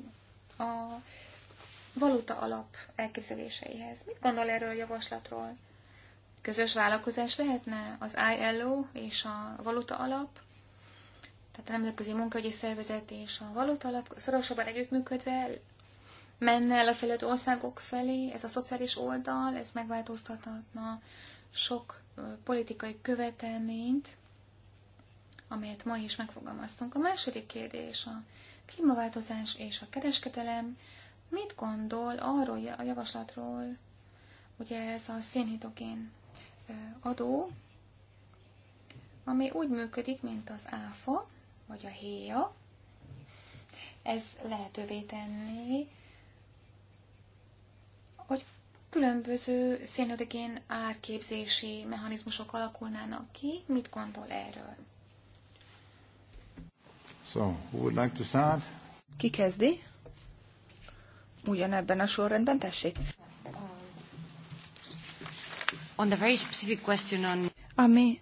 a valuta alap elképzeléseihez. Mit gondol erről a javaslatról? Közös vállalkozás lehetne az ILO és a valuta alap, tehát a Nemzetközi Munkahogyi Szervezet és a valuta alap szorosabban együttműködve menne el a fejlődő országok felé, ez a szociális oldal, ez megváltoztathatna sok politikai követelményt, amelyet ma is megfogalmaztunk. A második kérdés a klímaváltozás és a kereskedelem. Mit gondol arról a javaslatról, ugye ez a szénhidrogén adó, ami úgy működik, mint az áfa, vagy a héja. Ez lehetővé tenné, hogy különböző szénhidrogén árképzési mechanizmusok alakulnának ki. Mit gondol erről? So, who would like to start? Ki kezdi? Ugyanebben a sorrendben, tessék. On the very specific question on... Ami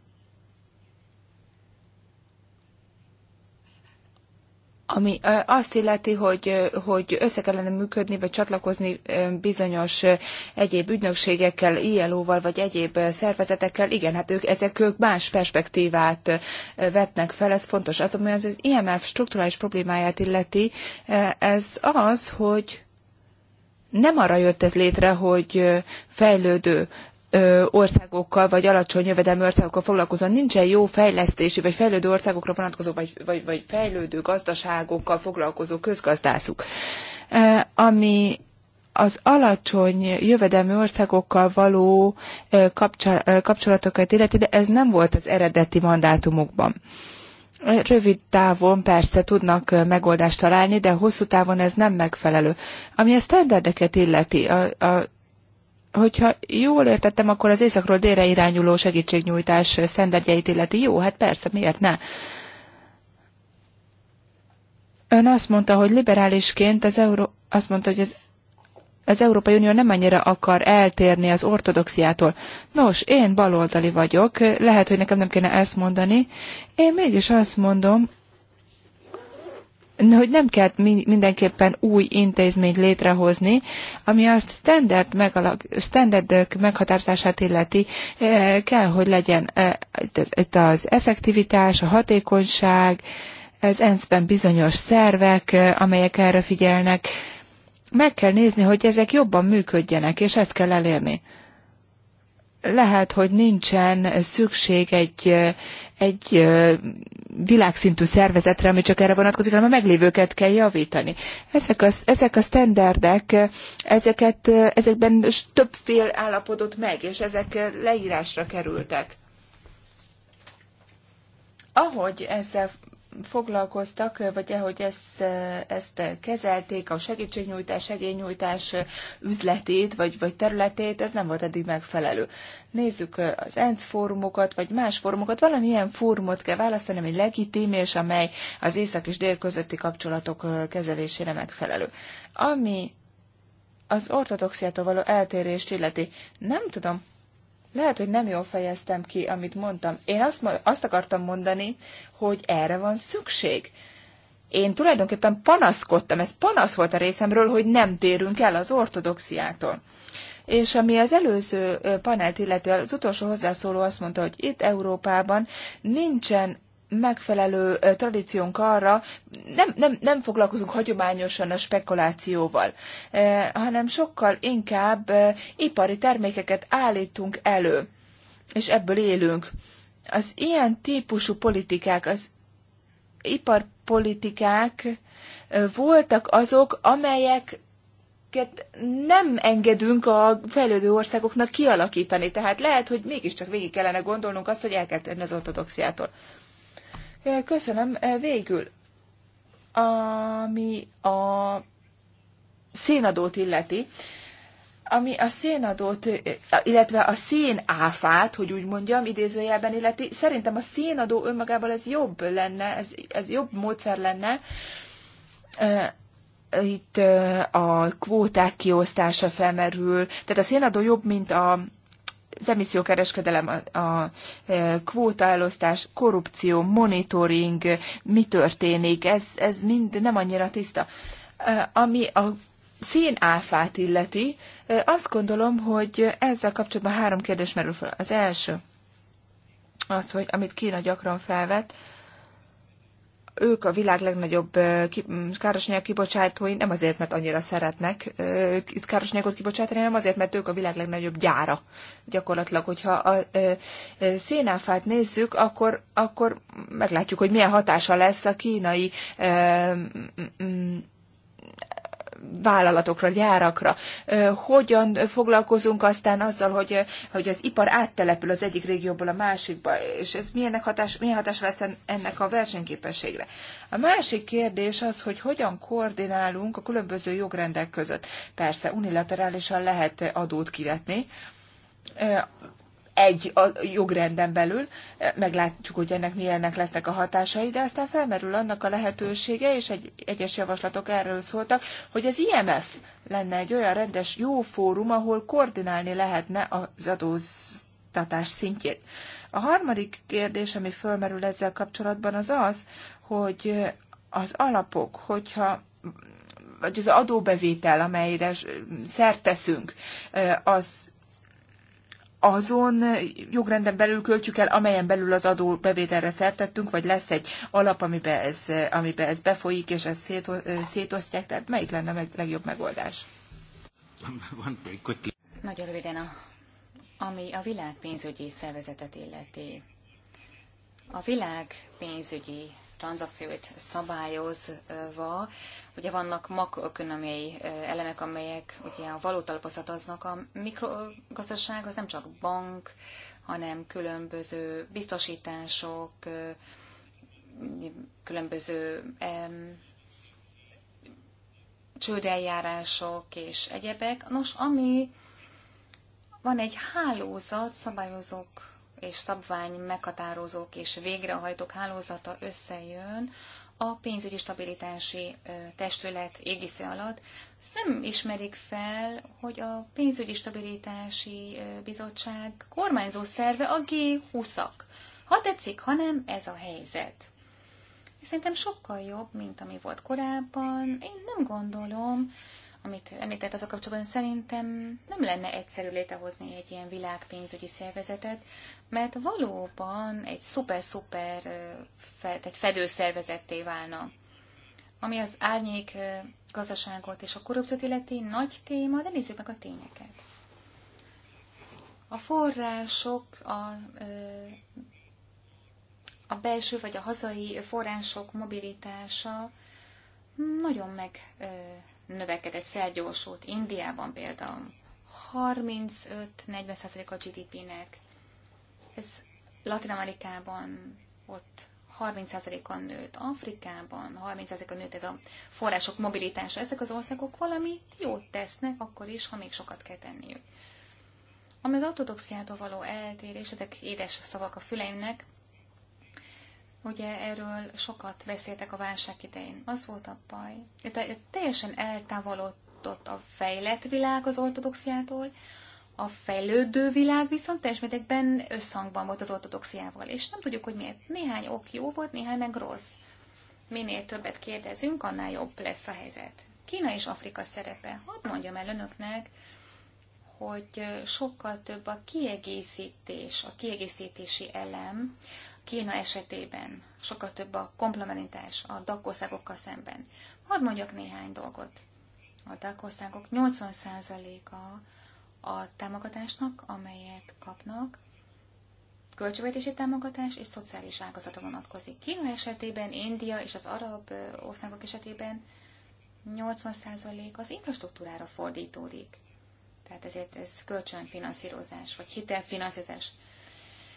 ami azt illeti, hogy, hogy össze kellene működni, vagy csatlakozni bizonyos egyéb ügynökségekkel, ILO-val, vagy egyéb szervezetekkel. Igen, hát ők, ezek ők más perspektívát vetnek fel, ez fontos. Az, ami az, az IMF strukturális problémáját illeti, ez az, hogy nem arra jött ez létre, hogy fejlődő országokkal, vagy alacsony jövedelmi országokkal foglalkozóan nincsen jó fejlesztési, vagy fejlődő országokra vonatkozó, vagy, vagy, vagy fejlődő gazdaságokkal foglalkozó közgazdászuk. Ami az alacsony jövedelmi országokkal való kapcsolatokat illeti, de ez nem volt az eredeti mandátumokban. Rövid távon persze tudnak megoldást találni, de hosszú távon ez nem megfelelő. Ami a standardeket illeti, a, a hogyha jól értettem, akkor az északról délre irányuló segítségnyújtás sztenderdjeit illeti. Jó, hát persze, miért ne? Ön azt mondta, hogy liberálisként az Euró... azt mondta, hogy az az Európai Unió nem annyira akar eltérni az ortodoxiától. Nos, én baloldali vagyok, lehet, hogy nekem nem kéne ezt mondani. Én mégis azt mondom, hogy nem kell mindenképpen új intézményt létrehozni, ami a standard, megalag, meghatározását illeti, kell, hogy legyen itt az effektivitás, a hatékonyság, ez ENSZ-ben bizonyos szervek, amelyek erre figyelnek. Meg kell nézni, hogy ezek jobban működjenek, és ezt kell elérni lehet, hogy nincsen szükség egy, egy világszintű szervezetre, ami csak erre vonatkozik, hanem a meglévőket kell javítani. Ezek a, ezek a standardek, ezeket, ezekben többfél állapodott meg, és ezek leírásra kerültek. Ahogy ezzel foglalkoztak, vagy ahogy ezt, ezt kezelték, a segítségnyújtás, segélynyújtás üzletét, vagy, vagy területét, ez nem volt eddig megfelelő. Nézzük az ENC fórumokat, vagy más fórumokat, valamilyen fórumot kell választani, ami legitim, és amely az észak és dél közötti kapcsolatok kezelésére megfelelő. Ami az ortodoxiától való eltérést illeti. Nem tudom, lehet, hogy nem jól fejeztem ki, amit mondtam. Én azt, azt akartam mondani, hogy erre van szükség. Én tulajdonképpen panaszkodtam, ez panasz volt a részemről, hogy nem térünk el az ortodoxiától. És ami az előző panelt illeti, az utolsó hozzászóló azt mondta, hogy itt Európában nincsen megfelelő tradíciónk arra, nem, nem, nem foglalkozunk hagyományosan a spekulációval, hanem sokkal inkább ipari termékeket állítunk elő, és ebből élünk az ilyen típusú politikák, az iparpolitikák voltak azok, amelyek nem engedünk a fejlődő országoknak kialakítani. Tehát lehet, hogy mégiscsak végig kellene gondolnunk azt, hogy el kell tenni az ortodoxiától. Köszönöm. Végül, ami a színadót illeti, ami a szénadót, illetve a szénáfát, hogy úgy mondjam, idézőjelben illeti, szerintem a szénadó önmagában ez jobb lenne, ez, ez jobb módszer lenne. Itt a kvóták kiosztása felmerül, tehát a szénadó jobb, mint a, az emissziókereskedelem, a, a kvóta elosztás, korrupció, monitoring, mi történik, ez, ez mind nem annyira tiszta. Ami a szénáfát illeti, azt gondolom, hogy ezzel kapcsolatban három kérdés merül fel. Az első, az, hogy amit Kína gyakran felvet, ők a világ legnagyobb károsanyag kibocsátói, nem azért, mert annyira szeretnek itt károsanyagot kibocsátani, hanem azért, mert ők a világ legnagyobb gyára. Gyakorlatilag, hogyha a szénáfát nézzük, akkor, akkor meglátjuk, hogy milyen hatása lesz a kínai vállalatokra, gyárakra. Hogyan foglalkozunk aztán azzal, hogy, hogy az ipar áttelepül az egyik régióból a másikba, és ez milyennek hatás, milyen hatás lesz ennek a versenyképességre. A másik kérdés az, hogy hogyan koordinálunk a különböző jogrendek között. Persze unilaterálisan lehet adót kivetni, egy a jogrenden belül, eh, meglátjuk, hogy ennek milyennek lesznek a hatásai, de aztán felmerül annak a lehetősége, és egy, egyes javaslatok erről szóltak, hogy az IMF lenne egy olyan rendes jó fórum, ahol koordinálni lehetne az adóztatás szintjét. A harmadik kérdés, ami felmerül ezzel kapcsolatban, az az, hogy az alapok, hogyha vagy az adóbevétel, amelyre szert teszünk, eh, az azon jogrenden belül költjük el, amelyen belül az adó bevételre szertettünk, vagy lesz egy alap, amiben ez, amiben ez befolyik, és ezt szétosztják, tehát melyik lenne a legjobb megoldás? Nagyon röviden, a, ami a világ pénzügyi szervezetet illeti. A világ pénzügyi tranzakcióit szabályozva, ugye vannak makroökonomiai elemek, amelyek ugye a aznak A mikrogazdaság az nem csak bank, hanem különböző biztosítások, különböző csődeljárások és egyebek. Nos, ami van egy hálózat szabályozók és szabvány meghatározók és végrehajtók hálózata összejön a pénzügyi stabilitási testület égisze alatt. Ezt nem ismerik fel, hogy a pénzügyi stabilitási bizottság kormányzó szerve a G20-ak. Ha tetszik, ha nem, ez a helyzet. Szerintem sokkal jobb, mint ami volt korábban. Én nem gondolom, amit említett az a kapcsolatban, szerintem nem lenne egyszerű létrehozni egy ilyen világpénzügyi szervezetet mert valóban egy szuper-szuper egy fedőszervezetté válna. Ami az árnyék gazdaságot és a korrupciót illeti nagy téma, de nézzük meg a tényeket. A források, a, a belső vagy a hazai források mobilitása nagyon meg növekedett, felgyorsult. Indiában például 35-40% a GDP-nek ez Latin Amerikában ott 30%-on nőtt, Afrikában 30%-on nőtt ez a források mobilitása. Ezek az országok valami jót tesznek, akkor is, ha még sokat kell tenniük. Ami az ortodoxiától való eltérés, ezek édes szavak a füleimnek, Ugye erről sokat beszéltek a válság idején. Az volt a baj. Tehát teljesen eltávolodott a fejlett világ az ortodoxiától, a fejlődő világ viszont teljes mértékben összhangban volt az ortodoxiával, és nem tudjuk, hogy miért. Néhány ok jó volt, néhány meg rossz. Minél többet kérdezünk, annál jobb lesz a helyzet. Kína és Afrika szerepe. Hadd mondjam el önöknek, hogy sokkal több a kiegészítés, a kiegészítési elem Kína esetében, sokkal több a komplementás a dakországokkal szemben. Hadd mondjak néhány dolgot. A dakországok 80%-a a támogatásnak, amelyet kapnak, költségvetési támogatás és szociális ágazatra vonatkozik. Kína esetében, India és az arab országok esetében 80% az infrastruktúrára fordítódik. Tehát ezért ez kölcsönfinanszírozás, vagy hitelfinanszírozás.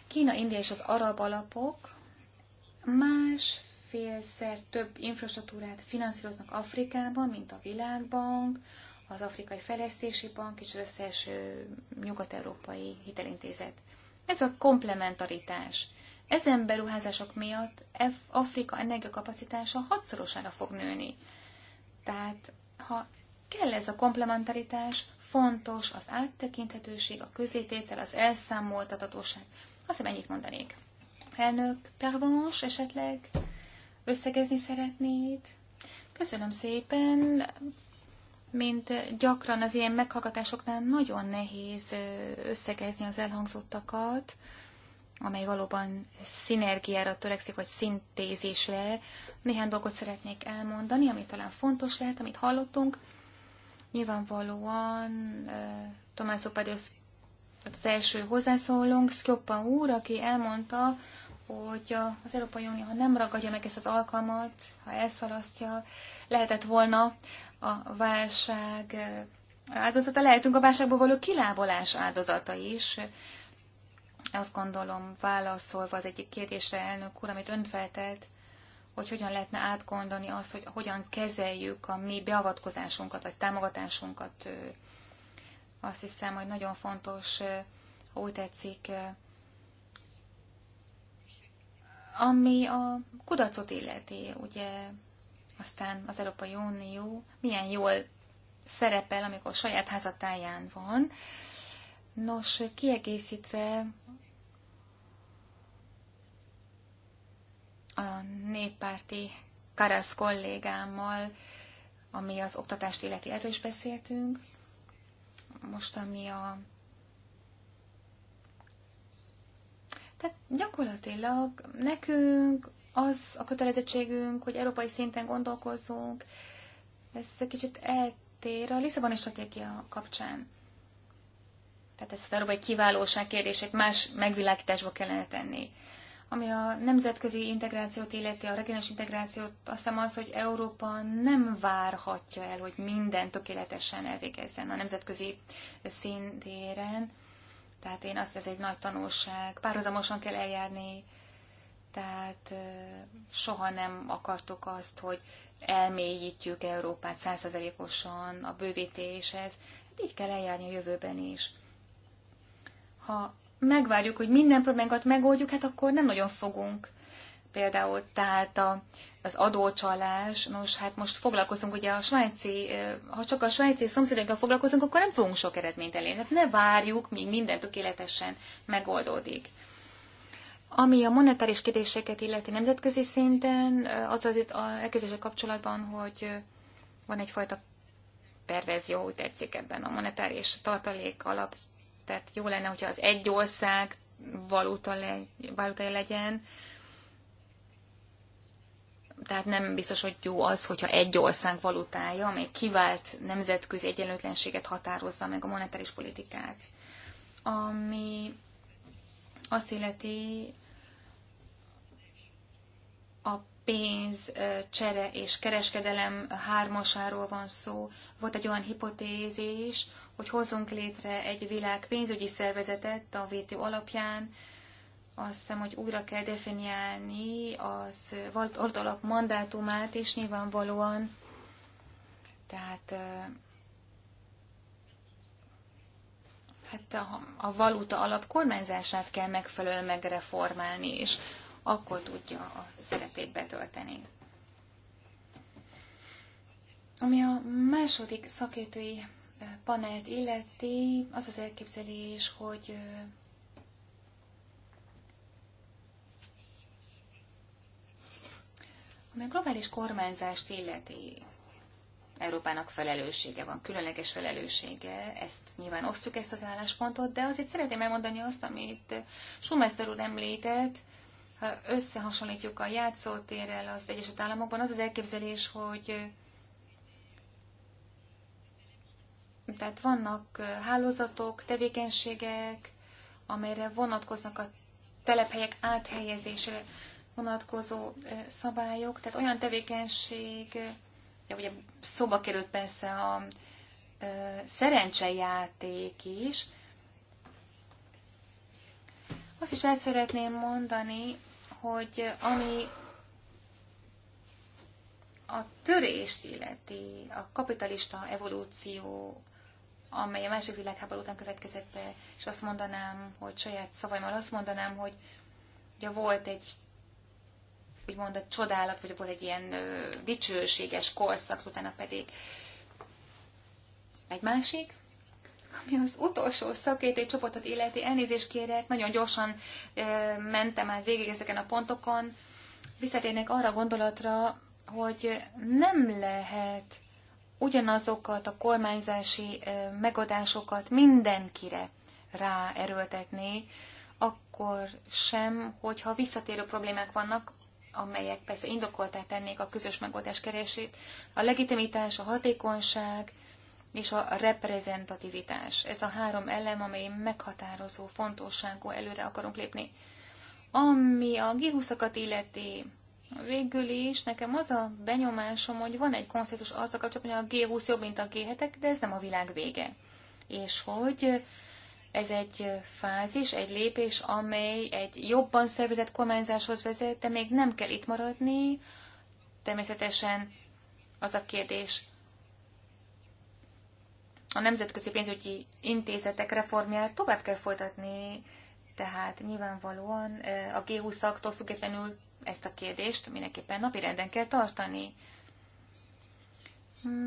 Kína, India és az arab alapok másfélszer több infrastruktúrát finanszíroznak Afrikában, mint a Világbank, az Afrikai Fejlesztési Bank és az összes nyugat-európai hitelintézet. Ez a komplementaritás. Ezen beruházások miatt Afrika energiakapacitása hatszorosára fog nőni. Tehát, ha kell ez a komplementaritás, fontos az áttekinthetőség, a közététel, az elszámoltatatóság. Azt hiszem ennyit mondanék. Elnök, pervons esetleg összegezni szeretnéd? Köszönöm szépen, mint gyakran az ilyen meghallgatásoknál nagyon nehéz összegezni az elhangzottakat, amely valóban szinergiára törekszik, vagy szintézésre. Néhány dolgot szeretnék elmondani, ami talán fontos lehet, amit hallottunk. Nyilvánvalóan Tomás Padios az első hozzászólónk, Szkjoppa úr, aki elmondta, hogy az Európai Unió, ha nem ragadja meg ezt az alkalmat, ha elszalasztja, lehetett volna a válság eh, áldozata, lehetünk a válságból való kilábolás áldozata is. Azt gondolom, válaszolva az egyik kérdésre, elnök úr, amit ön feltelt, hogy hogyan lehetne átgondolni azt, hogy hogyan kezeljük a mi beavatkozásunkat, vagy támogatásunkat. Eh, azt hiszem, hogy nagyon fontos, eh, ha úgy tetszik, ami a kudacot illeti, ugye aztán az Európai Unió milyen jól szerepel, amikor saját házatáján van. Nos, kiegészítve a néppárti Karasz kollégámmal, ami az oktatást illeti erről is beszéltünk. Most, ami a... Tehát gyakorlatilag nekünk az a kötelezettségünk, hogy európai szinten gondolkozzunk, ez egy kicsit eltér a Lisszaboni stratégia kapcsán. Tehát ezt az európai kiválóság kérdését más megvilágításba kellene tenni. Ami a nemzetközi integrációt illeti, a regionális integrációt, azt hiszem az, hogy Európa nem várhatja el, hogy minden tökéletesen elvégezzen a nemzetközi szintéren. Tehát én azt, ez egy nagy tanulság. Párhuzamosan kell eljárni tehát soha nem akartuk azt, hogy elmélyítjük Európát százszerzelékosan a bővítéshez. Hát így kell eljárni a jövőben is. Ha megvárjuk, hogy minden problémát megoldjuk, hát akkor nem nagyon fogunk. Például tehát a, az adócsalás, nos, hát most foglalkozunk, ugye a svájci, ha csak a svájci szomszédokkal foglalkozunk, akkor nem fogunk sok eredményt elérni. Hát ne várjuk, míg minden tökéletesen megoldódik. Ami a monetáris kérdéseket illeti nemzetközi szinten, az az elkezdése kapcsolatban, hogy van egyfajta perverzió, úgy tetszik ebben a monetáris tartalék alap. Tehát jó lenne, hogyha az egy ország valuta legy, valutája legyen. Tehát nem biztos, hogy jó az, hogyha egy ország valutája, amely kivált nemzetközi egyenlőtlenséget határozza meg a monetáris politikát. Ami azt illeti a pénz, csere és kereskedelem hármasáról van szó. Volt egy olyan hipotézis, hogy hozzunk létre egy világ pénzügyi szervezetet a VTO alapján, azt hiszem, hogy újra kell definiálni az ordalap mandátumát, és nyilvánvalóan tehát hát a, a valuta alap kormányzását kell megfelelően megreformálni, és akkor tudja a szerepét betölteni. Ami a második szakértői eh, panelt illeti, az az elképzelés, hogy eh, ami a globális kormányzást illeti, Európának felelőssége van, különleges felelőssége, ezt nyilván osztjuk ezt az álláspontot, de azért szeretném elmondani azt, amit Schumester úr említett, ha összehasonlítjuk a játszótérrel az Egyesült Államokban, az az elképzelés, hogy tehát vannak hálózatok, tevékenységek, amelyre vonatkoznak a telephelyek áthelyezésére vonatkozó szabályok, tehát olyan tevékenység, ugye szóba került persze a ö, szerencsejáték is. Azt is el szeretném mondani, hogy ami a törést illeti, a kapitalista evolúció, amely a második világháború után következett be, és azt mondanám, hogy saját szavaimmal azt mondanám, hogy ugye volt egy úgymond a csodálat, vagy volt egy ilyen ö, dicsőséges korszak, utána pedig egy másik, ami az utolsó szakértői csoportot illeti, elnézést kérek, nagyon gyorsan ö, mentem át végig ezeken a pontokon, visszatérnek arra a gondolatra, hogy nem lehet ugyanazokat a kormányzási ö, megadásokat mindenkire ráerőltetni, akkor sem, hogyha visszatérő problémák vannak, amelyek persze indokoltá tennék a közös megoldás keresét, a legitimitás, a hatékonyság és a reprezentativitás. Ez a három elem, amely meghatározó fontosságú előre akarunk lépni. Ami a g 20 illeti, végül is nekem az a benyomásom, hogy van egy konszenzus azzal kapcsolatban, hogy a G20 jobb, mint a G7-ek, de ez nem a világ vége. És hogy ez egy fázis, egy lépés, amely egy jobban szervezett kormányzáshoz vezet, de még nem kell itt maradni. Természetesen az a kérdés, a nemzetközi pénzügyi intézetek reformját tovább kell folytatni, tehát nyilvánvalóan a G20-aktól függetlenül ezt a kérdést mindenképpen napirenden kell tartani.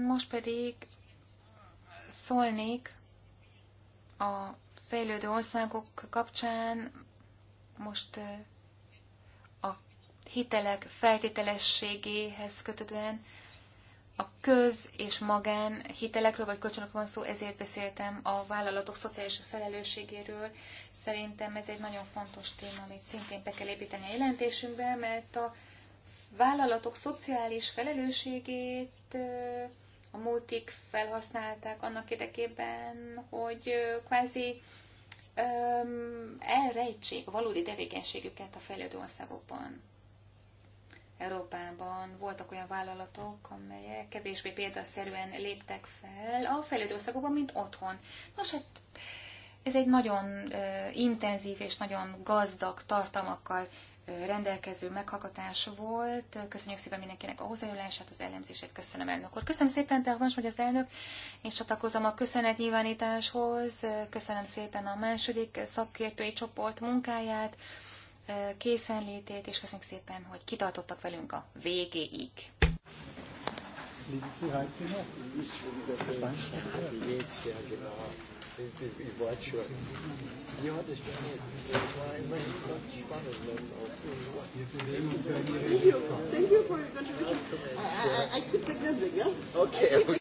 Most pedig szólnék a fejlődő országok kapcsán most a hitelek feltételességéhez kötődően a köz és magán hitelekről vagy kölcsönök van szó, ezért beszéltem a vállalatok szociális felelősségéről. Szerintem ez egy nagyon fontos téma, amit szintén be kell építeni a jelentésünkbe, mert a vállalatok szociális felelősségét a múltik felhasználták annak érdekében, hogy kvázi öm, elrejtsék a valódi tevékenységüket a fejlődő országokban. Európában voltak olyan vállalatok, amelyek kevésbé példaszerűen léptek fel a fejlődő országokban, mint otthon. Nos, hát ez egy nagyon ö, intenzív és nagyon gazdag tartalmakkal rendelkező meghallgatás volt. Köszönjük szépen mindenkinek a hozzájárulását, az elemzését. Köszönöm, elnök úr. Köszönöm szépen, de most, hogy az elnök, és csatlakozom a nyilvánításhoz. Köszönöm szépen a második szakértői csoport munkáját, készenlétét, és köszönjük szépen, hogy kitartottak velünk a végéig. Liegen Sie Thank you for your contribution. I, I, I keep the music, yeah? Okay.